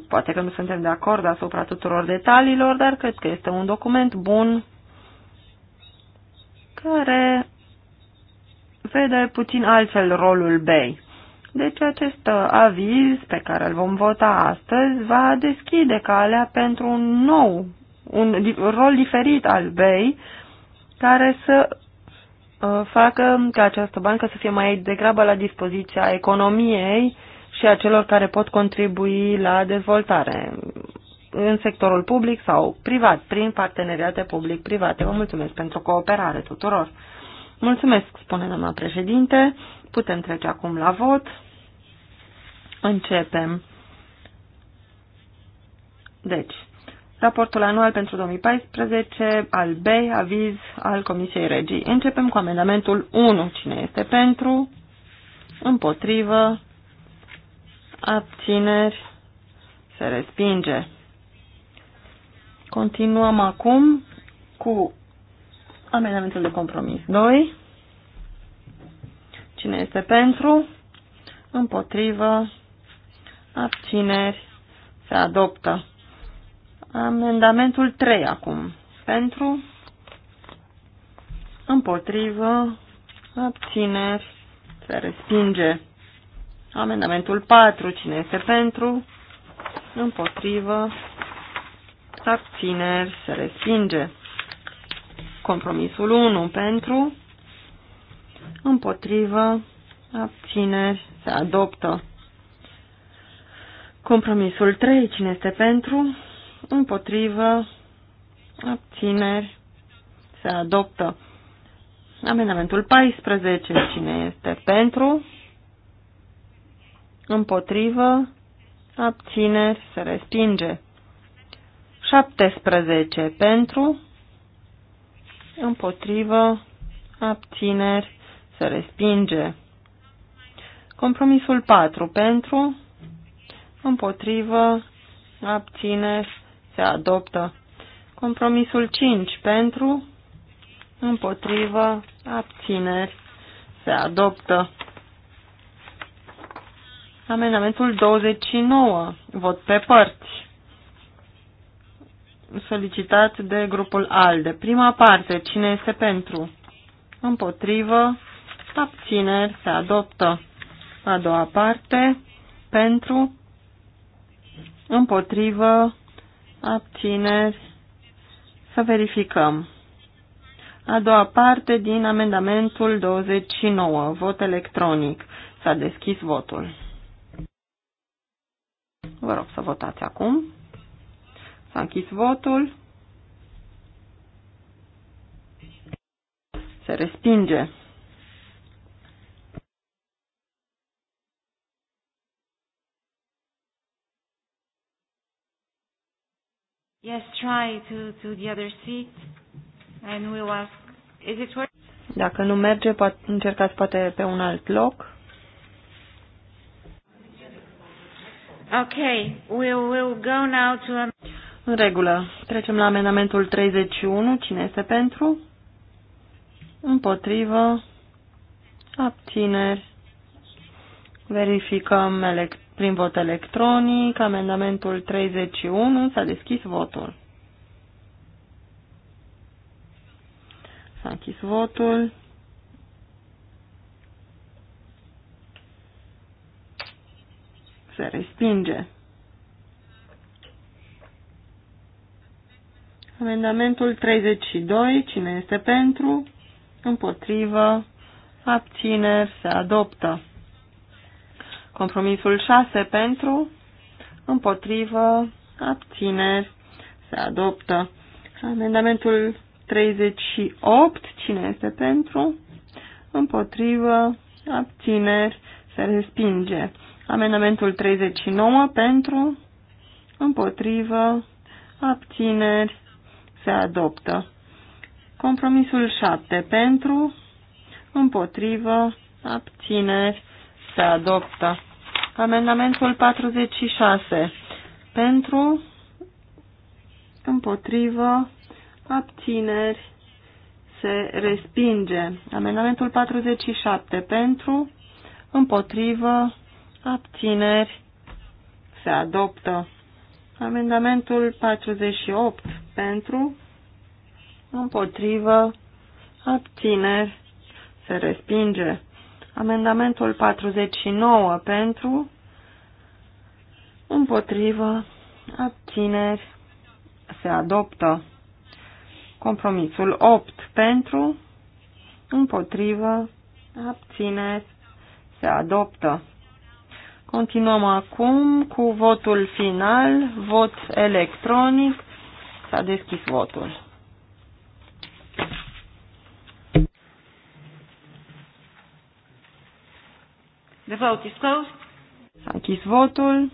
Poate că nu suntem de acord asupra tuturor detaliilor, dar cred că este un document bun care vede puțin altfel rolul BEI. Deci acest aviz pe care îl vom vota astăzi va deschide calea pentru un nou, un rol diferit al BEI care să Uh, facă ca această bancă să fie mai degrabă la dispoziția economiei și a celor care pot contribui la dezvoltare în sectorul public sau privat, prin parteneriate public-private. Vă mulțumesc pentru cooperare tuturor. Mulțumesc, spune doamna președinte. Putem trece acum la vot. Începem. Deci, raportul anual pentru 2014 al B, aviz al Comisiei Regii. Începem cu amendamentul 1. Cine este pentru? Împotrivă? Abțineri? Se respinge. Continuăm acum cu amendamentul de compromis 2. Cine este pentru? Împotrivă? Abțineri? Se adoptă. Amendamentul 3 acum. Pentru, împotrivă, abțineri, se respinge. Amendamentul 4. Cine este pentru? Împotrivă, abțineri, se respinge. Compromisul 1. Pentru, împotrivă, abțineri, se adoptă. Compromisul 3. Cine este pentru? împotrivă, abțineri, se adoptă. Amendamentul 14, cine este pentru, împotrivă, abțineri, se respinge. 17 pentru, împotrivă, abțineri, se respinge. Compromisul 4 pentru, împotrivă, abțineri, se adoptă. Compromisul 5 pentru, împotrivă, abțineri, se adoptă. Amendamentul 29, vot pe părți, solicitat de grupul ALDE. Prima parte, cine este pentru? Împotrivă, abțineri, se adoptă. A doua parte, pentru, împotrivă, abțineri, să verificăm. A doua parte din amendamentul 29, vot electronic. S-a deschis votul. Vă rog să votați acum. S-a închis votul. Se respinge. Yes, try to, to the other seat and we'll ask, is it working? Dacă nu merge, poate, încercați poate pe un alt loc. Okay, we will go now to a... În regulă. Trecem la amendamentul 31. Cine este pentru? Împotrivă. Abțineri. Verificăm elect prin vot electronic. Amendamentul 31 s-a deschis votul. S-a închis votul. Se respinge. Amendamentul 32, cine este pentru, împotrivă, abțineri, se adoptă. Compromisul 6 pentru, împotrivă, abțineri, se adoptă. Amendamentul 38, cine este pentru, împotrivă, abțineri, se respinge. Amendamentul 39 pentru, împotrivă, abțineri, se adoptă. Compromisul 7 pentru, împotrivă, abțineri, se adoptă. Amendamentul 46. Pentru, împotrivă, abțineri, se respinge. Amendamentul 47. Pentru, împotrivă, abțineri, se adoptă. Amendamentul 48. Pentru, împotrivă, abțineri, se respinge. Amendamentul 49 pentru, împotrivă, abțineri, se adoptă. Compromisul 8 pentru, împotrivă, abțineri, se adoptă. Continuăm acum cu votul final, vot electronic. S-a deschis votul. The vote is closed. S-a închis votul.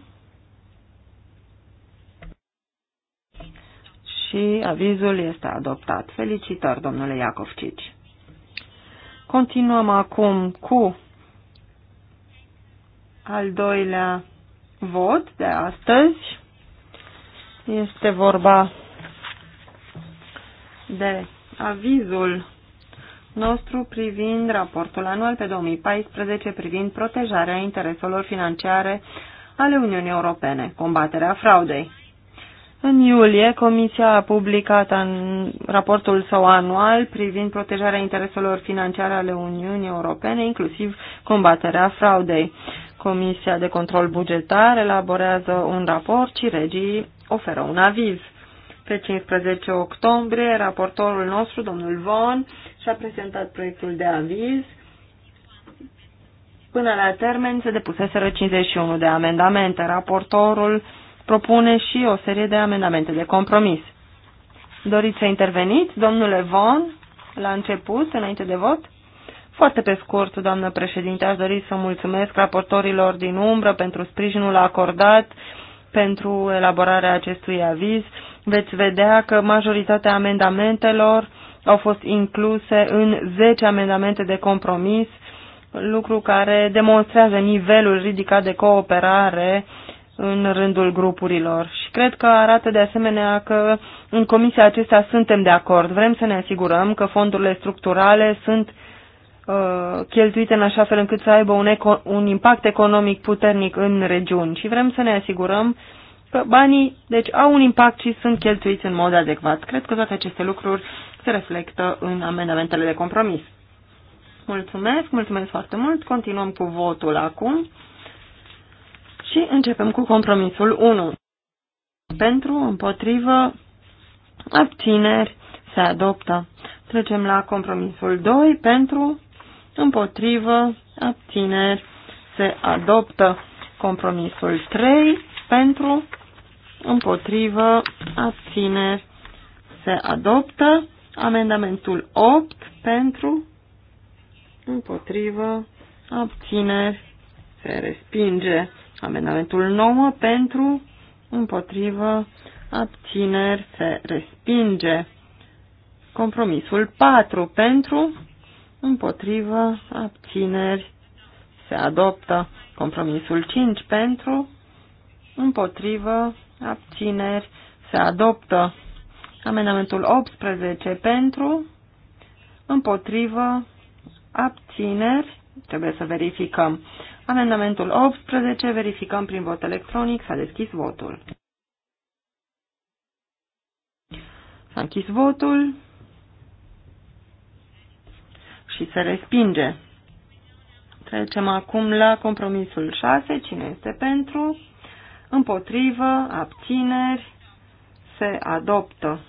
Și avizul este adoptat. Felicitări, domnule Iacovcici. Continuăm acum cu al doilea vot de astăzi. Este vorba de avizul nostru privind raportul anual pe 2014 privind protejarea intereselor financiare ale Uniunii Europene, combaterea fraudei. În iulie, Comisia a publicat în raportul său anual privind protejarea intereselor financiare ale Uniunii Europene, inclusiv combaterea fraudei. Comisia de control bugetar elaborează un raport și regii oferă un aviz. Pe 15 octombrie, raportorul nostru, domnul Von, și-a prezentat proiectul de aviz. Până la termen se depuseseră 51 de amendamente. Raportorul propune și o serie de amendamente de compromis. Doriți să interveniți, domnule Von, la început, înainte de vot? Foarte pe scurt, doamnă președinte, aș dori să mulțumesc raportorilor din umbră pentru sprijinul acordat pentru elaborarea acestui aviz. Veți vedea că majoritatea amendamentelor au fost incluse în 10 amendamente de compromis, lucru care demonstrează nivelul ridicat de cooperare în rândul grupurilor. Și cred că arată de asemenea că în comisia acestea suntem de acord. Vrem să ne asigurăm că fondurile structurale sunt uh, Uh, cheltuite în așa fel încât să aibă un, eco, un impact economic puternic în regiuni și vrem să ne asigurăm că banii deci, au un impact și sunt cheltuiți în mod adecvat. Cred că toate aceste lucruri se reflectă în amendamentele de compromis. Mulțumesc, mulțumesc foarte mult. Continuăm cu votul acum și începem cu compromisul 1. Pentru, împotrivă, abțineri, se adoptă. Trecem la compromisul 2 pentru, împotrivă, abțineri, se adoptă. Compromisul 3 pentru, împotrivă, abțineri, se adoptă. Amendamentul 8 pentru, împotrivă, abțineri, se respinge. Amendamentul 9 pentru, împotrivă, abțineri, se respinge. Compromisul 4 pentru, împotrivă, abțineri, se adoptă. Compromisul 5 pentru, împotrivă, abțineri, se adoptă. Amendamentul 18 pentru, împotrivă, abțineri, trebuie să verificăm. Amendamentul 18, verificăm prin vot electronic, s-a deschis votul. S-a închis votul și se respinge. Trecem acum la compromisul 6. Cine este pentru? Împotrivă, abțineri, se adoptă.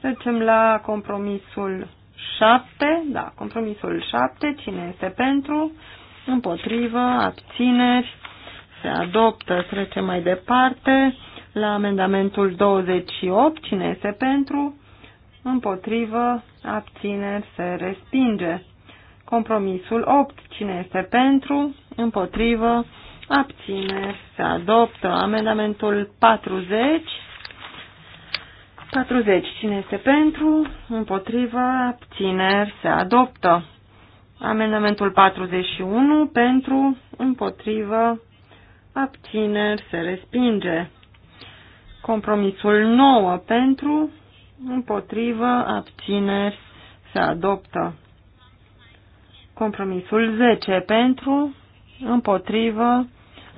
Trecem la compromisul 7. Da, compromisul 7. Cine este pentru? Împotrivă, abțineri, se adoptă. Trecem mai departe la amendamentul 28. Cine este pentru? împotrivă, abțineri, se respinge. Compromisul 8. Cine este pentru, împotrivă, abțineri, se adoptă. Amendamentul 40. 40. Cine este pentru, împotrivă, abțineri, se adoptă. Amendamentul 41 pentru, împotrivă, abțineri, se respinge. Compromisul 9 pentru, împotrivă, abțineri, se adoptă. Compromisul 10 pentru, împotrivă,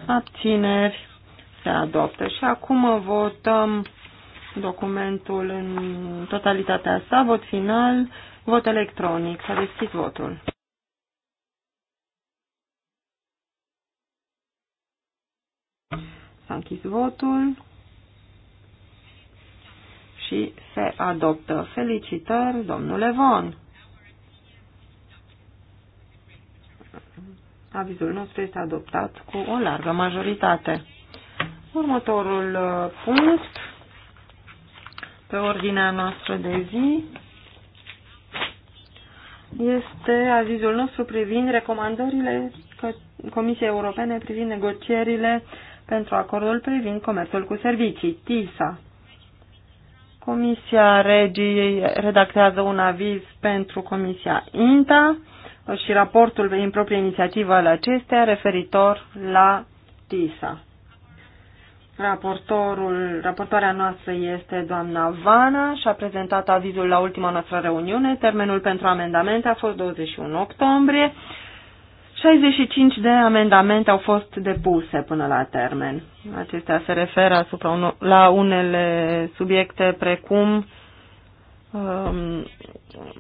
abțineri, se adoptă. Și acum votăm documentul în totalitatea sa, vot final, vot electronic. S-a deschis votul. S-a închis votul și se adoptă. Felicitări, domnule Von! Avizul nostru este adoptat cu o largă majoritate. Următorul uh, punct pe ordinea noastră de zi este avizul nostru privind recomandările Comisiei Europene privind negocierile pentru acordul privind comerțul cu servicii, TISA. Comisia Regii redactează un aviz pentru Comisia INTA și raportul în proprie inițiativă al acestea referitor la TISA. Raportorul, raportoarea noastră este doamna Vana și a prezentat avizul la ultima noastră reuniune. Termenul pentru amendamente a fost 21 octombrie. 65 de amendamente au fost depuse până la termen. Acestea se referă asupra un, la unele subiecte precum um,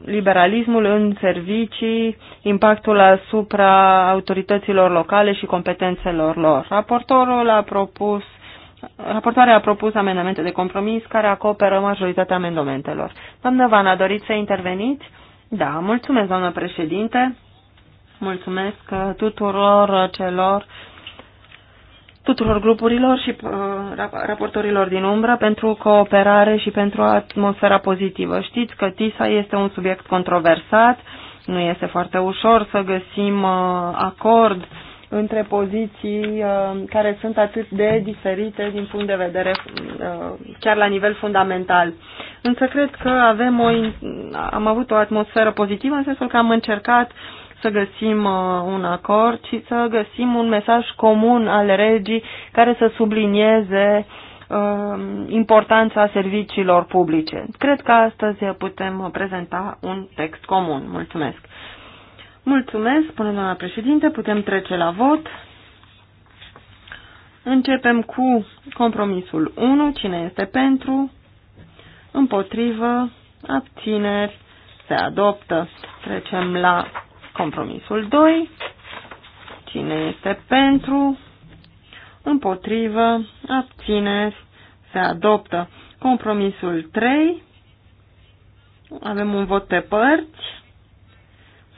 liberalismul în servicii, impactul asupra autorităților locale și competențelor lor. Raportorul a propus Raportoarea a propus amendamente de compromis care acoperă majoritatea amendamentelor. Doamnă Vana, doriți să interveniți? Da, mulțumesc, doamnă președinte. Mulțumesc uh, tuturor uh, celor, tuturor grupurilor și uh, raportorilor din umbră pentru cooperare și pentru atmosfera pozitivă. Știți că TISA este un subiect controversat, nu este foarte ușor să găsim acord între poziții care sunt atât de diferite din punct de vedere chiar la nivel fundamental. Însă cred că avem o, am avut o atmosferă pozitivă în sensul că am încercat uh, să găsim uh, un acord și să găsim un mesaj comun al regii care să sublinieze um, importanța serviciilor publice. Cred că astăzi putem prezenta un text comun. Mulțumesc! Mulțumesc, spune doamna președinte, putem trece la vot. Începem cu compromisul 1, cine este pentru, împotrivă, abțineri, se adoptă. Trecem la Compromisul 2. Cine este pentru? Împotrivă. Abțineri. Se adoptă. Compromisul 3. Avem un vot pe părți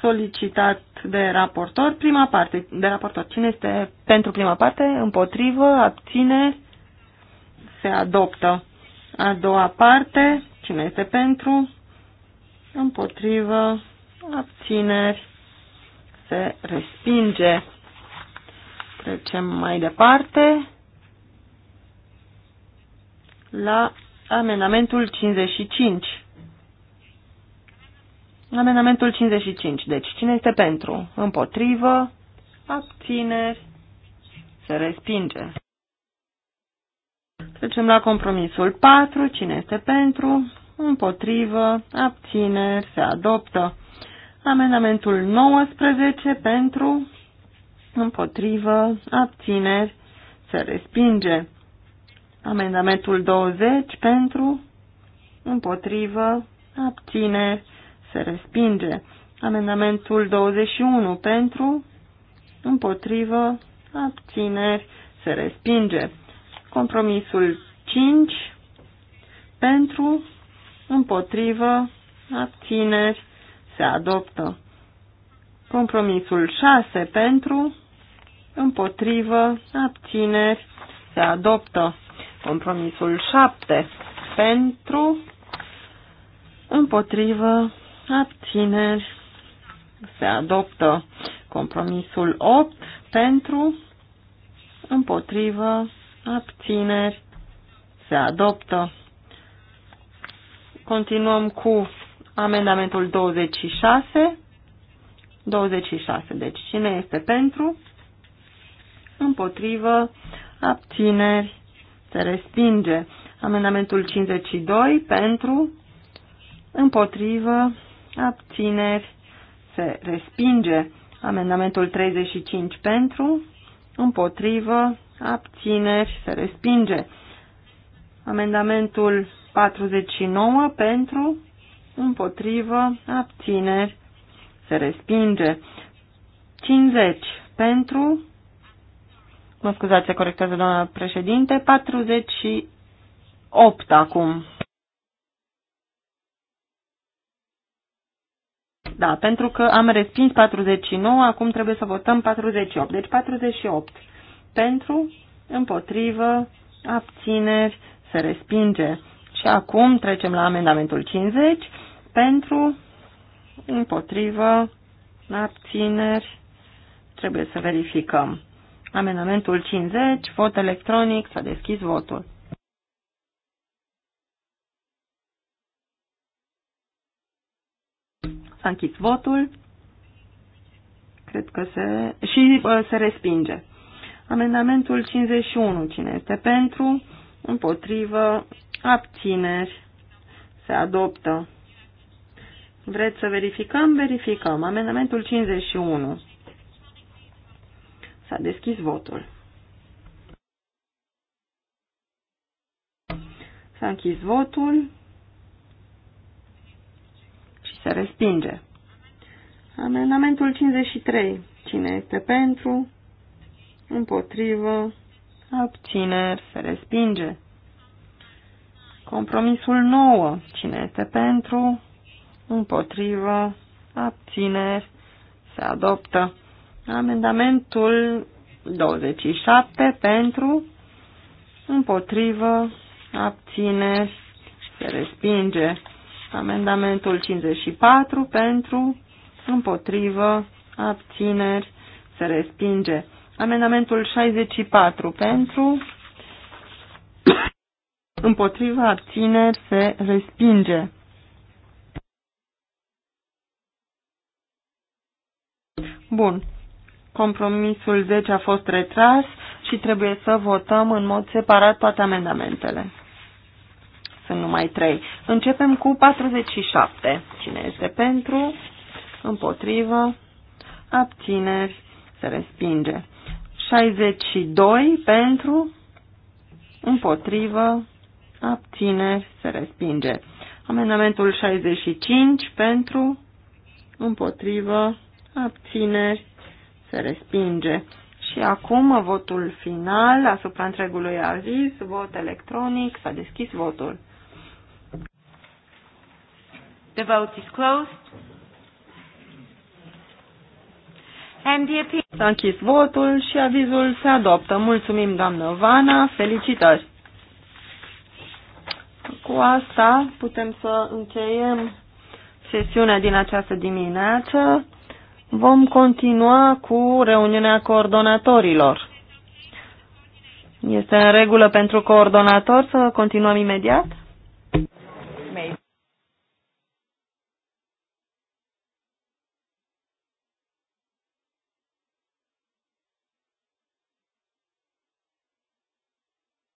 solicitat de raportor. Prima parte, de raportor. Cine este pentru prima parte? Împotrivă, abține, se adoptă. A doua parte, cine este pentru? Împotrivă, abțineri, se respinge. Trecem mai departe la amendamentul 55. Amendamentul 55. Deci, cine este pentru? Împotrivă? Abțineri? Se respinge. Trecem la compromisul 4. Cine este pentru? Împotrivă? Abțineri? Se adoptă. Amendamentul 19 pentru, împotrivă, abțineri, se respinge. Amendamentul 20 pentru, împotrivă, abțineri, se respinge. Amendamentul 21 pentru, împotrivă, abțineri, se respinge. Compromisul 5 pentru, împotrivă, abțineri, se adoptă. Compromisul 6 pentru, împotrivă, abțineri, se adoptă. Compromisul 7 pentru, împotrivă, abțineri, se adoptă. Compromisul 8 pentru, împotrivă, abțineri, se adoptă. Continuăm cu Amendamentul 26. 26. Deci cine este pentru? Împotrivă. Abțineri. Se respinge. Amendamentul 52. Pentru. Împotrivă. Abțineri. Se respinge. Amendamentul 35 pentru, împotrivă, abțineri, se respinge. Amendamentul 49 pentru, împotrivă, abțineri, se respinge. 50 pentru, mă scuzați, se corectează doamna președinte, 48 acum. Da, pentru că am respins 49, acum trebuie să votăm 48. Deci 48 pentru, împotrivă, abțineri, se respinge. Și acum trecem la amendamentul 50 pentru, împotrivă, abțineri, trebuie să verificăm. Amendamentul 50, vot electronic, s-a deschis votul. S-a închis votul. Cred că se... și uh, se respinge. Amendamentul 51, cine este pentru, împotrivă, Abțineri. Se adoptă. Vreți să verificăm? Verificăm. Amendamentul 51. S-a deschis votul. S-a închis votul și se respinge. Amendamentul 53. Cine este pentru? Împotrivă? Abțineri? Se respinge. Compromisul nouă. Cine este pentru? Împotrivă. Abțineri. Se adoptă. Amendamentul 27 pentru. Împotrivă. Abțineri. Se respinge. Amendamentul 54 pentru. Împotrivă. Abțineri. Se respinge. Amendamentul 64 pentru împotriva abțineri se respinge. Bun. Compromisul 10 deci a fost retras și trebuie să votăm în mod separat toate amendamentele. Sunt numai 3. Începem cu 47. Cine este pentru? Împotrivă? Abțineri? Se respinge. 62 pentru? Împotrivă? abțineri, se respinge. Amendamentul 65 pentru, împotrivă, abțineri, se respinge. Și acum votul final asupra întregului aviz, vot electronic, s-a deschis votul. The vote is closed. And the S-a închis votul și avizul se adoptă. Mulțumim, doamnă Vana, felicitări! Cu asta putem să încheiem sesiunea din această dimineață. Vom continua cu reuniunea coordonatorilor. Este în regulă pentru coordonator să continuăm imediat?